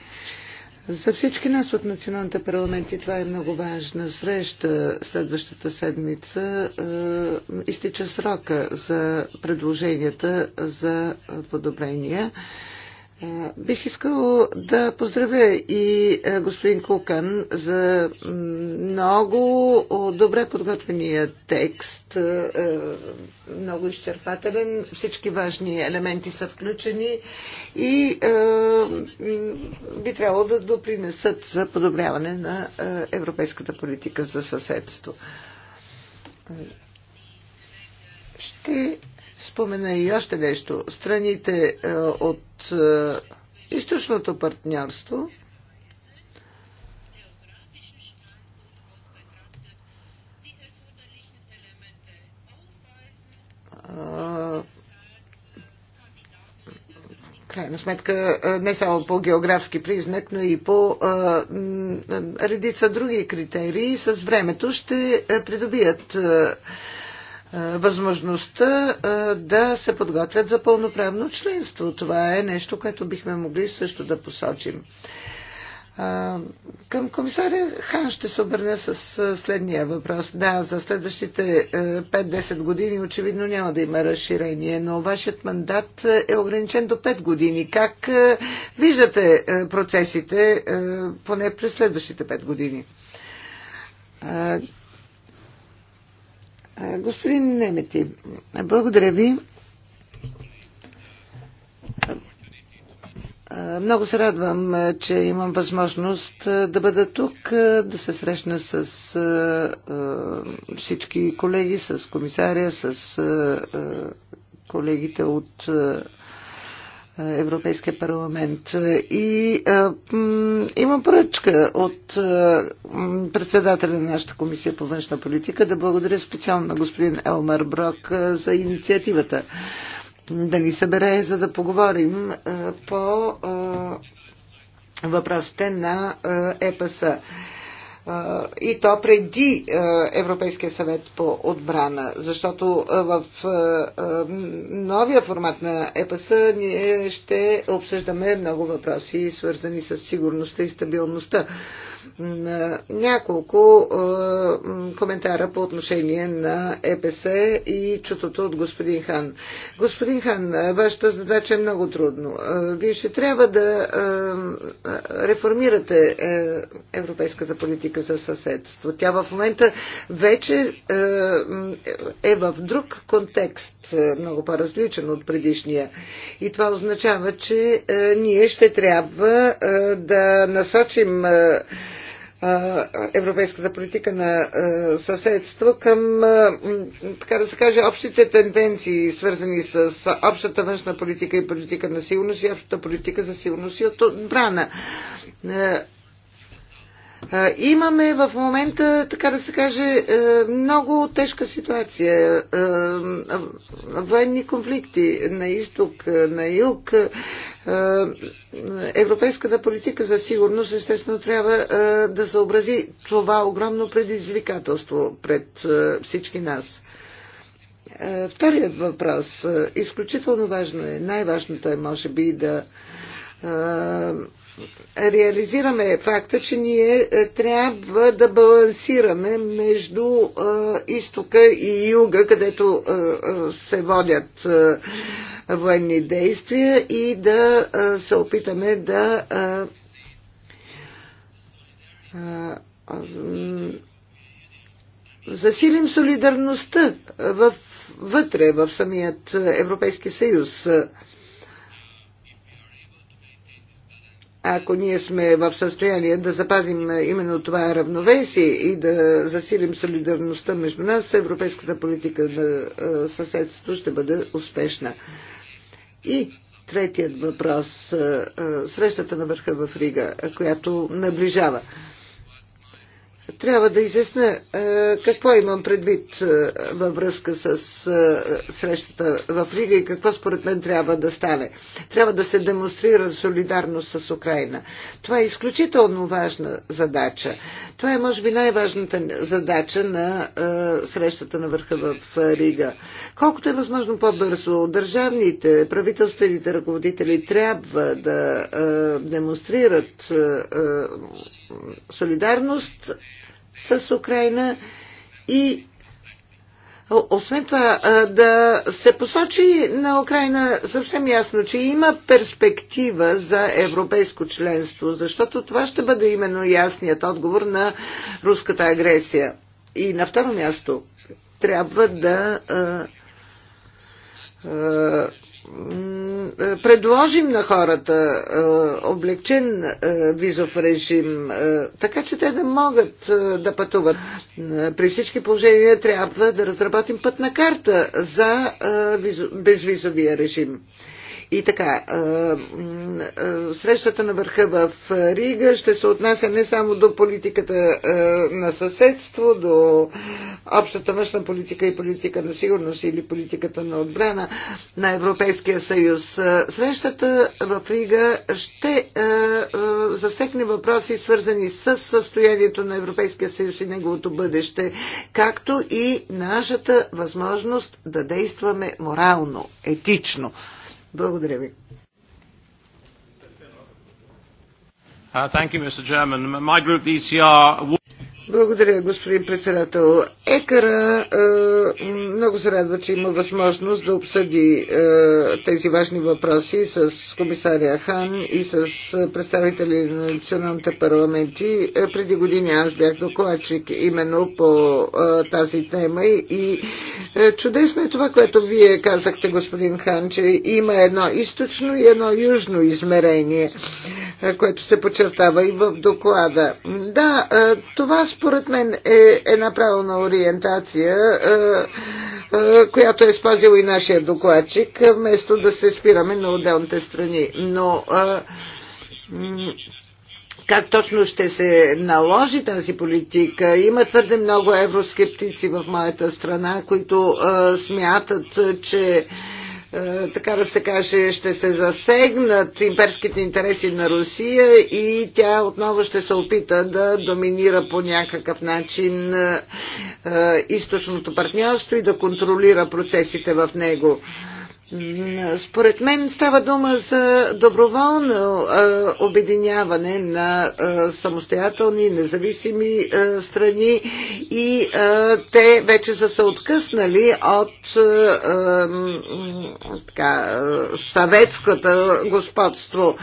За всички нас от националните парламенти това е много важна среща. Следващата седмица е, изтича срока за предложенията за подобрения. Бих искал да поздравя и господин Кукан за много добре подготвения текст, много изчерпателен, всички важни елементи са включени и би трябвало да допринесат за подобряване на европейската политика за съседство. Ще спомена и още нещо. Страните е, от е, източното партньорство е, крайна сметка не само по географски признак, но и по а, редица други критерии с времето ще придобият а, е, възможността е, да се подготвят за пълноправно членство. Това е нещо, което бихме могли също да посочим. Към комисаря Хан ще се обърне с е, следния въпрос. Да, за следващите 5-10 години очевидно няма да има разширение, но вашият мандат е ограничен до 5 години. Как виждате процесите поне през следващите 5 години? Господин Немети, благодаря ви. Много се радвам, че имам възможност да бъда тук, да се срещна с всички колеги, с комисаря, с колегите от Европейския парламент. И а, има поръчка от а, председателя на нашата комисия по външна политика да благодаря специално на господин Елмар Брок а, за инициативата да ни събере, за да поговорим а, по а, въпросите на а, ЕПАСА и то преди Европейския съвет по отбрана, защото в новия формат на ЕПС ние ще обсъждаме много въпроси, свързани с сигурността и стабилността няколко коментара по отношение на ЕПС и чутото от господин Хан. Господин Хан, вашата задача е много трудно. Вие ще трябва да реформирате европейската политика за съседство. Тя в момента вече е в друг контекст, много по-различен от предишния. И това означава, че ние ще трябва да насочим европейската политика на съседство към, така да се каже, общите тенденции, свързани с общата външна политика и политика на сигурност и общата политика за сигурност и отбрана. Имаме в момента, така да се каже, е, много тежка ситуация. Е, е, военни конфликти на изток, на юг. Европейската политика за сигурност, естествено, трябва да съобрази това огромно предизвикателство пред всички нас. Вторият въпрос. Изключително важно е. Най-важното е, може би, да реализираме факта, че ние е, трябва да балансираме между е, изтока и юга, където е, се водят военни действия и да се опитаме да засилим солидарността вътре в самият Европейски съюз. ако ние сме в състояние да запазим именно това равновесие и да засилим солидарността между нас, европейската политика на съседство ще бъде успешна. И третият въпрос срещата на върха в Рига, която наближава трябва да изясня е, какво имам предвид е, във връзка с е, срещата в Рига и какво според мен трябва да стане. Трябва да се демонстрира солидарност с Украина. Това е изключително важна задача. Това е, може би, най-важната задача на срещата на върха в Рига. Колкото е възможно по-бързо, държавните, правителствените ръководители трябва да демонстрират солидарност с Украина и освен това, да се посочи на Украина съвсем ясно, че има перспектива за европейско членство, защото това ще бъде именно ясният отговор на руската агресия. И на второ място, трябва да е, предложим на хората е, облегчен е, визов режим, така че те да могат да пътуват. При всички положения трябва да разработим пътна карта за безвизовия режим. И така, срещата на върха в Рига ще се отнася не само до политиката на съседство, до общата външна политика и политика на сигурност или политиката на отбрана на Европейския съюз. Срещата в Рига ще засекне въпроси, свързани с състоянието на Европейския съюз и неговото бъдеще, както и нашата възможност да действаме морално, етично. Благодаря ви. Uh, thank you, Mr. Chairman. My group, the ECR, благодаря, господин председател. Екара е, много се радва, че има възможност да обсъди е, тези важни въпроси с комисаря Хан и с е, представители на националните парламенти. Е, преди години аз бях докладчик именно по е, тази тема и е, чудесно е това, което вие казахте, господин Хан, че има едно източно и едно южно измерение, е, което се подчертава и в доклада. Да, е, това според мен е една правилна ориентация, е, е, която е спазил и нашия докладчик, вместо да се спираме на отделните страни. Но е, как точно ще се наложи тази политика. Има твърде много евроскептици в моята страна, които смятат, че е, така да се каже, ще се засегнат имперските интереси на Русия и тя отново ще се опита да доминира по някакъв начин е, е, източното партньорство и да контролира процесите в него. Според мен става дума за доброволно а, обединяване на а, самостоятелни, независими а, страни и а, те вече са се откъснали от а, а, така, съветската господство.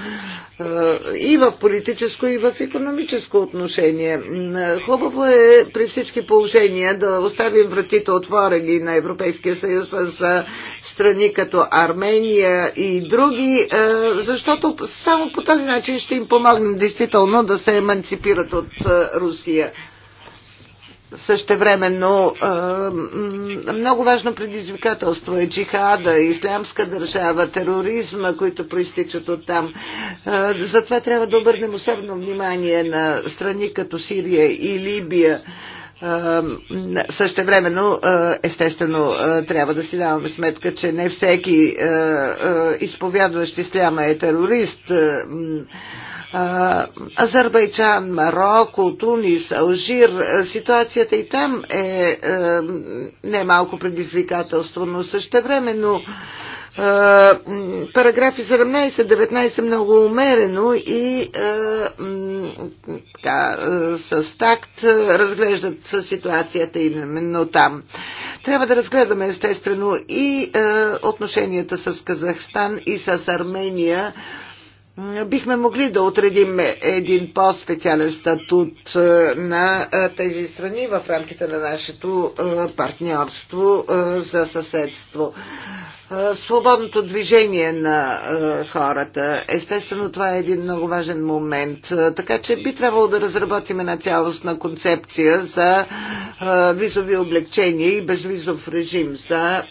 Е, и в политическо, и в економическо отношение. Хубаво е при всички положения да оставим вратите отворени на Европейския съюз за страни като Армения и други, е, защото само по този начин ще им помогнем действително да се еманципират от е, Русия. Същевременно много важно предизвикателство е джихада, ислямска държава, тероризма, които проистичат от там. Затова трябва да обърнем особено внимание на страни като Сирия и Либия. Също естествено, трябва да си даваме сметка, че не всеки изповядващ исляма е терорист. Азербайджан, Марокко, Тунис, Алжир. Ситуацията и там е, е немалко е предизвикателство, но но параграфи 17-19 много умерено и така, с такт разглеждат ситуацията именно там. Трябва да разгледаме естествено и отношенията с Казахстан и с Армения бихме могли да отредим един по-специален статут е, на е, тези страни в рамките на нашето е, партньорство за съседство. Свободното движение на хората. Естествено, това е един много важен момент. Така че би трябвало да разработим една цялостна концепция за визови облегчения и безвизов режим за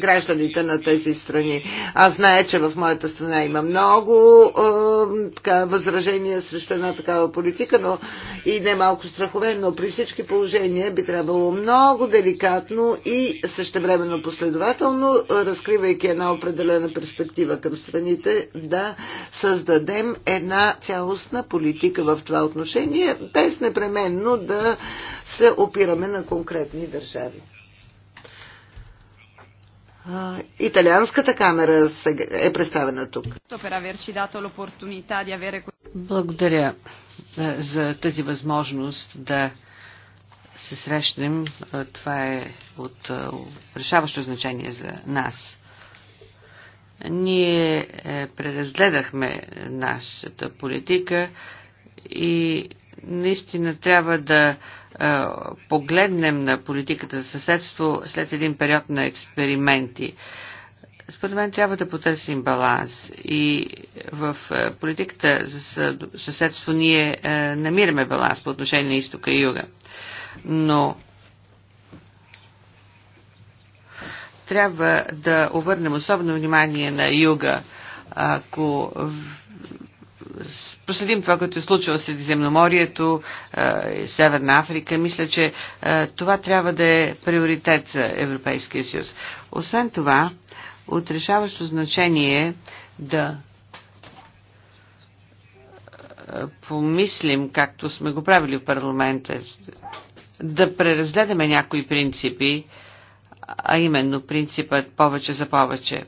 гражданите на тези страни. Аз знае, че в моята другата страна има много е, така, възражения срещу една такава политика, но и не малко страхове, но при всички положения би трябвало много деликатно и същевременно последователно, разкривайки една определена перспектива към страните, да създадем една цялостна политика в това отношение, без непременно да се опираме на конкретни държави. Италианската камера е представена тук. Благодаря за тази възможност да се срещнем. Това е от решаващо значение за нас. Ние е, преразгледахме нашата политика и наистина трябва да погледнем на политиката за съседство след един период на експерименти. Според мен трябва да потърсим баланс и в политиката за съседство ние намираме баланс по отношение на изтока и юга. Но трябва да обърнем особено внимание на юга. Ако проследим това, което е случило земноморието Средиземноморието, е, Северна Африка, мисля, че е, това трябва да е приоритет за Европейския съюз. Освен това, от решаващо значение е да помислим, както сме го правили в парламента, да преразгледаме някои принципи, а именно принципът повече за повече.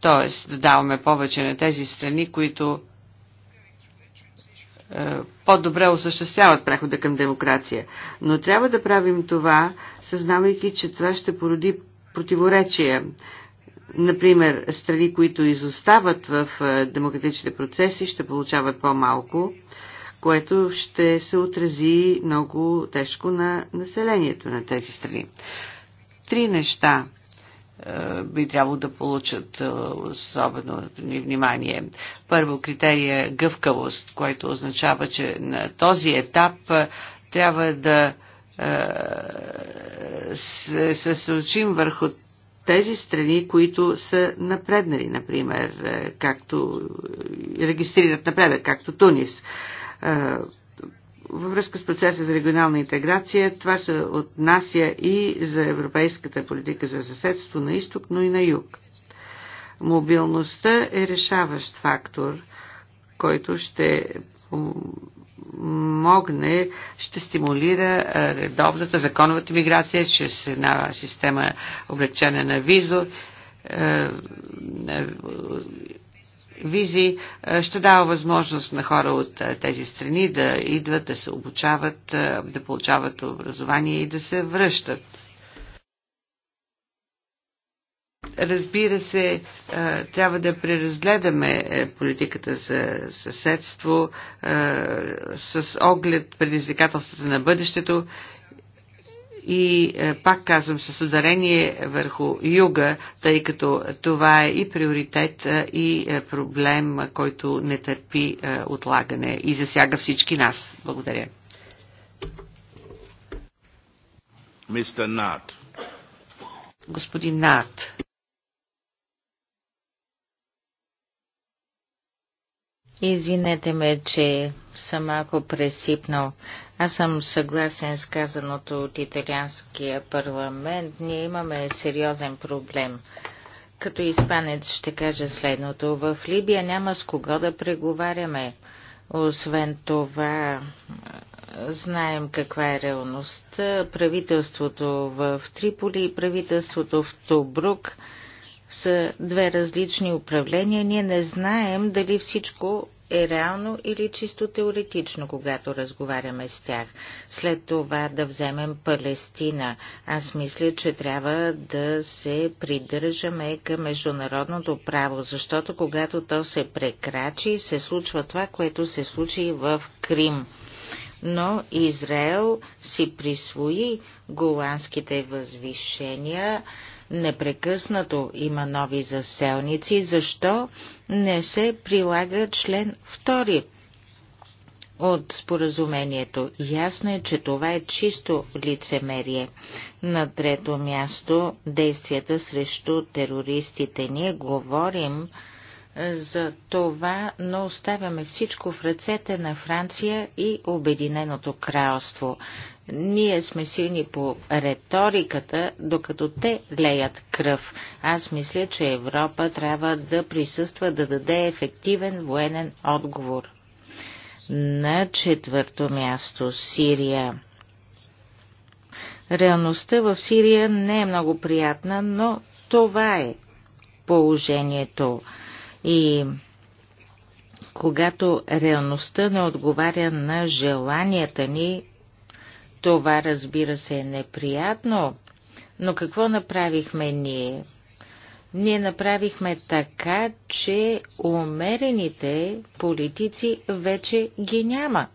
Тоест да даваме повече на тези страни, които е, по-добре осъществяват прехода към демокрация. Но трябва да правим това, съзнавайки, че това ще породи противоречия. Например, страни, които изостават в е, демократичните процеси, ще получават по-малко, което ще се отрази много тежко на населението на тези страни. Три неща е, би трябвало да получат е, особено внимание. Първо критерия е гъвкавост, което означава, че на този етап е, трябва да се съсочим върху тези страни, които са напреднали, например, както регистрират напредък, както Тунис във връзка с процеса за регионална интеграция. Това се отнася и за европейската политика за съседство на изток, но и на юг. Мобилността е решаващ фактор, който ще могне, ще стимулира редовната законовата миграция чрез една система облегчена на визо визи е, ще дава възможност на хора от е, тези страни да идват, да се обучават, е, да получават образование и да се връщат. Разбира се, трябва да преразгледаме политиката за съседство с оглед предизвикателствата на бъдещето и е, пак казвам с ударение върху юга, тъй като това е и приоритет е, и е, проблем, който не търпи отлагане и засяга всички нас. Благодаря. Мистер Нат. Господин Нат. Извинете ме, че съм малко пресипнал. Аз съм съгласен с казаното от италианския парламент. Ние имаме сериозен проблем. Като испанец ще кажа следното. В Либия няма с кого да преговаряме. Освен това, знаем каква е реалността. Правителството в Триполи и правителството в Тобрук са две различни управления. Ние не знаем дали всичко е реално или чисто теоретично, когато разговаряме с тях. След това да вземем Палестина. Аз мисля, че трябва да се придържаме към международното право, защото когато то се прекрачи, се случва това, което се случи в Крим. Но Израел си присвои голландските възвишения, непрекъснато има нови заселници, защо не се прилага член 2 от споразумението? Ясно е, че това е чисто лицемерие. На трето място действията срещу терористите. Ние говорим за това, но оставяме всичко в ръцете на Франция и Обединеното кралство. Ние сме силни по риториката, докато те леят кръв. Аз мисля, че Европа трябва да присъства да даде ефективен военен отговор. На четвърто място Сирия. Реалността в Сирия не е много приятна, но това е положението. И когато реалността не отговаря на желанията ни, това разбира се е неприятно, но какво направихме ние? Ние направихме така, че умерените политици вече ги няма.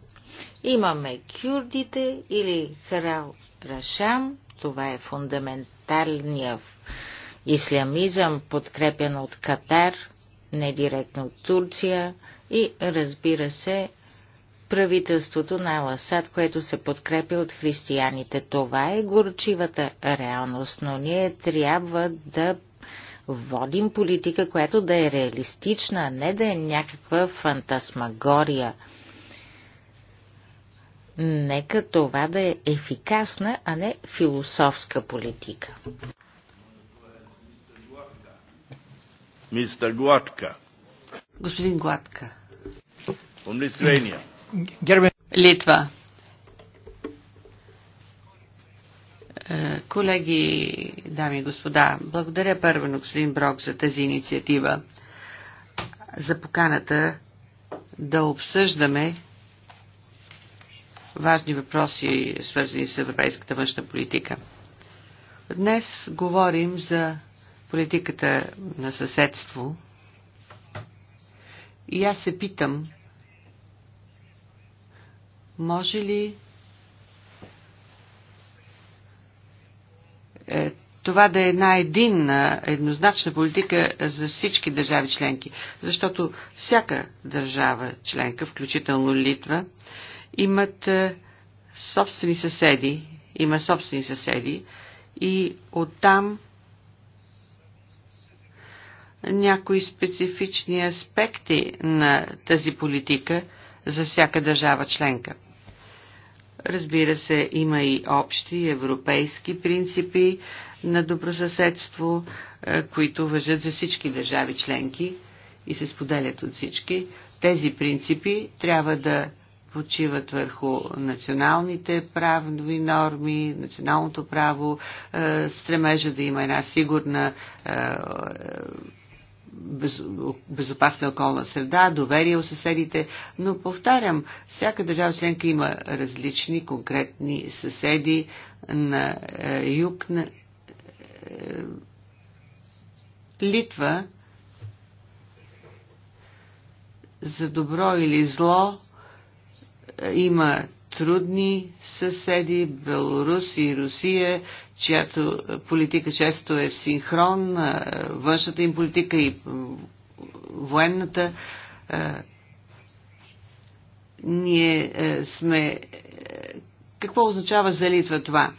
Имаме кюрдите или Храл Рашам, това е фундаменталният ислямизъм, подкрепен от Катар – не директно от Турция и разбира се правителството на Аласад, което се подкрепя от християните. Това е горчивата реалност, но ние трябва да водим политика, която да е реалистична, а не да е някаква фантасмагория. Нека това да е ефикасна, а не философска политика. мистер Гладка. Господин Гладка. From Lithuania. Литва. Е, колеги, дами и господа, благодаря първо на господин Брок за тази инициатива, за поканата да обсъждаме важни въпроси, свързани с европейската външна политика. Днес говорим за политиката на съседство. И аз се питам, може ли е, това да е една единна, еднозначна политика за всички държави членки, защото всяка държава членка, включително Литва, имат е, собствени съседи, има собствени съседи и оттам някои специфични аспекти на тази политика за всяка държава членка. Разбира се, има и общи европейски принципи на добросъседство, е, които въжат за всички държави членки и се споделят от всички. Тези принципи трябва да почиват върху националните правни норми, националното право, е, стремежа да има една сигурна е, без, безопасна околна среда, доверие у съседите, но повтарям, всяка държава членка има различни конкретни съседи на е, юг на е, Литва за добро или зло е, има трудни съседи, Беларус и Русия, чиято политика често е в синхрон, външната им политика и военната. Ние е, сме. Е, какво означава за Литва това?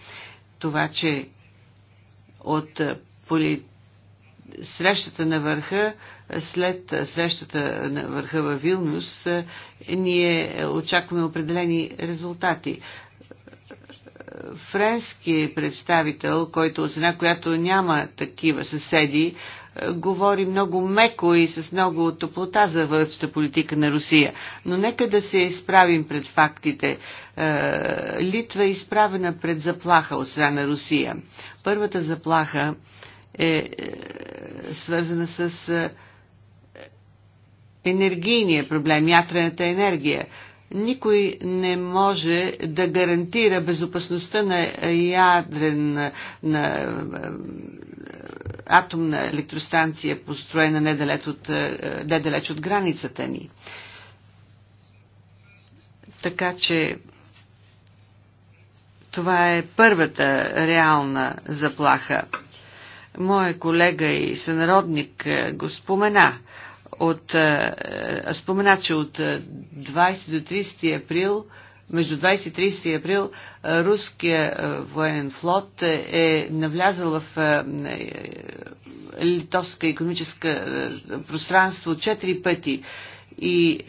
Това, че от е, политика срещата на върха, след срещата на върха във Вилнюс, ние очакваме определени резултати. Френски представител, който от е която няма такива съседи, говори много меко и с много топлота за външната политика на Русия. Но нека да се изправим пред фактите. Е, Литва е изправена пред заплаха от страна на Русия. Първата заплаха е, е свързана с е, енергийния проблем, ятрената енергия. Никой не може да гарантира безопасността на ядрен, на е, атомна електростанция, построена недалеч от, недалеч от границата ни. Така че това е първата реална заплаха мой колега и сънародник е, го спомена. От, е, е, спомена, че от 20 до 30 април между 20 и 30 април руския военен флот е навлязал в литовска економическа пространство четири пъти и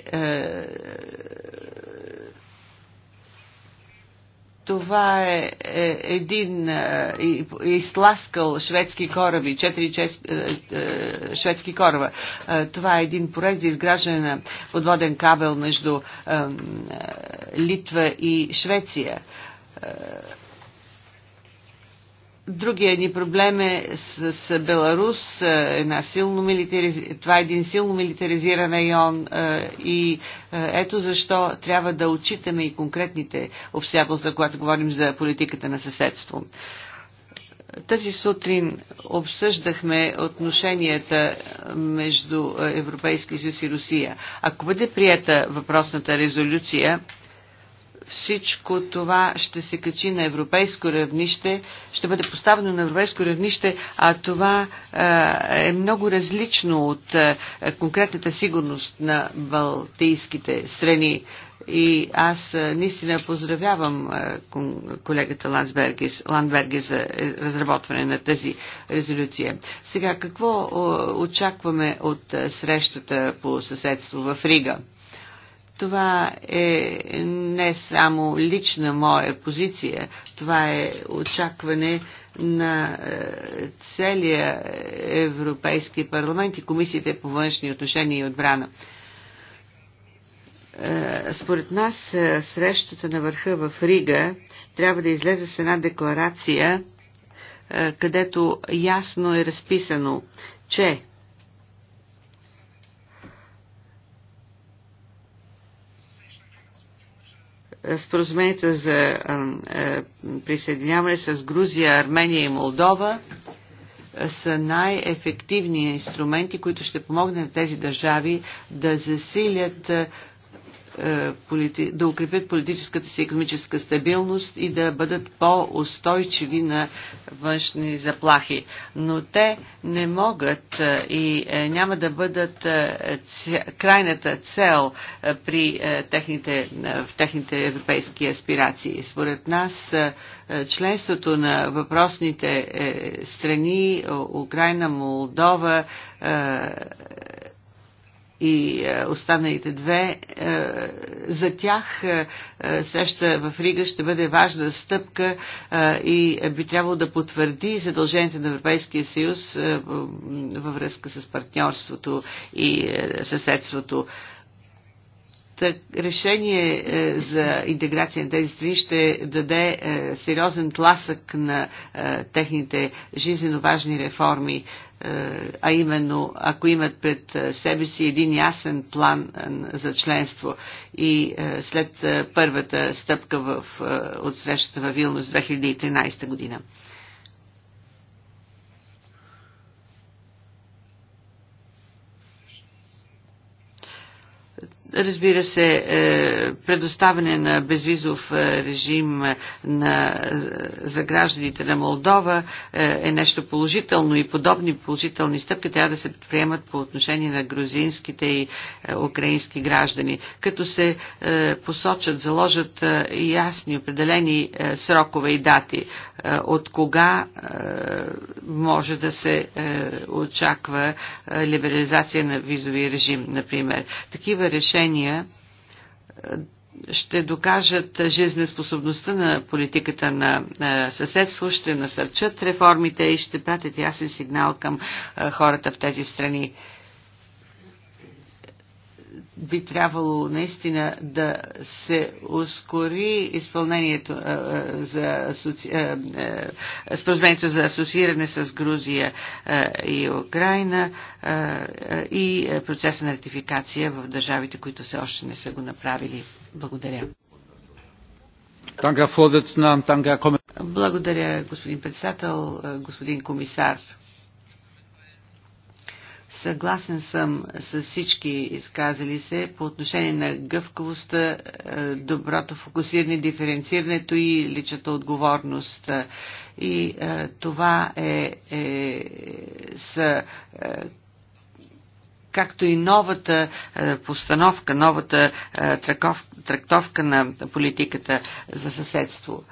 това е, е един е, изтласкал шведски кораби, четири е, е, шведски кораба. Е, това е един проект за изграждане на подводен кабел между е, Литва и Швеция. Е, Другия ни проблем е с, с Беларус. Е, една силно милитариз... Това е един силно милитаризиран район е, и е, ето защо трябва да отчитаме и конкретните обстоятелства, когато говорим за политиката на съседство. Тази сутрин обсъждахме отношенията между Европейския съюз и Русия. Ако бъде прията въпросната резолюция, всичко това ще се качи на европейско равнище, ще бъде поставено на европейско равнище, а това е много различно от конкретната сигурност на балтийските страни. И аз наистина поздравявам колегата Ландбергис, Ландберги за е, разработване на тази резолюция. Сега, какво очакваме от срещата по съседство в Рига? Това е не само лична моя позиция, това е очакване на е, целия Европейски парламент и комисиите по външни отношения и отбрана. Е, според нас е, срещата на върха в Рига трябва да излезе с една декларация, където ясно е разписано, че споразумението за присъединяване с Грузия, Армения и Молдова са най-ефективни инструменти, които ще помогнат на тези държави да засилят е, да укрепят политическата си економическа стабилност и да бъдат по-устойчиви на външни заплахи. Но те не могат е, и е, няма да бъдат крайната цел при техните, в техните европейски аспирации. Според нас членството на въпросните страни Украина, Молдова, и е, останалите две, е, за тях е, среща в Рига ще бъде важна стъпка и би трябвало да потвърди задълженията на Европейския съюз във връзка с партньорството и съседството Так, е, решение е, за интеграция на тези страни ще даде е, сериозен тласък на е, техните жизненно важни реформи, е, а именно ако имат пред е, себе си един ясен план за членство и след първата стъпка в, от срещата във Вилнус 2013 година. Разбира се, е, предоставяне на безвизов е, режим е, на, за гражданите на Молдова е нещо положително и подобни положителни стъпки трябва да се предприемат по отношение на грузинските и украински граждани, като се посочат, заложат ясни определени срокове и дати, от кога може да се очаква либерализация на визовия режим, например. Такива решения решения е, ще докажат жизнеспособността на политиката на съседство, ще насърчат реформите и ще пратят ясен сигнал към е, хората в тези страни би трябвало наистина да се ускори изпълнението за асоци... споразумението за асоцииране с Грузия и Украина и процеса на ратификация в държавите, които все още не са го направили. Благодаря. Благодаря, господин председател, господин комисар. Съгласен съм с всички изказали се по отношение на гъвкавостта, е, доброто фокусиране, диференцирането и личната отговорност. И е, това е, е са е, както и новата постановка, новата трактовка на политиката за съседство.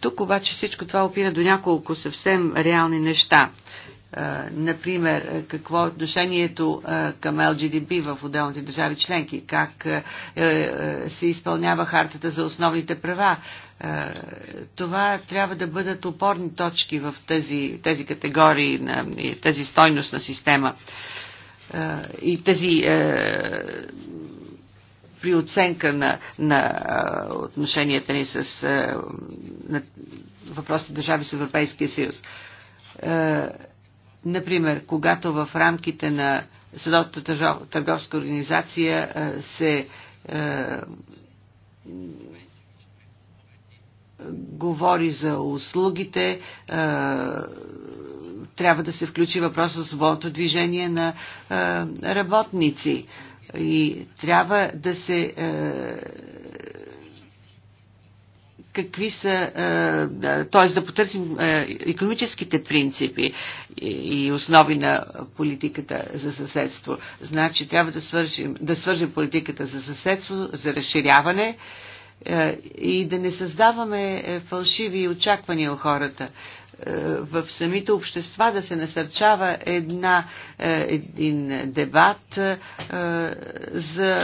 Тук обаче всичко това опира до няколко съвсем реални неща например, какво е отношението към ЛГДБ в отделните държави членки, как е, е, се изпълнява хартата за основните права. Това трябва да бъдат опорни точки в тези, тези категории, на, тази стойност на система и тези е, при оценка на, на отношенията ни с на въпросите държави с Европейския съюз Например, когато в рамките на Съдобната търговска организация се говори за услугите, трябва да се включи въпрос за свободното движение на работници. И трябва да се какви са, е, е, т.е. да потърсим економическите принципи и основи на политиката за съседство. Значи трябва да свържим, да свържим политиката за съседство, за разширяване е, и да не създаваме фалшиви очаквания у хората. Е, в самите общества да се насърчава една, е, един дебат е, за,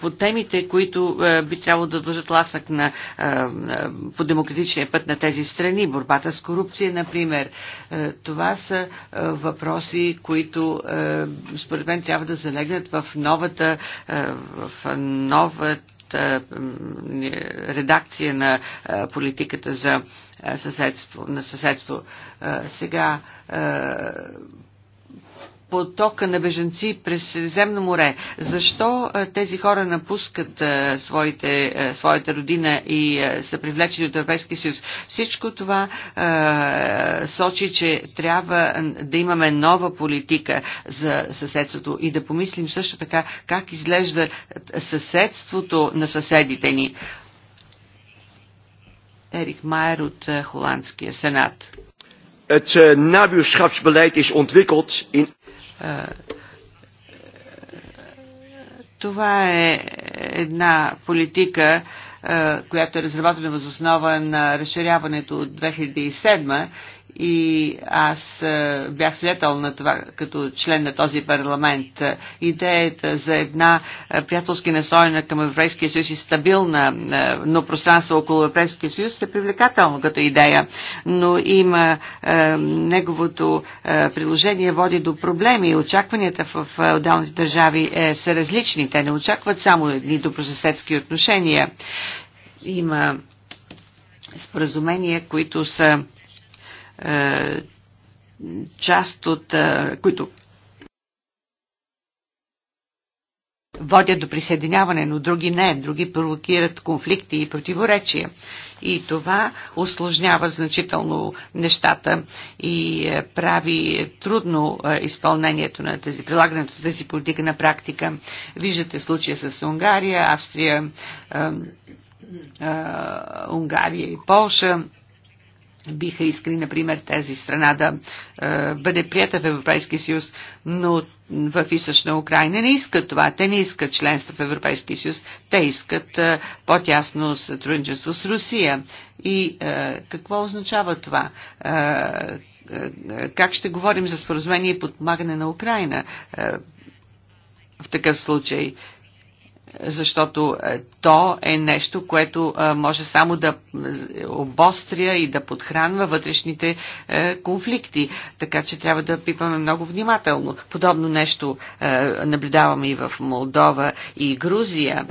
по темите, които би трябвало да дължат ласък на, по демократичния път на тези страни. Борбата с корупция, например. Това са въпроси, които според мен трябва да залегнат в новата, в новата редакция на политиката за съседство, на съседство. Сега потока на беженци през Средиземно море. Защо тези хора напускат своите, своята родина и са привлечени от Европейския съюз? Всичко това е, сочи, че трябва да имаме нова политика за съседството и да помислим също така как изглежда съседството на съседите ни. Ерик Майер от Холандския сенат. Het nabuurschapsbeleid is ontwikkeld in това е една политика, която е разработена въз основа на разширяването от 2007 и аз е, бях свидетел на това като член на този парламент. Е, идеята за една е, приятелски настроена към Европейския съюз и стабилна, но пространство около Европейския съюз е привлекателно като идея, но има е, неговото е, приложение води до проблеми. Очакванията в отделните държави е, са различни. Те не очакват само едни добросъседски отношения. Има споразумения, които са е, част от е, които водят до присъединяване, но други не. Други провокират конфликти и противоречия. И това осложнява значително нещата и е, прави трудно изпълнението на тези, прилагането на тази политика на практика. Виждате случая с Унгария, Австрия, Унгария и Полша биха искали, например, тази страна да е, бъде прията в Европейския съюз, но в източна Украина не искат това. Те не искат членство в Европейския съюз. Те искат е, по-тясно сътрудничество с Русия. И е, какво означава това? Е, е, е как ще говорим за споразумение и подпомагане на Украина е, в такъв случай? защото е, то е нещо, което е, може само да е, обостря и да подхранва вътрешните конфликти. Така че трябва да пипаме много внимателно. Подобно нещо наблюдаваме и в Молдова и Грузия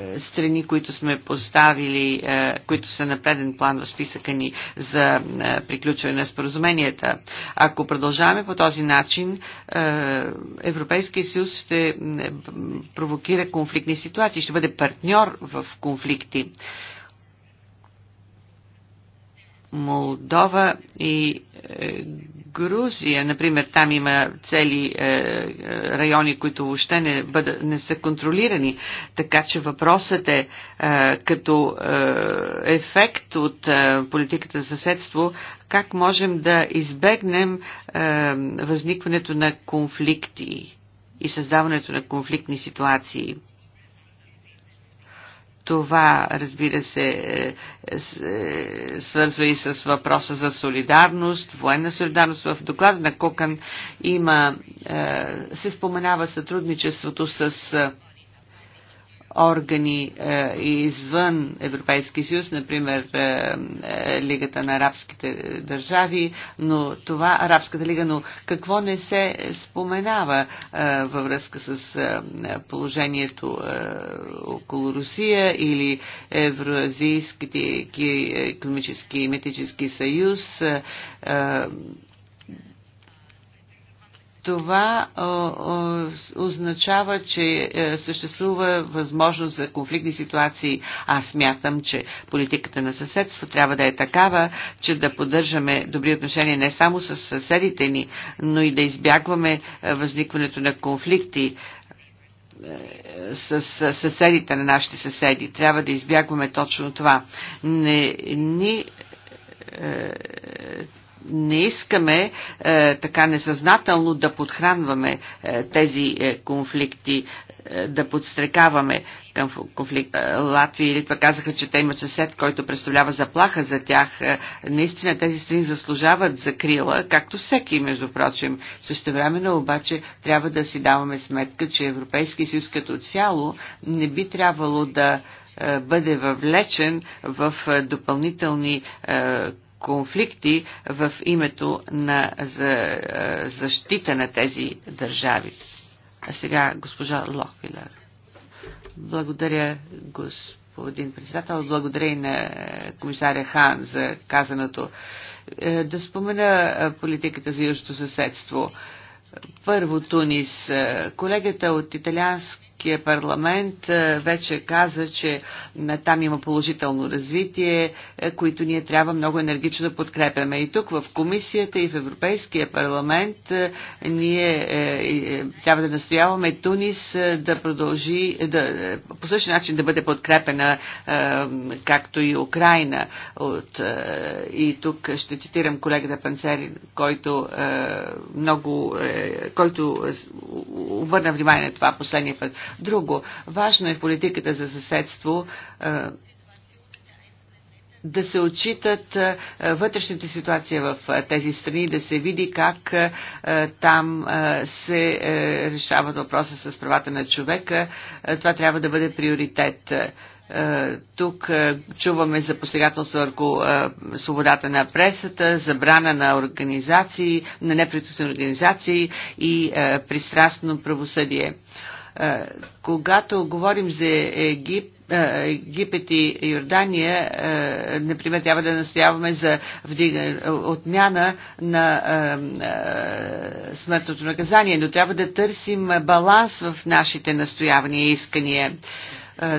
е, страни, които сме поставили, е, които са на преден план в списъка ни за е, приключване на споразуменията. Ако продължаваме по този начин, Европейския съюз ще провокира конфликтни ситуации, ще бъде партньор в конфликти. Молдова и е, Грузия. Например, там има цели е, е, райони, които въобще не, бъда, не са контролирани. Така че въпросът е, е като е, ефект от е, политиката за съседство, как можем да избегнем е, възникването на конфликти и създаването на конфликтни ситуации. Това, разбира се, е, е, е, свързва и с въпроса за солидарност, военна солидарност. В доклада на Кокън има, се споменава сътрудничеството с органи е, извън Европейския съюз, например е, е, Лигата на арабските държави, но това, Арабската лига, но какво не се споменава е, във връзка с е, положението е, около Русия или Евроазийските економически и метически съюз? Е, е, това означава, че е, съществува възможност за конфликтни ситуации. Аз мятам, че политиката на съседство трябва да е такава, че да поддържаме добри отношения не само с съседите ни, но и да избягваме е, възникването на конфликти е, с съседите на нашите съседи. Трябва да избягваме точно това. Не ни не искаме е, така несъзнателно да подхранваме е, тези е, конфликти, е, да подстрекаваме към конфликт. Е, Латвия и Литва казаха, че те имат съсед, който представлява заплаха за тях. Е, наистина тези страни заслужават закрила, както всеки, между прочим. Същевременно обаче трябва да си даваме сметка, че Европейски съюз като цяло не би трябвало да е, бъде въвлечен в допълнителни конфликти в името на за, защита на тези държави. А сега госпожа Лохвилер. Благодаря, господин председател. Благодаря и на комисаря Хан за казаното. Е, да спомена политиката за южното съседство. Първо Тунис. Е, колегата от италианск Европейския парламент е, вече каза, че там има положително развитие, е, които ние трябва много енергично да подкрепяме. И тук в комисията и в Европейския парламент е, ние трябва да настояваме Тунис да продължи да, по същия начин да бъде подкрепена както и Украина. От, и тук ще цитирам колегата Панцерин, който много, който обърна внимание на това последния път. Друго, важно е в политиката за съседство е, да се отчитат е, вътрешните ситуации в е, тези страни, да се види как там се решават въпроса с правата на човека. Това трябва да бъде приоритет. Тук чуваме за посегателство върху свободата на пресата, забрана на организации, на непритусни организации и пристрастно правосъдие. Когато говорим за Египет, Египет и Йордания, например, трябва да настояваме за отмяна на смъртното наказание, но трябва да търсим баланс в нашите настоявания и искания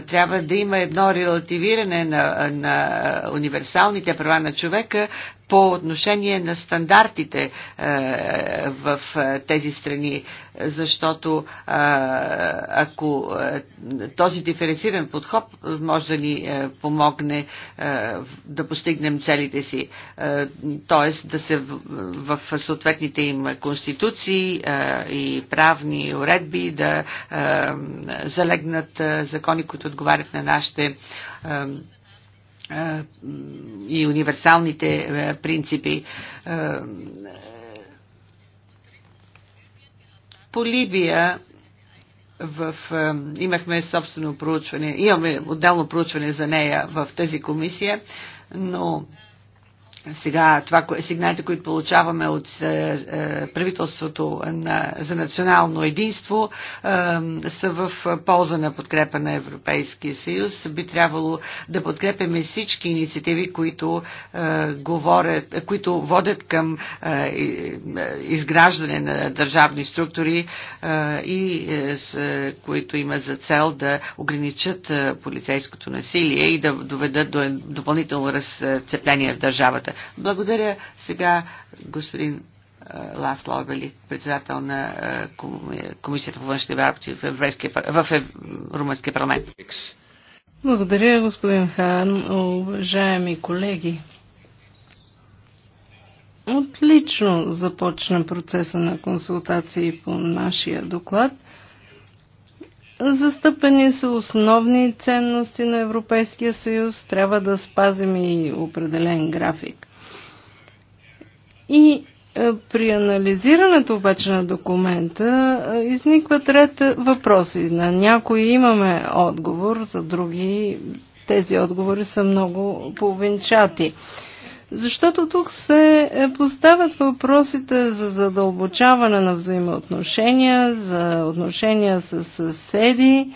трябва да има едно релативиране на, на универсалните права на човека, по отношение на стандартите е, в е, тези страни, защото е, ако този диференциран подход може да ни помогне да постигнем целите си, т.е. да се в съответните им конституции и правни уредби да залегнат закони, които отговарят на нашите и универсалните принципи. По Либия в, имахме собствено проучване, имаме отделно проучване за нея в тази комисия, но сега това, сигналите, които получаваме от е, е, правителството на, за национално единство, са в полза на подкрепа на Европейския съюз. Би трябвало да подкрепяме всички инициативи, които, е, говорят, които водят към изграждане на държавни структури и които имат за цел да ограничат полицейското насилие и да доведат до допълнително разцепление в държавата. Благодаря сега господин Лас Лобели, председател на Комисията по външни работи в, Европейския, в Румънския парламент. Благодаря, господин Хан. Уважаеми колеги, отлично започна процеса на консултации по нашия доклад. Застъпени са основни ценности на Европейския съюз. Трябва да спазим и определен график. И е, при анализирането обаче на документа е, изникват ред въпроси. На някои имаме отговор, за други тези отговори са много повенчати. Защото тук се е, поставят въпросите за задълбочаване на взаимоотношения, за отношения с съседи,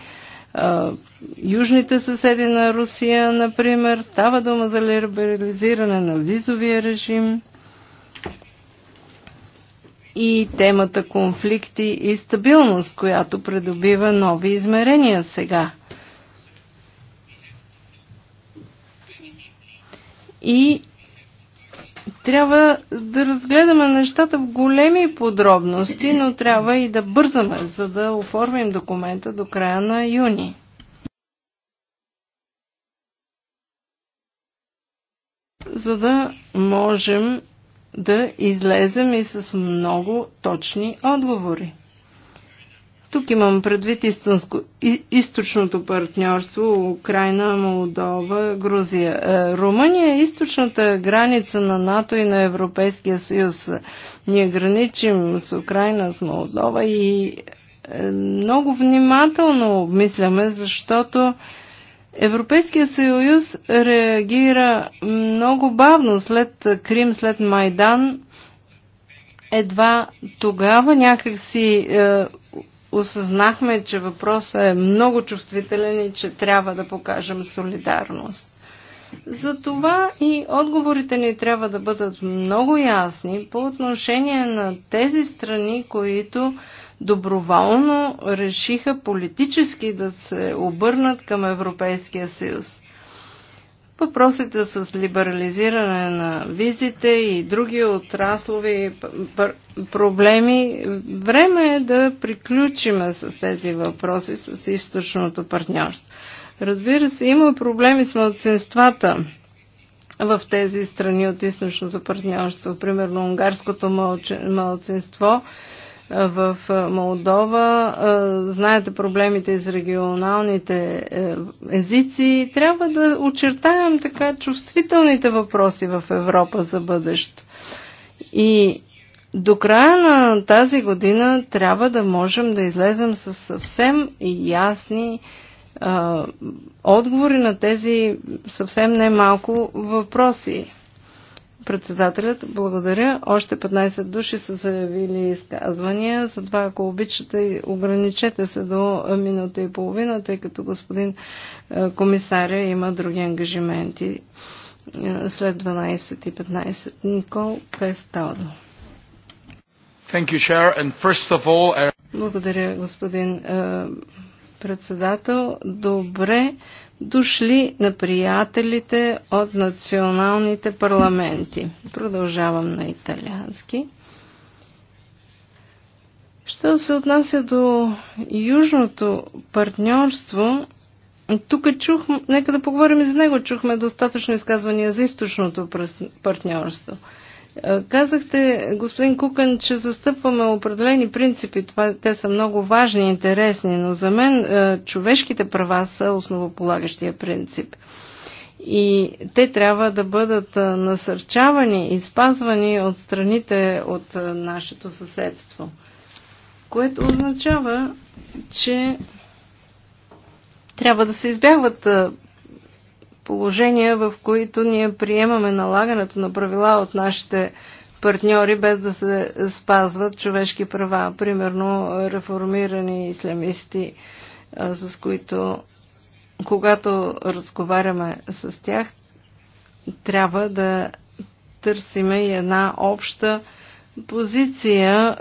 южните съседи на Русия, например. Става дума за либерализиране на визовия режим и темата конфликти и стабилност, която придобива нови измерения сега. И трябва да разгледаме нещата в големи подробности, но трябва и да бързаме, за да оформим документа до края на юни. За да можем да излезем и с много точни отговори. Тук имам предвид и, източното партньорство Украина, Молдова, Грузия. Е, Румъния е източната граница на НАТО и на Европейския съюз. Ние граничим с Украина, с Молдова и е, много внимателно обмисляме, защото Европейския съюз реагира много бавно след Крим, след Майдан. Едва тогава някакси е, осъзнахме, че въпросът е много чувствителен и че трябва да покажем солидарност. Затова и отговорите ни трябва да бъдат много ясни по отношение на тези страни, които доброволно решиха политически да се обърнат към Европейския съюз. Въпросите с либерализиране на визите и други отраслови проблеми, време е да приключиме с тези въпроси с източното партньорство. Разбира се, има проблеми с младсинствата в тези страни от източното партньорство. Примерно унгарското младсинство в Молдова. Знаете проблемите с регионалните е, езици. Трябва да очертаем така чувствителните въпроси в Европа за бъдещето. И до края на тази година трябва да можем да излезем с съвсем ясни отговори на тези съвсем немалко въпроси. Председателят, благодаря. Още 15 души са заявили изказвания, затова ако обичате, ограничете се до минута и половина, тъй като господин е, комисаря има други ангажименти е, след 12 и 15. Никол Кесталдо. Благодаря, господин е, председател. Добре дошли на приятелите от националните парламенти. Продължавам на италиански. Що се отнася до южното партньорство, тук чухме, нека да поговорим и за него, чухме достатъчно изказвания за източното партньорство – е, казахте, господин Кукан, че застъпваме определени принципи. Това, те са много важни и интересни, но за мен е, човешките права са основополагащия принцип. И те трябва да бъдат е, насърчавани и спазвани от страните от нашето съседство. Което означава, че трябва да се избягват положения, в които ние приемаме налагането на правила от нашите партньори, без да се спазват човешки права. Примерно реформирани ислямисти, с които, когато разговаряме с тях, трябва да търсиме и една обща позиция,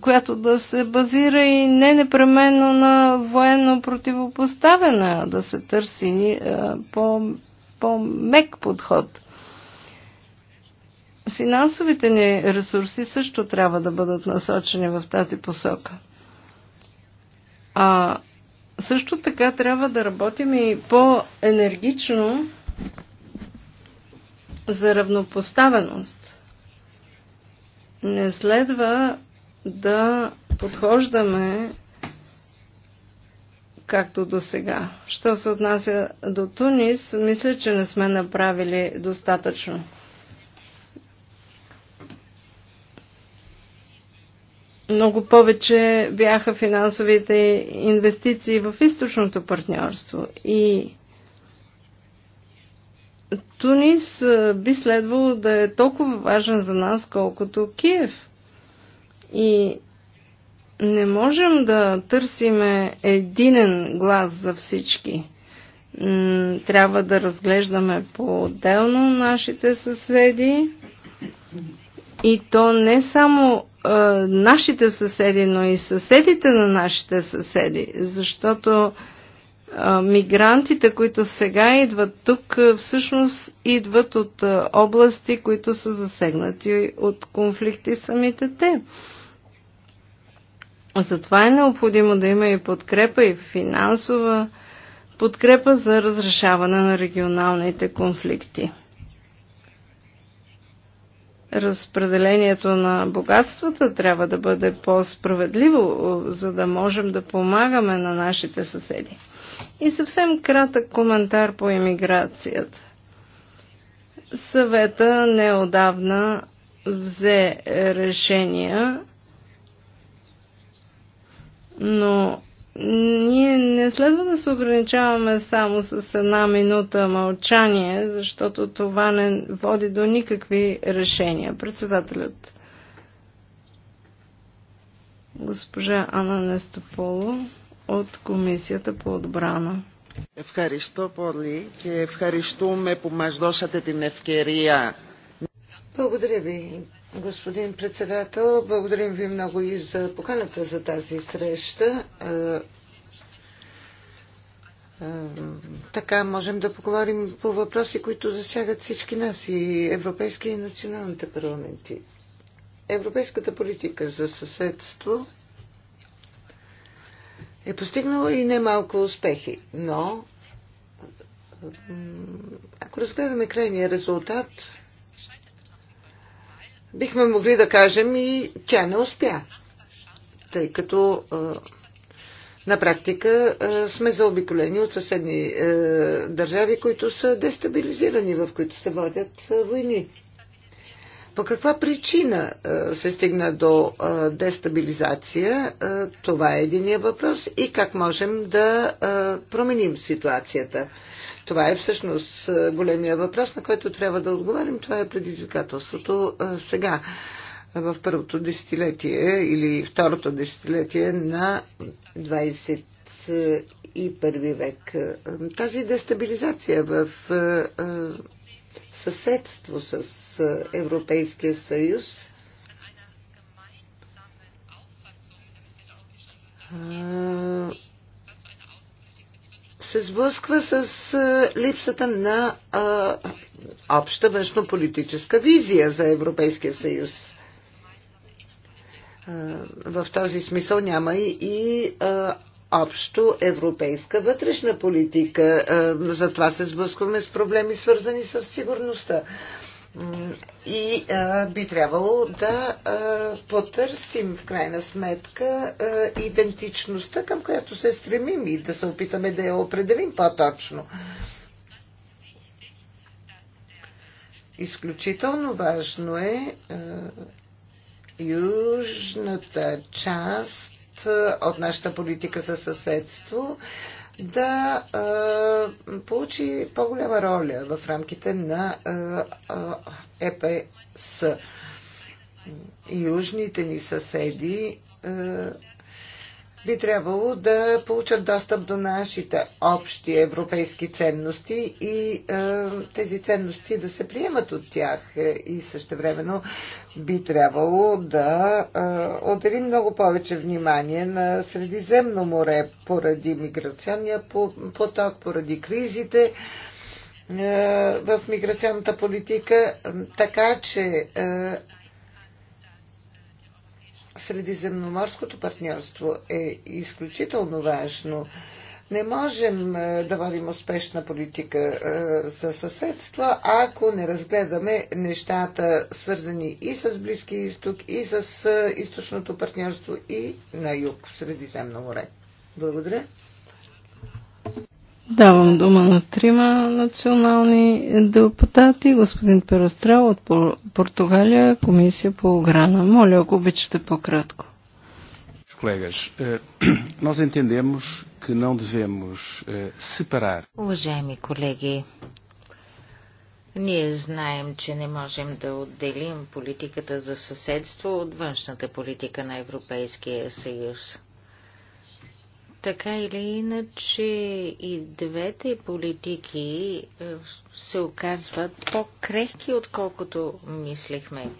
която да се базира и не непременно на военно противопоставена, да се търси по, по-мек подход. Финансовите ни ресурси също трябва да бъдат насочени в тази посока. А също така трябва да работим и по-енергично за равнопоставеност. Не следва да подхождаме както до сега. Що се отнася до Тунис, мисля, че не сме направили достатъчно. Много повече бяха финансовите инвестиции в източното партньорство и Тунис би следвало да е толкова важен за нас, колкото Киев. И не можем да търсиме единен глас за всички. Трябва да разглеждаме по-отделно нашите съседи. И то не само е, нашите съседи, но и съседите на нашите съседи. Защото е, мигрантите, които сега идват тук, всъщност идват от области, които са засегнати от конфликти самите те. Затова е необходимо да има и подкрепа, и финансова подкрепа за разрешаване на регионалните конфликти. Разпределението на богатствата трябва да бъде по-справедливо, за да можем да помагаме на нашите съседи. И съвсем кратък коментар по иммиграцията. Съвета неодавна взе решения, но ние не следва да се ограничаваме само с една минута мълчание, защото това не води до никакви решения. Председателят госпожа Анна Нестополо от Комисията по отбрана. Ευχαριστώ πολύ και ευχαριστούμε που μας δώσατε την ευκαιρία. Благодаря ви, господин председател. Благодарим ви много и за поканата за тази среща. Е, е, така можем да поговорим по въпроси, които засягат всички нас и европейски и националните парламенти. Европейската политика за съседство – е постигнала и немалко успехи. Но, ако разгледаме крайния резултат, бихме могли да кажем и тя не успя, тъй като на практика сме заобиколени от съседни държави, които са дестабилизирани, в които се водят войни. По каква причина е, се стигна до е, дестабилизация? Е, това е единия въпрос. И как можем да променим ситуацията? Това е всъщност големия въпрос, на който трябва да отговорим. Това е предизвикателството сега, в първото десетилетие или второто десетилетие на 20 и първи век. Тази дестабилизация в съседство с Европейския съюз. се сблъсква с липсата на а, обща външнополитическа визия за Европейския съюз. В този смисъл няма и, и а, общо европейска вътрешна политика. Е, Затова се сблъскваме с проблеми, свързани с сигурността. И а, е, би трябвало да а, е, потърсим в крайна сметка а, идентичността, към която се стремим и да се опитаме да я определим по-точно. Изключително важно е а, южната част от нашата политика за съседство да а, получи по-голяма роля в рамките на а, ЕПС. Южните ни съседи би трябвало да получат достъп до нашите общи европейски ценности и е, тези ценности да се приемат от тях е, и същевременно би трябвало да е, отделим много повече внимание на Средиземно море поради миграционния поток, поради кризите е, в миграционната политика, така че е, средиземноморското партньорство е изключително важно. Не можем е, да водим успешна политика е, за съседство, ако не разгледаме нещата, свързани и с Близкия изток, и с е, източното партньорство, и на юг, в Средиземно море. Благодаря. Давам дума на трима национални депутати. Господин Перострел от Португалия, комисия по ограна. Моля, ако обичате по-кратко. Е, е, Уважаеми колеги, ние знаем, че не можем да отделим политиката за съседство от външната политика на Европейския съюз. Така или иначе и двете политики е, се оказват по-крехки, отколкото мислихме.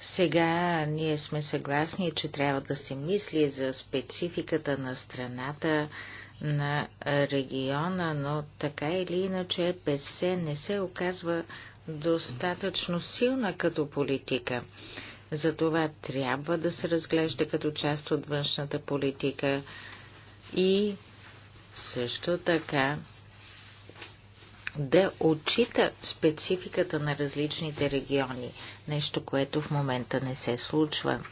Сега ние сме съгласни, че трябва да се мисли за спецификата на страната, на региона, но така или иначе ПСЕ не се оказва достатъчно силна като политика. Затова трябва да се разглежда като част от външната политика и също така да отчита спецификата на различните региони, нещо, което в момента не се случва.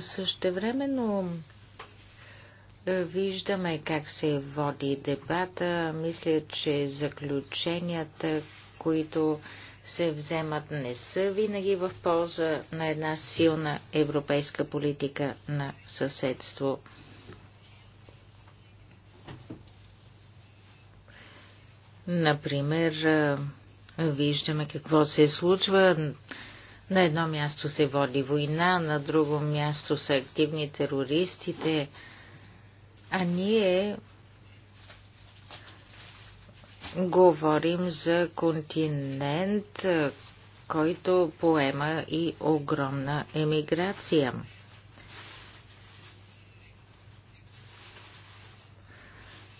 Същевременно е, виждаме как се води дебата. Мисля, че заключенията, които се вземат, не са винаги в полза на една силна европейска политика на съседство. Например, виждаме какво се случва. На едно място се води война, на друго място са активни терористите, а ние Говорим за континент, който поема и огромна емиграция.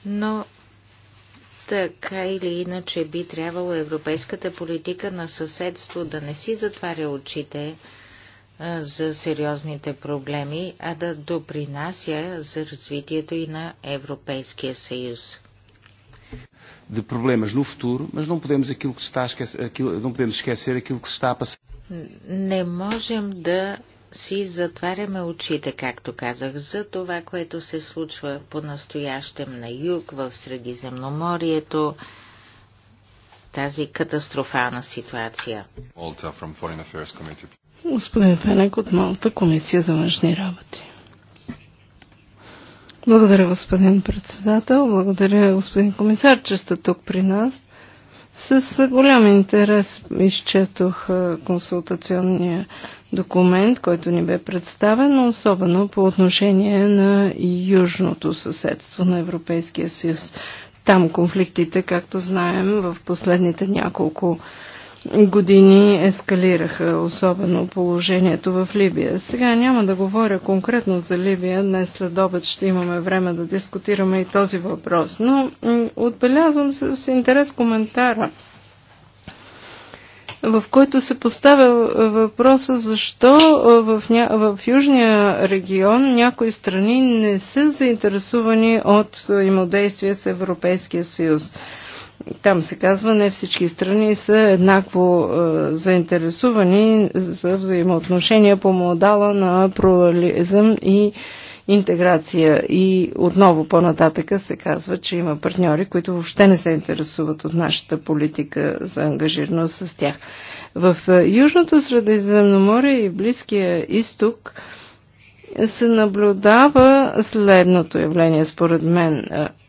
Но така или иначе би трябвало европейската политика на съседство да не си затваря очите за сериозните проблеми, а да допринася за развитието и на Европейския съюз de problemas no futuro, mas não podemos, aquilo que se está a esquecer, aquilo, não podemos esquecer aquilo que se está a passar. Не можем да си затваряме очите, както казах, за това, което се случва по-настоящем на юг, в Средиземноморието, тази катастрофална ситуация. Господин Фенек от Малта, Комисия за външни работи. Благодаря, господин председател. Благодаря, господин комисар, че сте тук при нас. С голям интерес изчетох консултационния документ, който ни бе представен, особено по отношение на южното съседство на Европейския съюз. Там конфликтите, както знаем, в последните няколко години години ескалираха, особено положението в Либия. Сега няма да говоря конкретно за Либия, днес след обед ще имаме време да дискутираме и този въпрос, но отбелязвам се с интерес коментара, в който се поставя въпроса защо в, в Южния регион някои страни не са заинтересувани от взаимодействие с Европейския съюз. Там се казва, не всички страни са еднакво е, заинтересувани за взаимоотношения по модала на плурализъм и интеграция. И отново по-нататъка се казва, че има партньори, които въобще не се интересуват от нашата политика за ангажираност с тях. В е, Южното Средиземноморие и Близкия изток се наблюдава следното явление, според мен е, –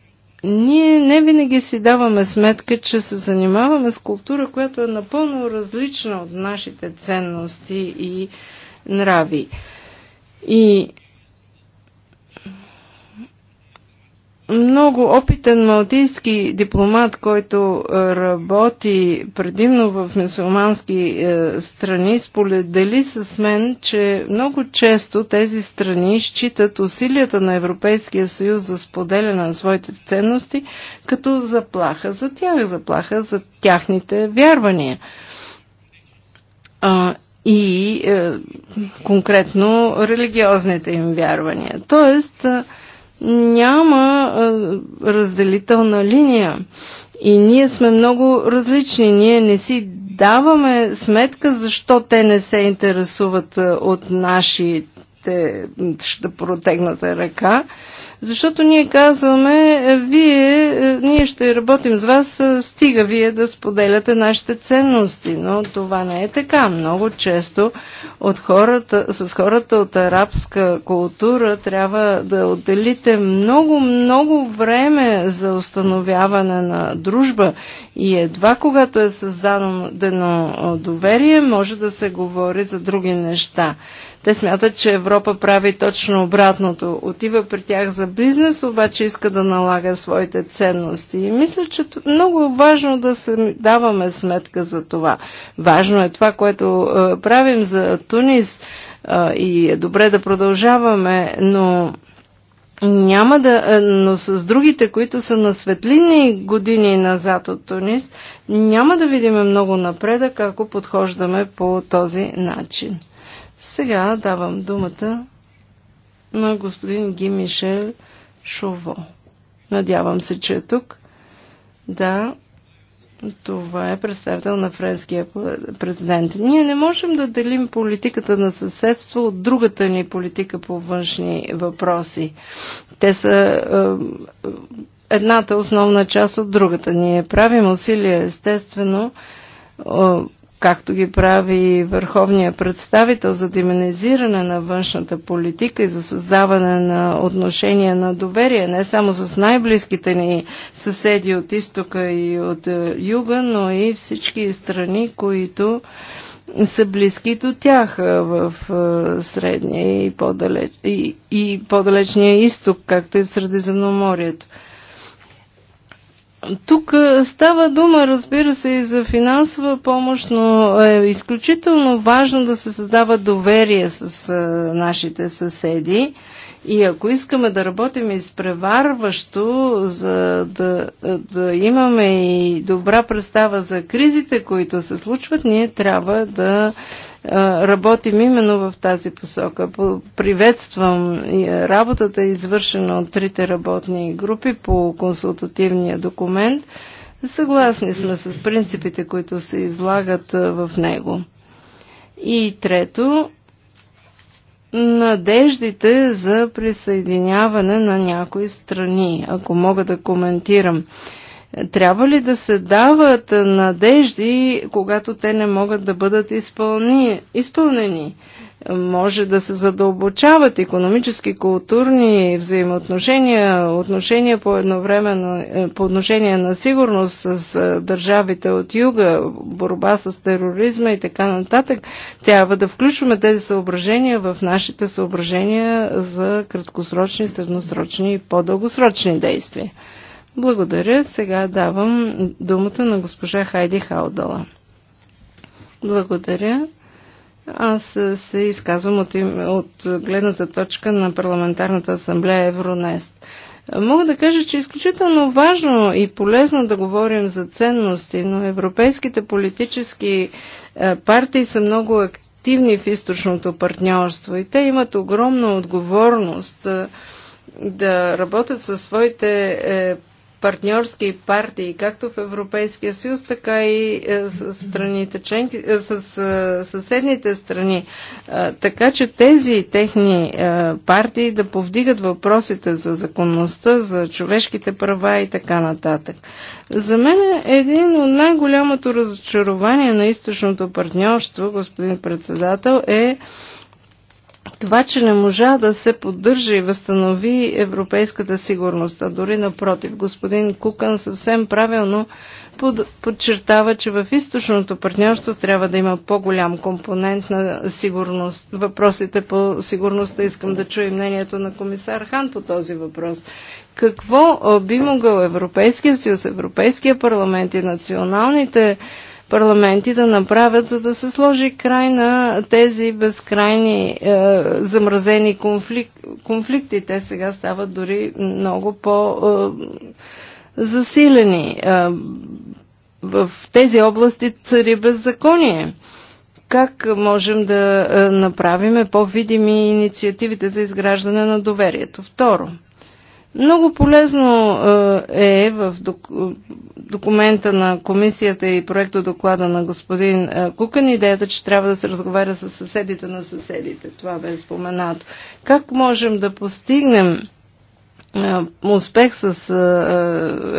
ние не винаги си даваме сметка, че се занимаваме с култура, която е напълно различна от нашите ценности и нрави. И много опитен малтийски дипломат, който е, работи предимно в мусулмански е, страни, сподели с мен, че много често тези страни считат усилията на Европейския съюз за споделяне на своите ценности като заплаха за тях, заплаха за тяхните вярвания. А, и е, конкретно религиозните им вярвания. Тоест, е, няма разделителна линия. И ние сме много различни. Ние не си даваме сметка защо те не се интересуват от нашите ще протегната ръка. Защото ние казваме, е, вие, е, ние ще работим с вас, е, стига вие да споделяте нашите ценности. Но това не е така. Много често от хората, с хората от арабска култура трябва да отделите много, много време за установяване на дружба. И едва когато е създадено доверие, може да се говори за други неща. Те смятат, че Европа прави точно обратното. Отива при тях за бизнес, обаче иска да налага своите ценности. И мисля, че много е важно да се даваме сметка за това. Важно е това, което е, правим за Тунис е, и е добре да продължаваме, но няма да, е, но с другите, които са на светлини години назад от Тунис, няма да видим много напредък, ако подхождаме по този начин. Сега давам думата на господин Ги Мишел Шово. Надявам се, че е тук. Да, това е представител на френския президент. Ние не можем да делим политиката на съседство от другата ни политика по външни въпроси. Те са е, едната основна част от другата. Ние правим усилия, естествено, е, както ги прави върховния представител за демонизиране на външната политика и за създаване на отношения на доверие, не само с най-близките ни съседи от изтока и от е, юга, но и всички страни, които са близки до тях е, в е, средния и, по-далеч, и, и по-далечния изток, както и в Средиземноморието. Тук става дума, разбира се, и за финансова помощ, но е изключително важно да се създава доверие с нашите съседи. И ако искаме да работим изпреварващо, за да, да имаме и добра представа за кризите, които се случват, ние трябва да работим именно в тази посока. Приветствам е, работата, извършена от трите работни групи по консултативния документ. Съгласни сме с принципите, които се излагат е, в него. И трето, надеждите за присъединяване на някои страни, ако мога да коментирам. Трябва ли да се дават надежди, когато те не могат да бъдат изпълни, изпълнени? Може да се задълбочават економически, културни взаимоотношения, отношения по, едновременно, е, по отношение на сигурност с е, държавите от юга, борба с тероризма и така нататък. Трябва да включваме тези съображения в нашите съображения за краткосрочни, средносрочни и по-дългосрочни действия. Благодаря. Сега давам думата на госпожа Хайди Хаудала. Благодаря. Аз се изказвам от, им, от гледната точка на Парламентарната асамблея Евронест. Мога да кажа, че е изключително важно и полезно да говорим за ценности, но европейските политически е, партии са много активни в източното партньорство и те имат огромна отговорност е, да работят със своите е, партньорски партии, както в Европейския съюз, така и е, с страните членки, е, с е, съседните страни. Така че тези техни партии да повдигат въпросите за законността, за човешките права и така нататък. За мен е един от най-голямото разочарование на източното партньорство, господин председател, е това, че не можа да се поддържа и възстанови европейската сигурност, а дори напротив, господин Кукан съвсем правилно под, подчертава, че в източното партньорство трябва да има по-голям компонент на сигурност. Въпросите по сигурността искам да чуя мнението на комисар Хан по този въпрос. Какво би могъл Европейския съюз, Европейския парламент и националните парламенти да направят, за да се сложи край на тези безкрайни е, замразени конфлик, конфликти. Те сега стават дори много по-засилени. Е, е, в тези области цари беззаконие как можем да е, направим по-видими инициативите за изграждане на доверието. Второ, много полезно е, е в документа на комисията и проекто доклада на господин е, Кукан идеята, че трябва да се разговаря с съседите на съседите. Това бе споменато. Как можем да постигнем е, успех с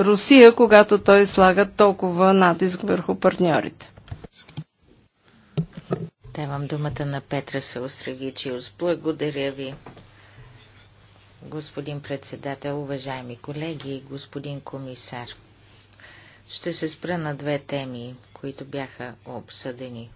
Русия, когато той слага толкова натиск върху партньорите? Давам думата на Петра Саустрагичиус. Благодаря ви господин председател, уважаеми колеги и господин комисар. Ще се спра на две теми, които бяха обсъдени.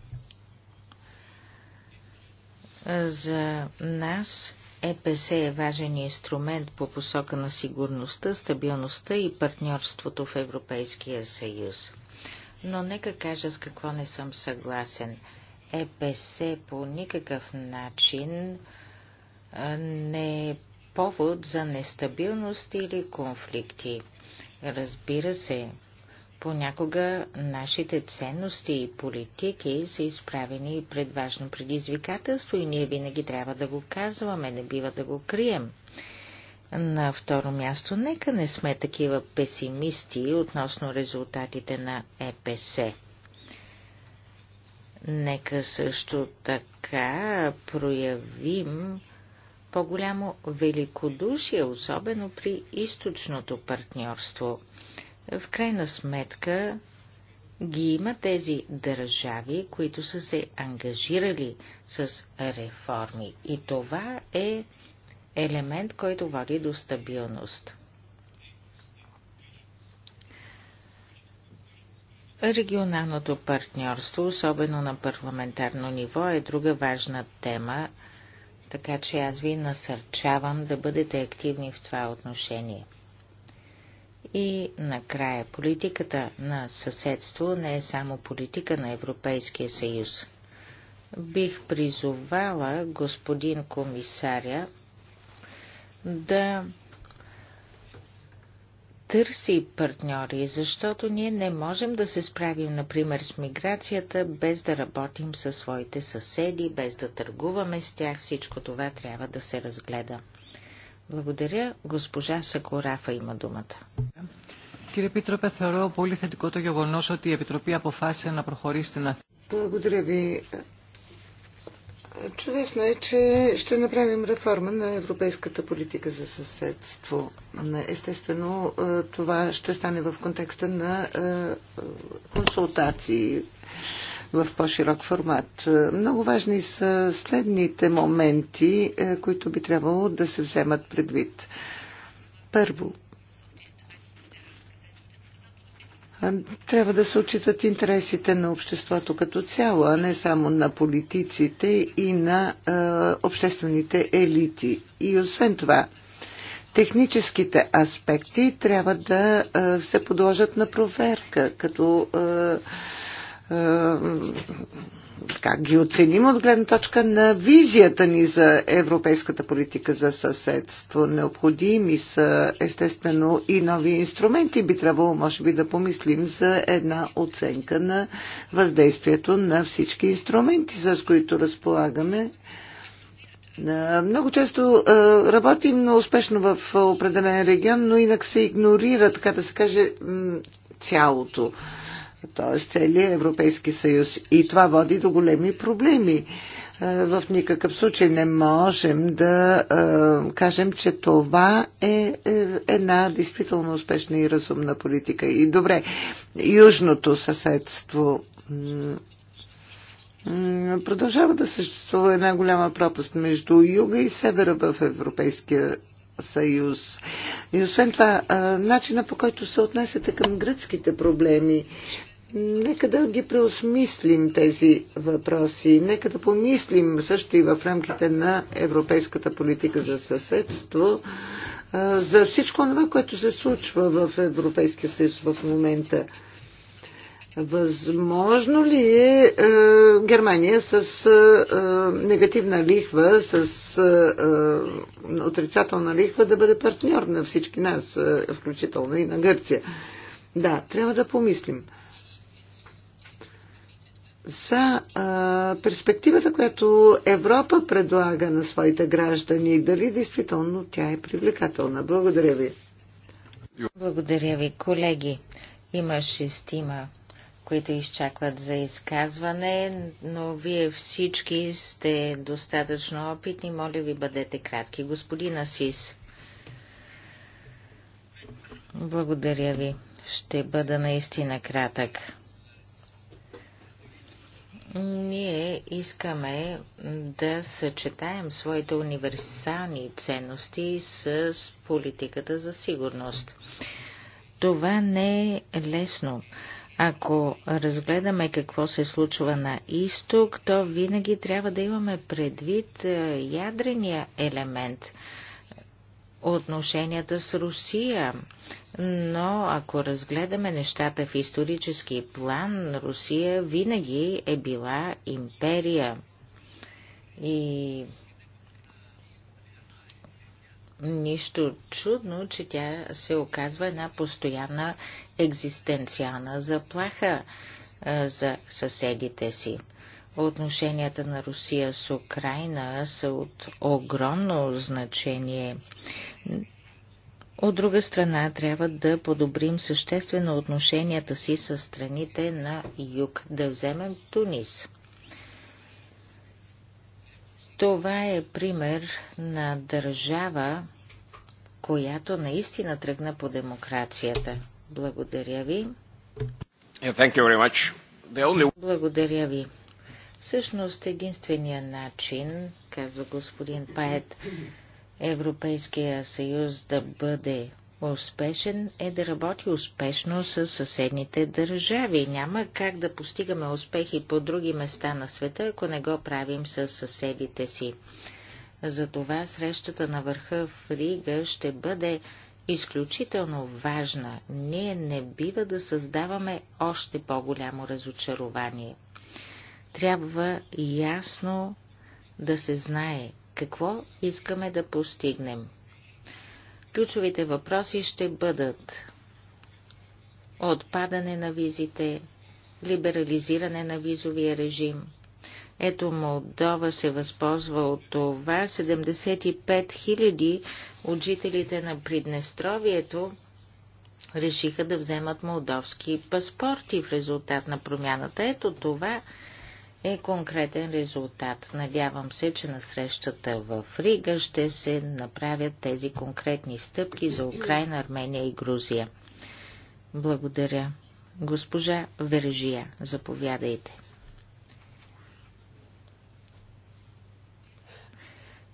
За нас ЕПС е важен инструмент по посока на сигурността, стабилността и партньорството в Европейския съюз. Но нека кажа с какво не съм съгласен. ЕПС по никакъв начин не повод за нестабилност или конфликти. Разбира се, понякога нашите ценности и политики са изправени пред важно предизвикателство и ние винаги трябва да го казваме, не бива да го крием. На второ място, нека не сме такива песимисти относно резултатите на ЕПС. Нека също така проявим по-голямо великодушие, особено при източното партньорство. В крайна сметка ги има тези държави, които са се ангажирали с реформи. И това е елемент, който води до стабилност. Регионалното партньорство, особено на парламентарно ниво, е друга важна тема така че аз ви насърчавам да бъдете активни в това отношение. И накрая, политиката на съседство не е само политика на Европейския съюз. Бих призовала господин комисаря да търси партньори, защото ние не можем да се справим, например, с миграцията, без да работим със своите съседи, без да търгуваме с тях. Всичко това трябва да се разгледа. Благодаря. Госпожа Сакорафа има думата. Κύριε Επίτροπε, θεωρώ πολύ θετικό το γεγονός ότι η Επιτροπή αποφάσισε να προχωρήσει στην Благодаря ви, Чудесно е, че ще направим реформа на европейската политика за съседство. Естествено, е, това ще стане в контекста на е, консултации в по-широк формат. Много важни са следните моменти, е, които би трябвало да се вземат предвид. Първо, трябва да се отчитат интересите на обществото като цяло, а не само на политиците и на е, обществените елити. И освен това, техническите аспекти трябва да е, се подложат на проверка, като е, е, така, ги оценим от гледна точка на визията ни за европейската политика за съседство. Необходими са естествено и нови инструменти. Би трябвало, може би, да помислим за една оценка на въздействието на всички инструменти, с които разполагаме. Много често работим успешно в определен регион, но инак се игнорира, така да се каже, цялото т.е. целият Европейски съюз. И това води до големи проблеми. Е, в никакъв случай не можем да е, кажем, че това е, е една действително успешна и разумна политика. И добре, южното съседство продължава да съществува една голяма пропаст между юга и севера в Европейския съюз. И освен това, начина по който се отнасяте към гръцките проблеми, Нека да ги преосмислим тези въпроси. Нека да помислим също и в рамките на европейската политика за съседство за всичко това, което се случва в Европейския съюз в момента. Възможно ли е, е Германия с е, негативна лихва, с е, отрицателна лихва да бъде партньор на всички нас, е, включително и на Гърция? Да, трябва да помислим за а, перспективата, която Европа предлага на своите граждани и дали действително тя е привлекателна. Благодаря ви. Благодаря ви, колеги. Има шестима, които изчакват за изказване, но вие всички сте достатъчно опитни. Моля ви, бъдете кратки. Господин Асис. Благодаря ви. Ще бъда наистина кратък. Ние искаме да съчетаем своите универсални ценности с политиката за сигурност. Това не е лесно. Ако разгледаме какво се случва на изток, то винаги трябва да имаме предвид ядрения елемент – отношенията с Русия. Но ако разгледаме нещата в исторически план, Русия винаги е била империя. И нищо чудно, че тя се оказва една постоянна екзистенциална заплаха за съседите си. Отношенията на Русия с Украина са от огромно значение. От друга страна, трябва да подобрим съществено отношенията си с страните на юг, да вземем Тунис. Това е пример на държава, която наистина тръгна по демокрацията. Благодаря ви. Благодаря ви. Всъщност единствения начин, казва господин Пает, Европейския съюз да бъде успешен е да работи успешно с съседните държави. Няма как да постигаме успехи по други места на света, ако не го правим с съседите си. Затова срещата на върха в Рига ще бъде изключително важна. Ние не бива да създаваме още по-голямо разочарование – трябва ясно да се знае какво искаме да постигнем. Ключовите въпроси ще бъдат отпадане на визите, либерализиране на визовия режим. Ето Молдова се възползва от това. 75 000 от жителите на Приднестровието решиха да вземат молдовски паспорти в резултат на промяната. Ето това е конкретен резултат. Надявам се, че на срещата в Рига ще се направят тези конкретни стъпки за Украина, Армения и Грузия. Благодаря. Госпожа Вержия, заповядайте.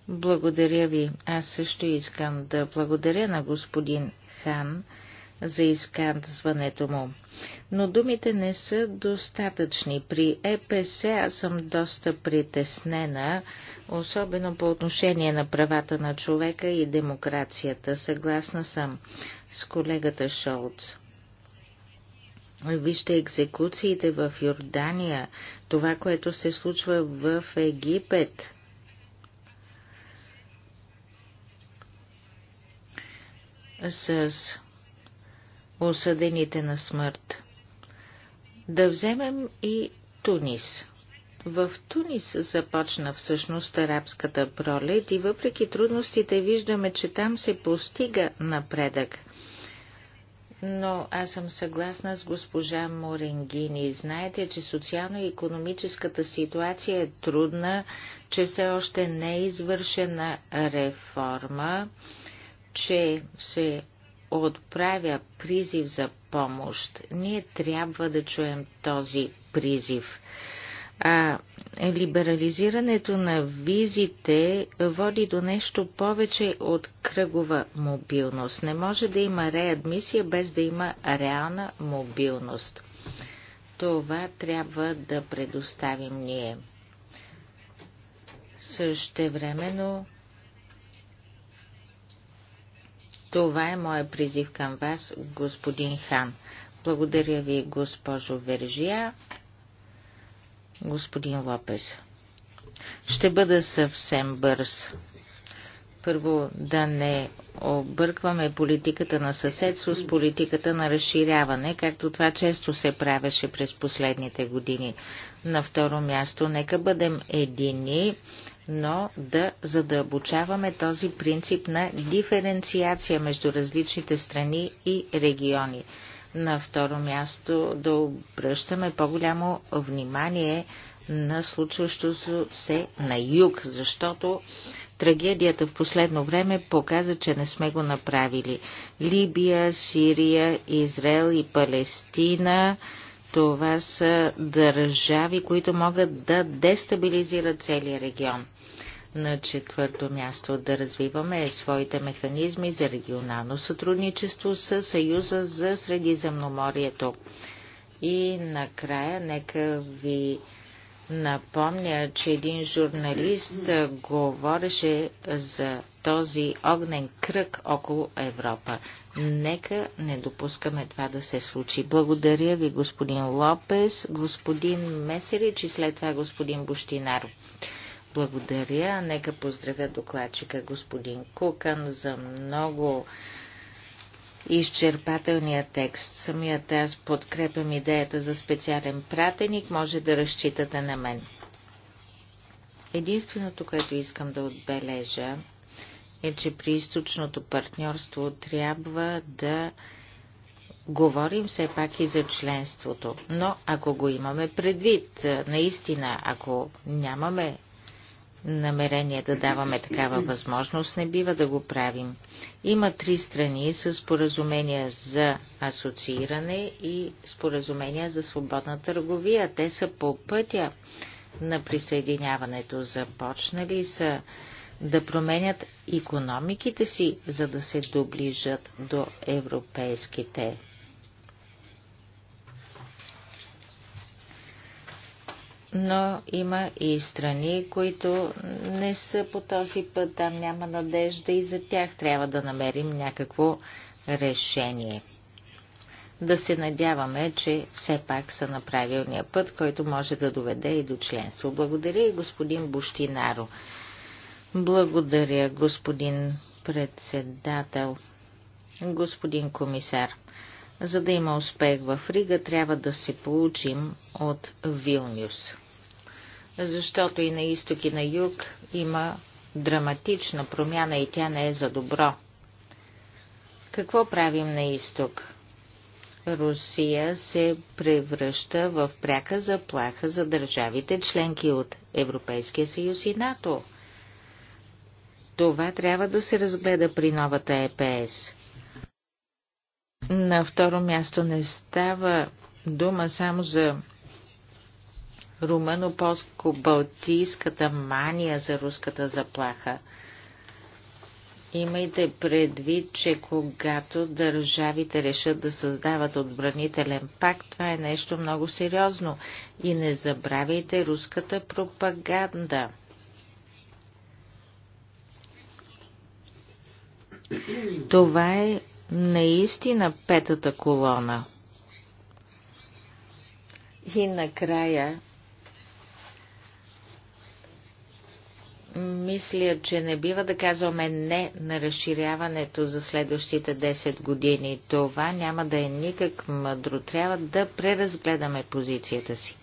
Благодаря ви. Аз също искам да благодаря на господин Хан за изказването му. Но думите не са достатъчни. При ЕПС аз съм доста притеснена, особено по отношение на правата на човека и демокрацията. Съгласна съм с колегата Шолц. Вижте екзекуциите в Йордания, това, което се случва в Египет. С осъдените на смърт. Да вземем и Тунис. В Тунис започна всъщност арабската пролет и въпреки трудностите виждаме, че там се постига напредък. Но аз съм съгласна с госпожа Моренгини. Знаете, че социално-економическата ситуация е трудна, че все още не е извършена реформа, че се отправя призив за помощ. Ние трябва да чуем този призив. А либерализирането на визите води до нещо повече от кръгова мобилност. Не може да има реадмисия без да има реална мобилност. Това трябва да предоставим ние. също времено. Това е моя призив към вас, господин Хан. Благодаря ви, госпожо Вержия, господин Лопес. Ще бъда съвсем бърз. Първо, да не объркваме политиката на съседство с политиката на разширяване, както това често се правеше през последните години. На второ място, нека бъдем едини но да задълбочаваме този принцип на диференциация между различните страни и региони. На второ място да обръщаме по-голямо внимание на случващото се на юг, защото трагедията в последно време показа, че не сме го направили. Либия, Сирия, Израел и Палестина това са държави, които могат да дестабилизират целия регион. На четвърто място да развиваме е своите механизми за регионално сътрудничество с Съюза за Средиземноморието. И накрая нека ви напомня, че един журналист говореше за този огнен кръг около Европа. Нека не допускаме това да се случи. Благодаря ви, господин Лопес, господин Месерич и след това господин Буштинар. Благодаря. Нека поздравя докладчика господин Кукан за много изчерпателния текст. Самият аз подкрепям идеята за специален пратеник. Може да разчитате на мен. Единственото, което искам да отбележа е, че при източното партньорство трябва да говорим все пак и за членството. Но ако го имаме предвид, наистина, ако нямаме намерение да даваме такава възможност, не бива да го правим. Има три страни с споразумения за асоцииране и споразумения за свободна търговия. Те са по пътя на присъединяването. Започнали са да променят економиките си, за да се доближат до европейските. Но има и страни, които не са по този път, там няма надежда и за тях трябва да намерим някакво решение. Да се надяваме, че все пак са на правилния път, който може да доведе и до членство. Благодаря и господин Буштинаро. Благодаря, господин председател. Господин комисар, за да има успех в Рига, трябва да се получим от Вилнюс. Защото и на изток и на юг има драматична промяна и тя не е за добро. Какво правим на изток? Русия се превръща в пряка заплаха за държавите членки от Европейския съюз и НАТО. Това трябва да се разгледа при новата ЕПС. На второ място не става дума само за румъно-полско-балтийската мания за руската заплаха. Имайте предвид, че когато държавите решат да създават отбранителен пакт, това е нещо много сериозно. И не забравяйте руската пропаганда – Това е наистина петата колона. И накрая мисля, че не бива да казваме не на разширяването за следващите 10 години. Това няма да е никак мъдро. Трябва да преразгледаме позицията си.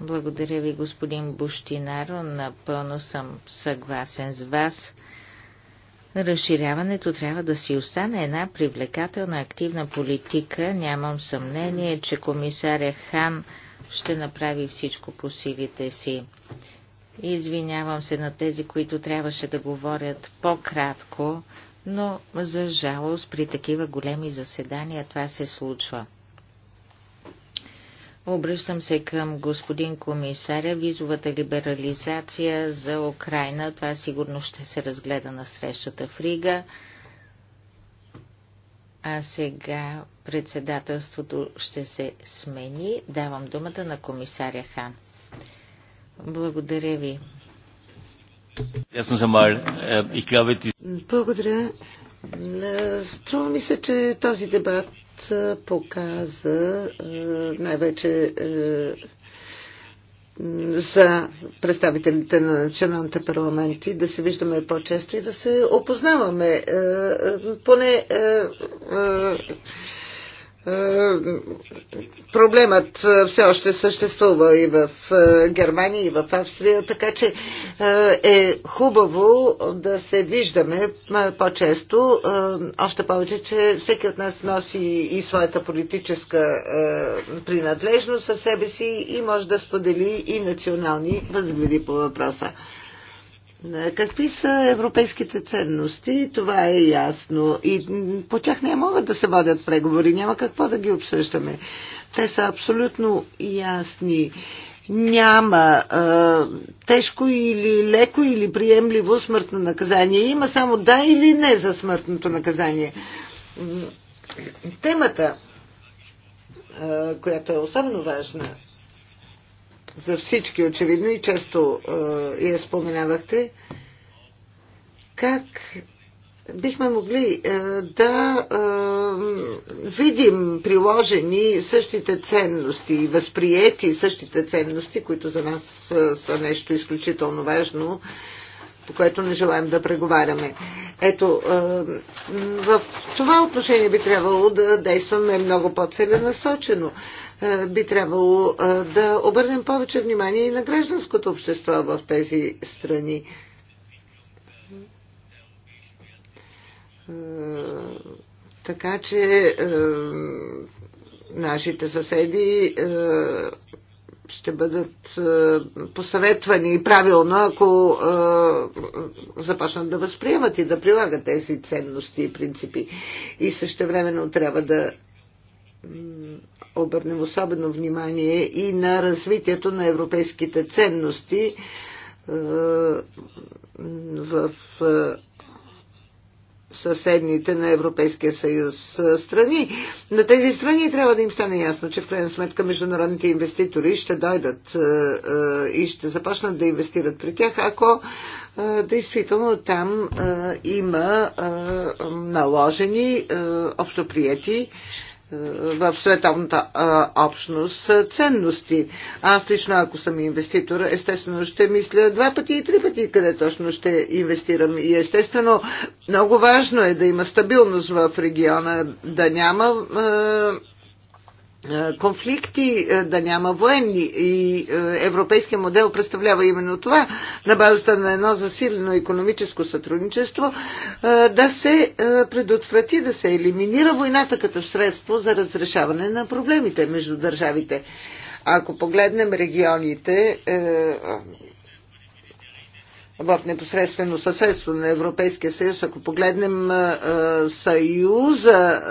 Благодаря ви, господин Буштинаро. Напълно съм съгласен с вас. Разширяването трябва да си остане една привлекателна активна политика. Нямам съмнение, че комисаря Хан ще направи всичко по силите си. Извинявам се на тези, които трябваше да говорят по-кратко, но за жалост при такива големи заседания това се случва. Обръщам се към господин комисаря. Визовата либерализация за Украина, това сигурно ще се разгледа на срещата в Рига. А сега председателството ще се смени. Давам думата на комисаря Хан. Благодаря ви. Е, Благодаря. Е, струва ми се, че този дебат показа най-вече е, за представителите на националните парламенти да се виждаме по-често и да се опознаваме. Е, е, поне е, проблемът е, все още съществува и в е, Германия, и в Австрия, така че е хубаво да се виждаме по-често, още повече, че всеки от нас носи и своята политическа принадлежност със себе си и може да сподели и национални възгледи по въпроса. Е, какви са европейските ценности? Това е ясно. И по тях не могат да се водят преговори. Няма какво да ги обсъждаме. Те са абсолютно ясни. Няма а, е, тежко или леко или приемливо смъртно наказание. Има само да или не за смъртното наказание. Темата, а, е, която е особено важна за всички очевидно и често е, я споменавахте. Как бихме могли е, да е, видим приложени същите ценности възприяти възприети същите ценности, които за нас са, е, са нещо изключително важно по което не желаем да преговаряме. Ето, в това отношение би трябвало да действаме много по-целенасочено. Би трябвало да обърнем повече внимание и на гражданското общество в тези страни. Така че нашите съседи ще бъдат е, посъветвани правилно, ако е, започнат да възприемат и да прилагат тези ценности и принципи. И също времено трябва да обърнем особено внимание и на развитието на европейските ценности е, в съседните на Европейския съюз страни. На тези страни трябва да им стане ясно, че в крайна сметка международните инвеститори ще дойдат и ще започнат да инвестират при тях, ако действително там има наложени общоприяти в световната общност ценности. Аз лично, ако съм инвеститор, естествено ще мисля два пъти и три пъти къде точно ще инвестирам. И естествено, много важно е да има стабилност в региона, да няма а, е, конфликти, е, да няма военни. И е, европейския модел представлява именно това, на базата на едно засилено економическо сътрудничество, да се предотврати, да се елиминира войната като средство за разрешаване на проблемите между държавите. Ако погледнем регионите, в непосредствено съседство на Европейския съюз, ако погледнем съюза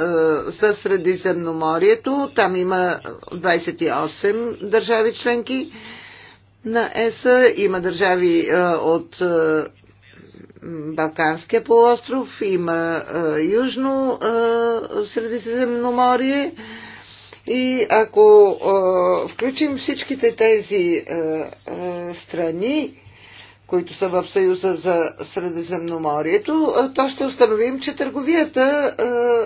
за Средиземноморието, там има 28 държави членки на ЕСА, има държави от Балканския полуостров, има Южно Средиземноморие. И ако включим всичките тези страни, които са в Съюза за Средиземноморието, то ще установим, че търговията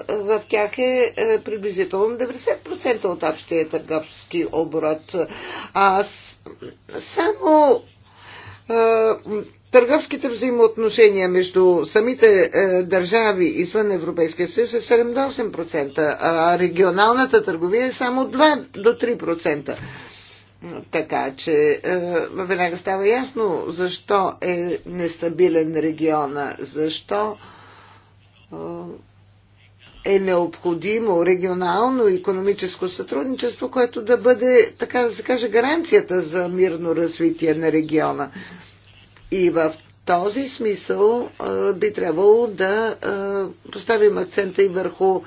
в тях е, е приблизително 90% от общия търговски оборот. А само търговските взаимоотношения между самите е, държави извън Европейския съюз е 7-8%, а регионалната търговия е само 2 3%. Така че е, веднага става ясно защо е нестабилен региона, защо е, е необходимо регионално и економическо сътрудничество, което да бъде, така да се каже, гаранцията за мирно развитие на региона. И в този смисъл е, би трябвало да поставим акцента и върху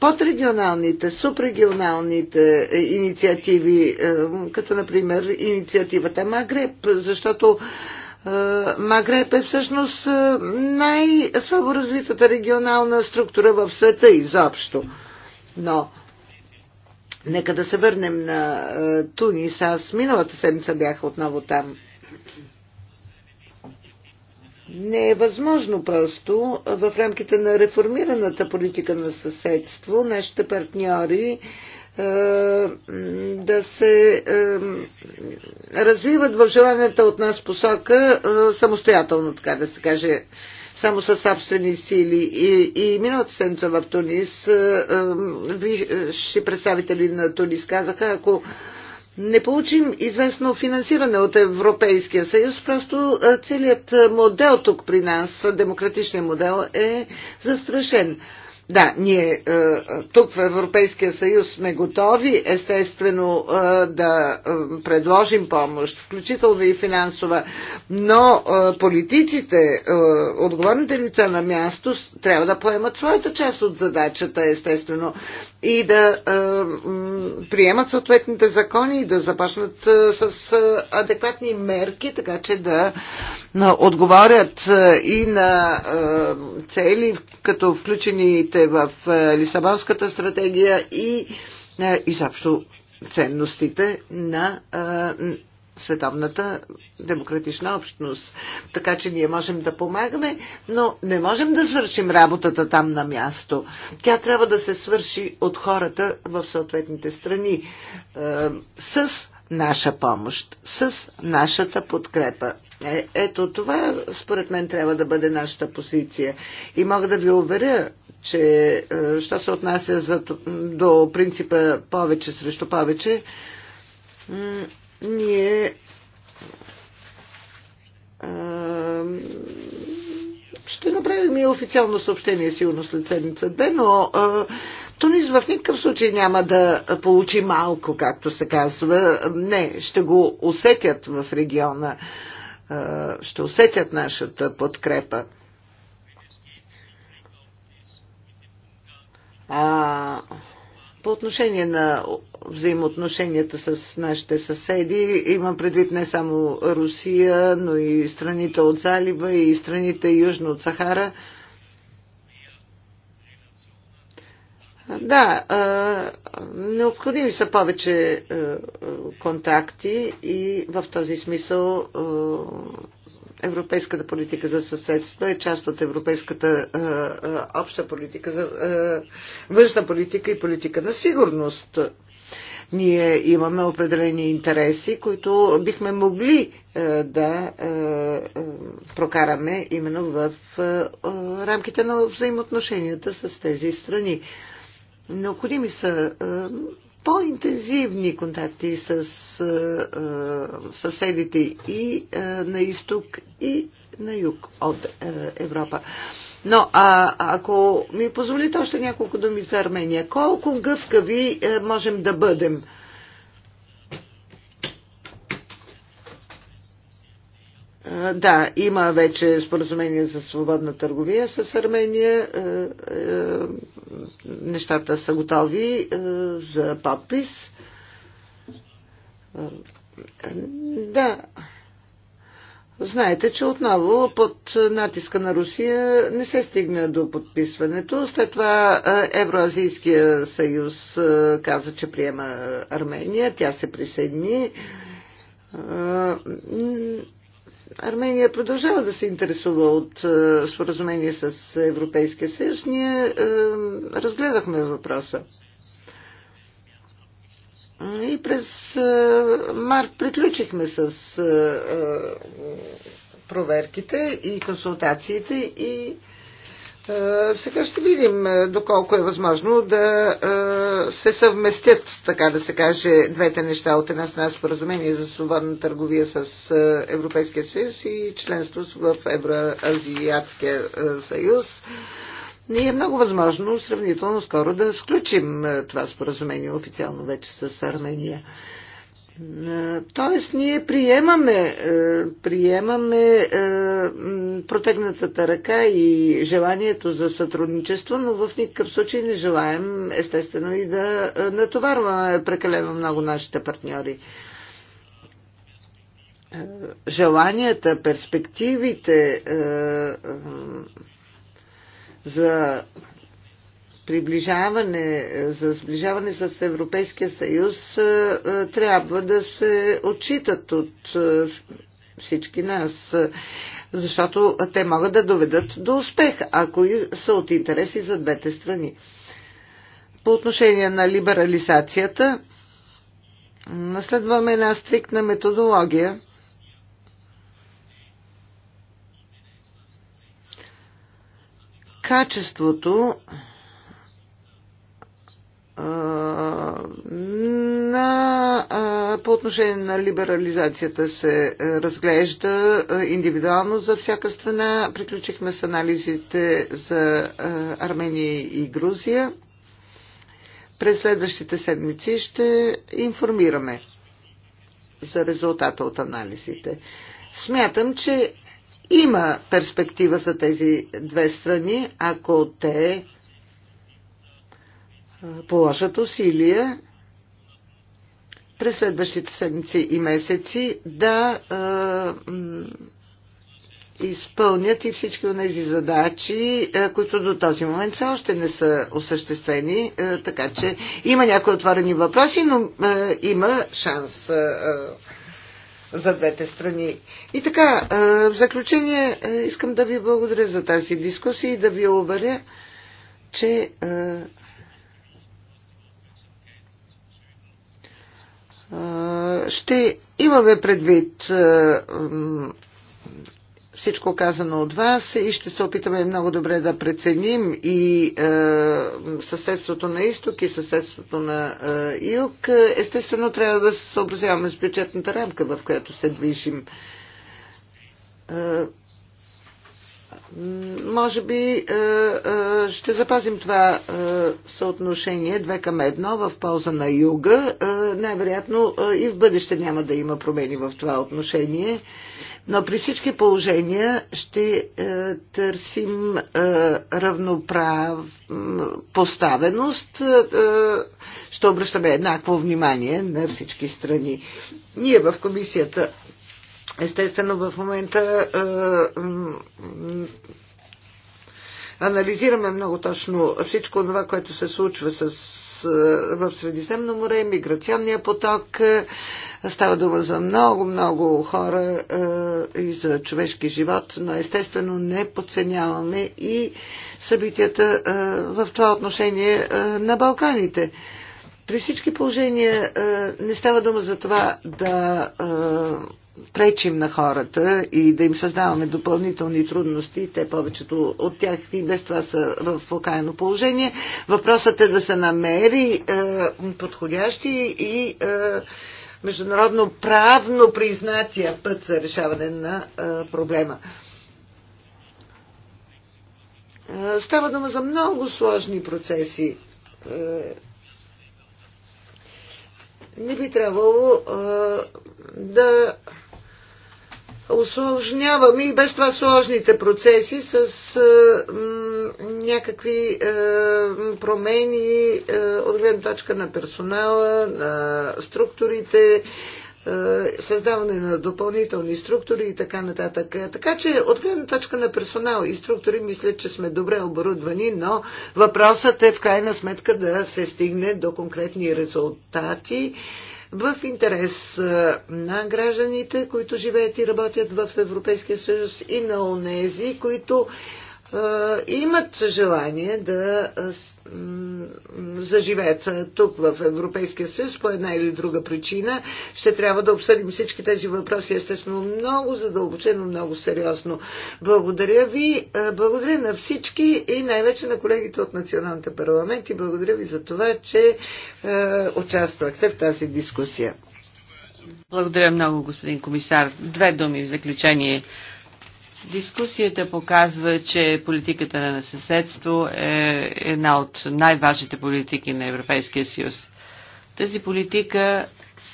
Подрегионалните, субрегионалните е, инициативи, е, като например инициативата Магреб, защото е, Магреб е всъщност най-слабо развитата регионална структура в света изобщо. Но нека да се върнем на Тунис. Аз миналата седмица бях отново там. Не е възможно просто в рамките на реформираната политика на съседство нашите партньори е, да се е, развиват в желанията от нас посока е, самостоятелно, така да се каже, само със собствени сили. И, и миналата седмица в Тунис висши представители на Тунис казаха, ако не получим известно финансиране от Европейския съюз, просто целият модел тук при нас, демократичният модел е застрашен. Да, ние е, е, тук в Европейския съюз сме готови, естествено, е, да предложим помощ, включително и финансова, но политиците, отговорните лица на място, трябва да поемат своята част от задачата, естествено, и да приемат съответните закони и да започнат с адекватни мерки, така че да отговорят и на цели, като включени целите в е, Лисабонската стратегия и е, изобщо ценностите на е, световната демократична общност. Така че ние можем да помагаме, но не можем да свършим работата там на място. Тя трябва да се свърши от хората в съответните страни с наша помощ, с нашата подкрепа. Е, ето това, според мен, трябва да бъде нашата позиция. И мога да ви уверя, че е, що се отнася за, до принципа повече срещу повече, ние е, ще направим и официално съобщение, сигурно след седмица-две, но а, е, Тунис в никакъв случай няма да получи малко, както се казва. Не, ще го усетят в региона. А, ще усетят нашата подкрепа. А по отношение на взаимоотношенията с нашите съседи, имам предвид не само Русия, но и страните от залива и страните южно от Сахара – Да, необходими са повече контакти и в този смисъл европейската политика за съседство е част от европейската обща политика за външна политика и политика на сигурност. Ние имаме определени интереси, които бихме могли да прокараме именно в рамките на взаимоотношенията с тези страни. Необходими са е, по-интензивни контакти с е, е, съседите и на изток, и на юг от Европа. Но а, ако ми позволите още няколко думи за Армения, колко гъвкави можем да бъдем? Да, има вече споразумение за свободна търговия с Армения. Нещата са готови за подпис. Да. Знаете, че отново под натиска на Русия не се стигна до подписването. След това Евроазийския съюз каза, че приема Армения. Тя се присъедини Армения продължава да се интересува от е, споразумение с Европейския съюз. Ние е, разгледахме въпроса. И през е, март приключихме с е, е, проверките и консултациите и е, е, сега ще видим е, доколко е възможно да е, се съвместят, така да се каже, двете неща от една страна споразумение за свободна търговия с Европейския съюз и членство в Евроазиатския съюз. Ние е много възможно сравнително скоро да сключим това споразумение официално вече с Армения. Е, тоест, ние приемаме, е, приемаме е, протегнатата ръка и желанието за сътрудничество, но в никакъв случай не желаем, естествено, и да натоварваме прекалено много нашите партньори. Желанията, перспективите за приближаване, е, за сближаване с Европейския съюз е, е, трябва да се отчитат от всички нас, защото те могат да доведат до успех, ако са от интереси за двете страни. По отношение на либерализацията, наследваме една стриктна методология, качеството на, по отношение на либерализацията се разглежда индивидуално за всяка страна. Приключихме с анализите за Армения и Грузия. През следващите седмици ще информираме за резултата от анализите. Смятам, че има перспектива за тези две страни, ако те положат усилия през следващите седмици и месеци да изпълнят и всички от тези задачи, които до този момент все още не са осъществени. Така че има някои отворени въпроси, но има шанс за двете страни. И така, в заключение искам да ви благодаря за тази дискусия и да ви уверя, че Ще имаме предвид всичко казано от вас и ще се опитаме много добре да преценим и е, съседството на изток и съседството на е, юг. Естествено, трябва да се съобразяваме с бюджетната рамка, в която се движим. Е, може би е, е, ще запазим това е, съотношение 2 към 1 в полза на юга. Най-вероятно и в бъдеще няма да има промени в това отношение. Но при всички положения ще търсим равноправ поставеност, ще обръщаме еднакво внимание на всички страни. Ние в комисията Естествено, в момента е, анализираме много точно всичко това, което се случва с, е, в Средиземно море, миграционния поток. Става дума за много-много хора е, и за човешки живот, но естествено не подценяваме и събитията в това отношение на Балканите. При всички положения не става дума за това да пречим на хората и да им създаваме допълнителни трудности, те повечето от тях и без това са в окаяно положение. Въпросът е да се намери е, подходящи и е, международно правно признатия път за решаване на е, проблема. Е, става дума за много сложни процеси. Е, не би трябвало е, да осложняваме и без това сложните процеси с а, е, м, някакви а, е, промени а, е, от гледна точка на персонала, на структурите, а, създаване на допълнителни структури и така нататък. Така че от гледна точка на персонал и структури мисля, че сме добре оборудвани, но въпросът е в крайна сметка да се стигне до конкретни резултати. А, в интерес на гражданите, които живеят и работят в Европейския съюз и на онези, които е, имат желание да е, заживеят е, тук в Европейския съюз по една или друга причина. Ще трябва да обсъдим всички тези въпроси, естествено, много задълбочено, много сериозно. Благодаря ви, благодаря на всички и най-вече на колегите от националните парламенти. Благодаря ви за това, че участвахте в тази дискусия. Благодаря много, господин комисар. Две думи в заключение. Дискусията показва, че политиката на съседство е една от най-важните политики на Европейския съюз. Тази политика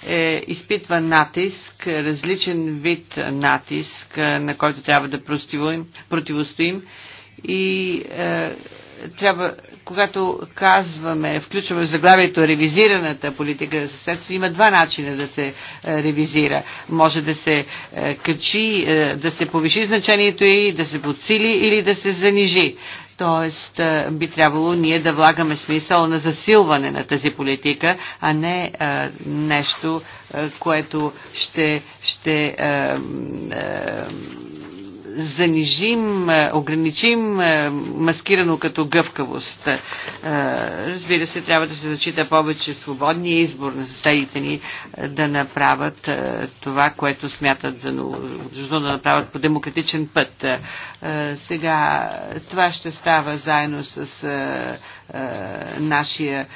е, изпитва натиск, различен вид натиск, е, на който трябва да противостоим и е, трябва когато казваме, включваме в заглавието ревизираната политика за съседство, има два начина да се е, ревизира. Може да се е, качи, е, да се повиши значението и да се подсили или да се занижи. Тоест би трябвало ние да влагаме смисъл на засилване на тази политика, а не нещо, което ще, ще занижим, е, ограничим, е, маскирано като гъвкавост. Е, разбира се, трябва да се зачита повече свободния избор на съседите ни да направят това, което смятат за нужно да направят по демократичен път. Сега това ще става заедно с нашия,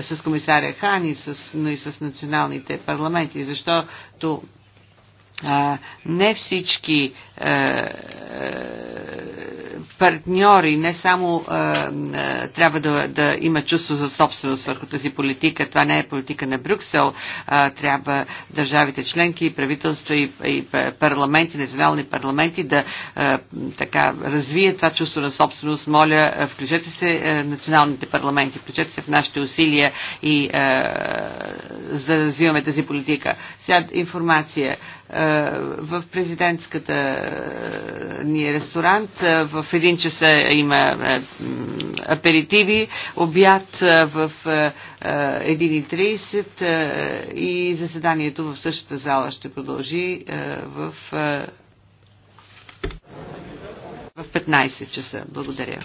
с комисаря Хани, но и с националните парламенти, защото а, не всички а, е, а, е, партньори не само а, е, а, трябва да, да има чувство за собственост върху тази политика, това не е политика на Брюксел, а, трябва държавите членки, правителства и, и парламенти, национални парламенти да а, така развият това чувство на собственост. Моля, включете се а, националните парламенти, включете се в нашите усилия и а, за да развиваме тази политика. Сега информация. Е, в президентската е, ни е ресторант. В един часа има аперитиви, обяд в 1.30 и заседанието в същата зала ще продължи в 15 часа. Благодаря.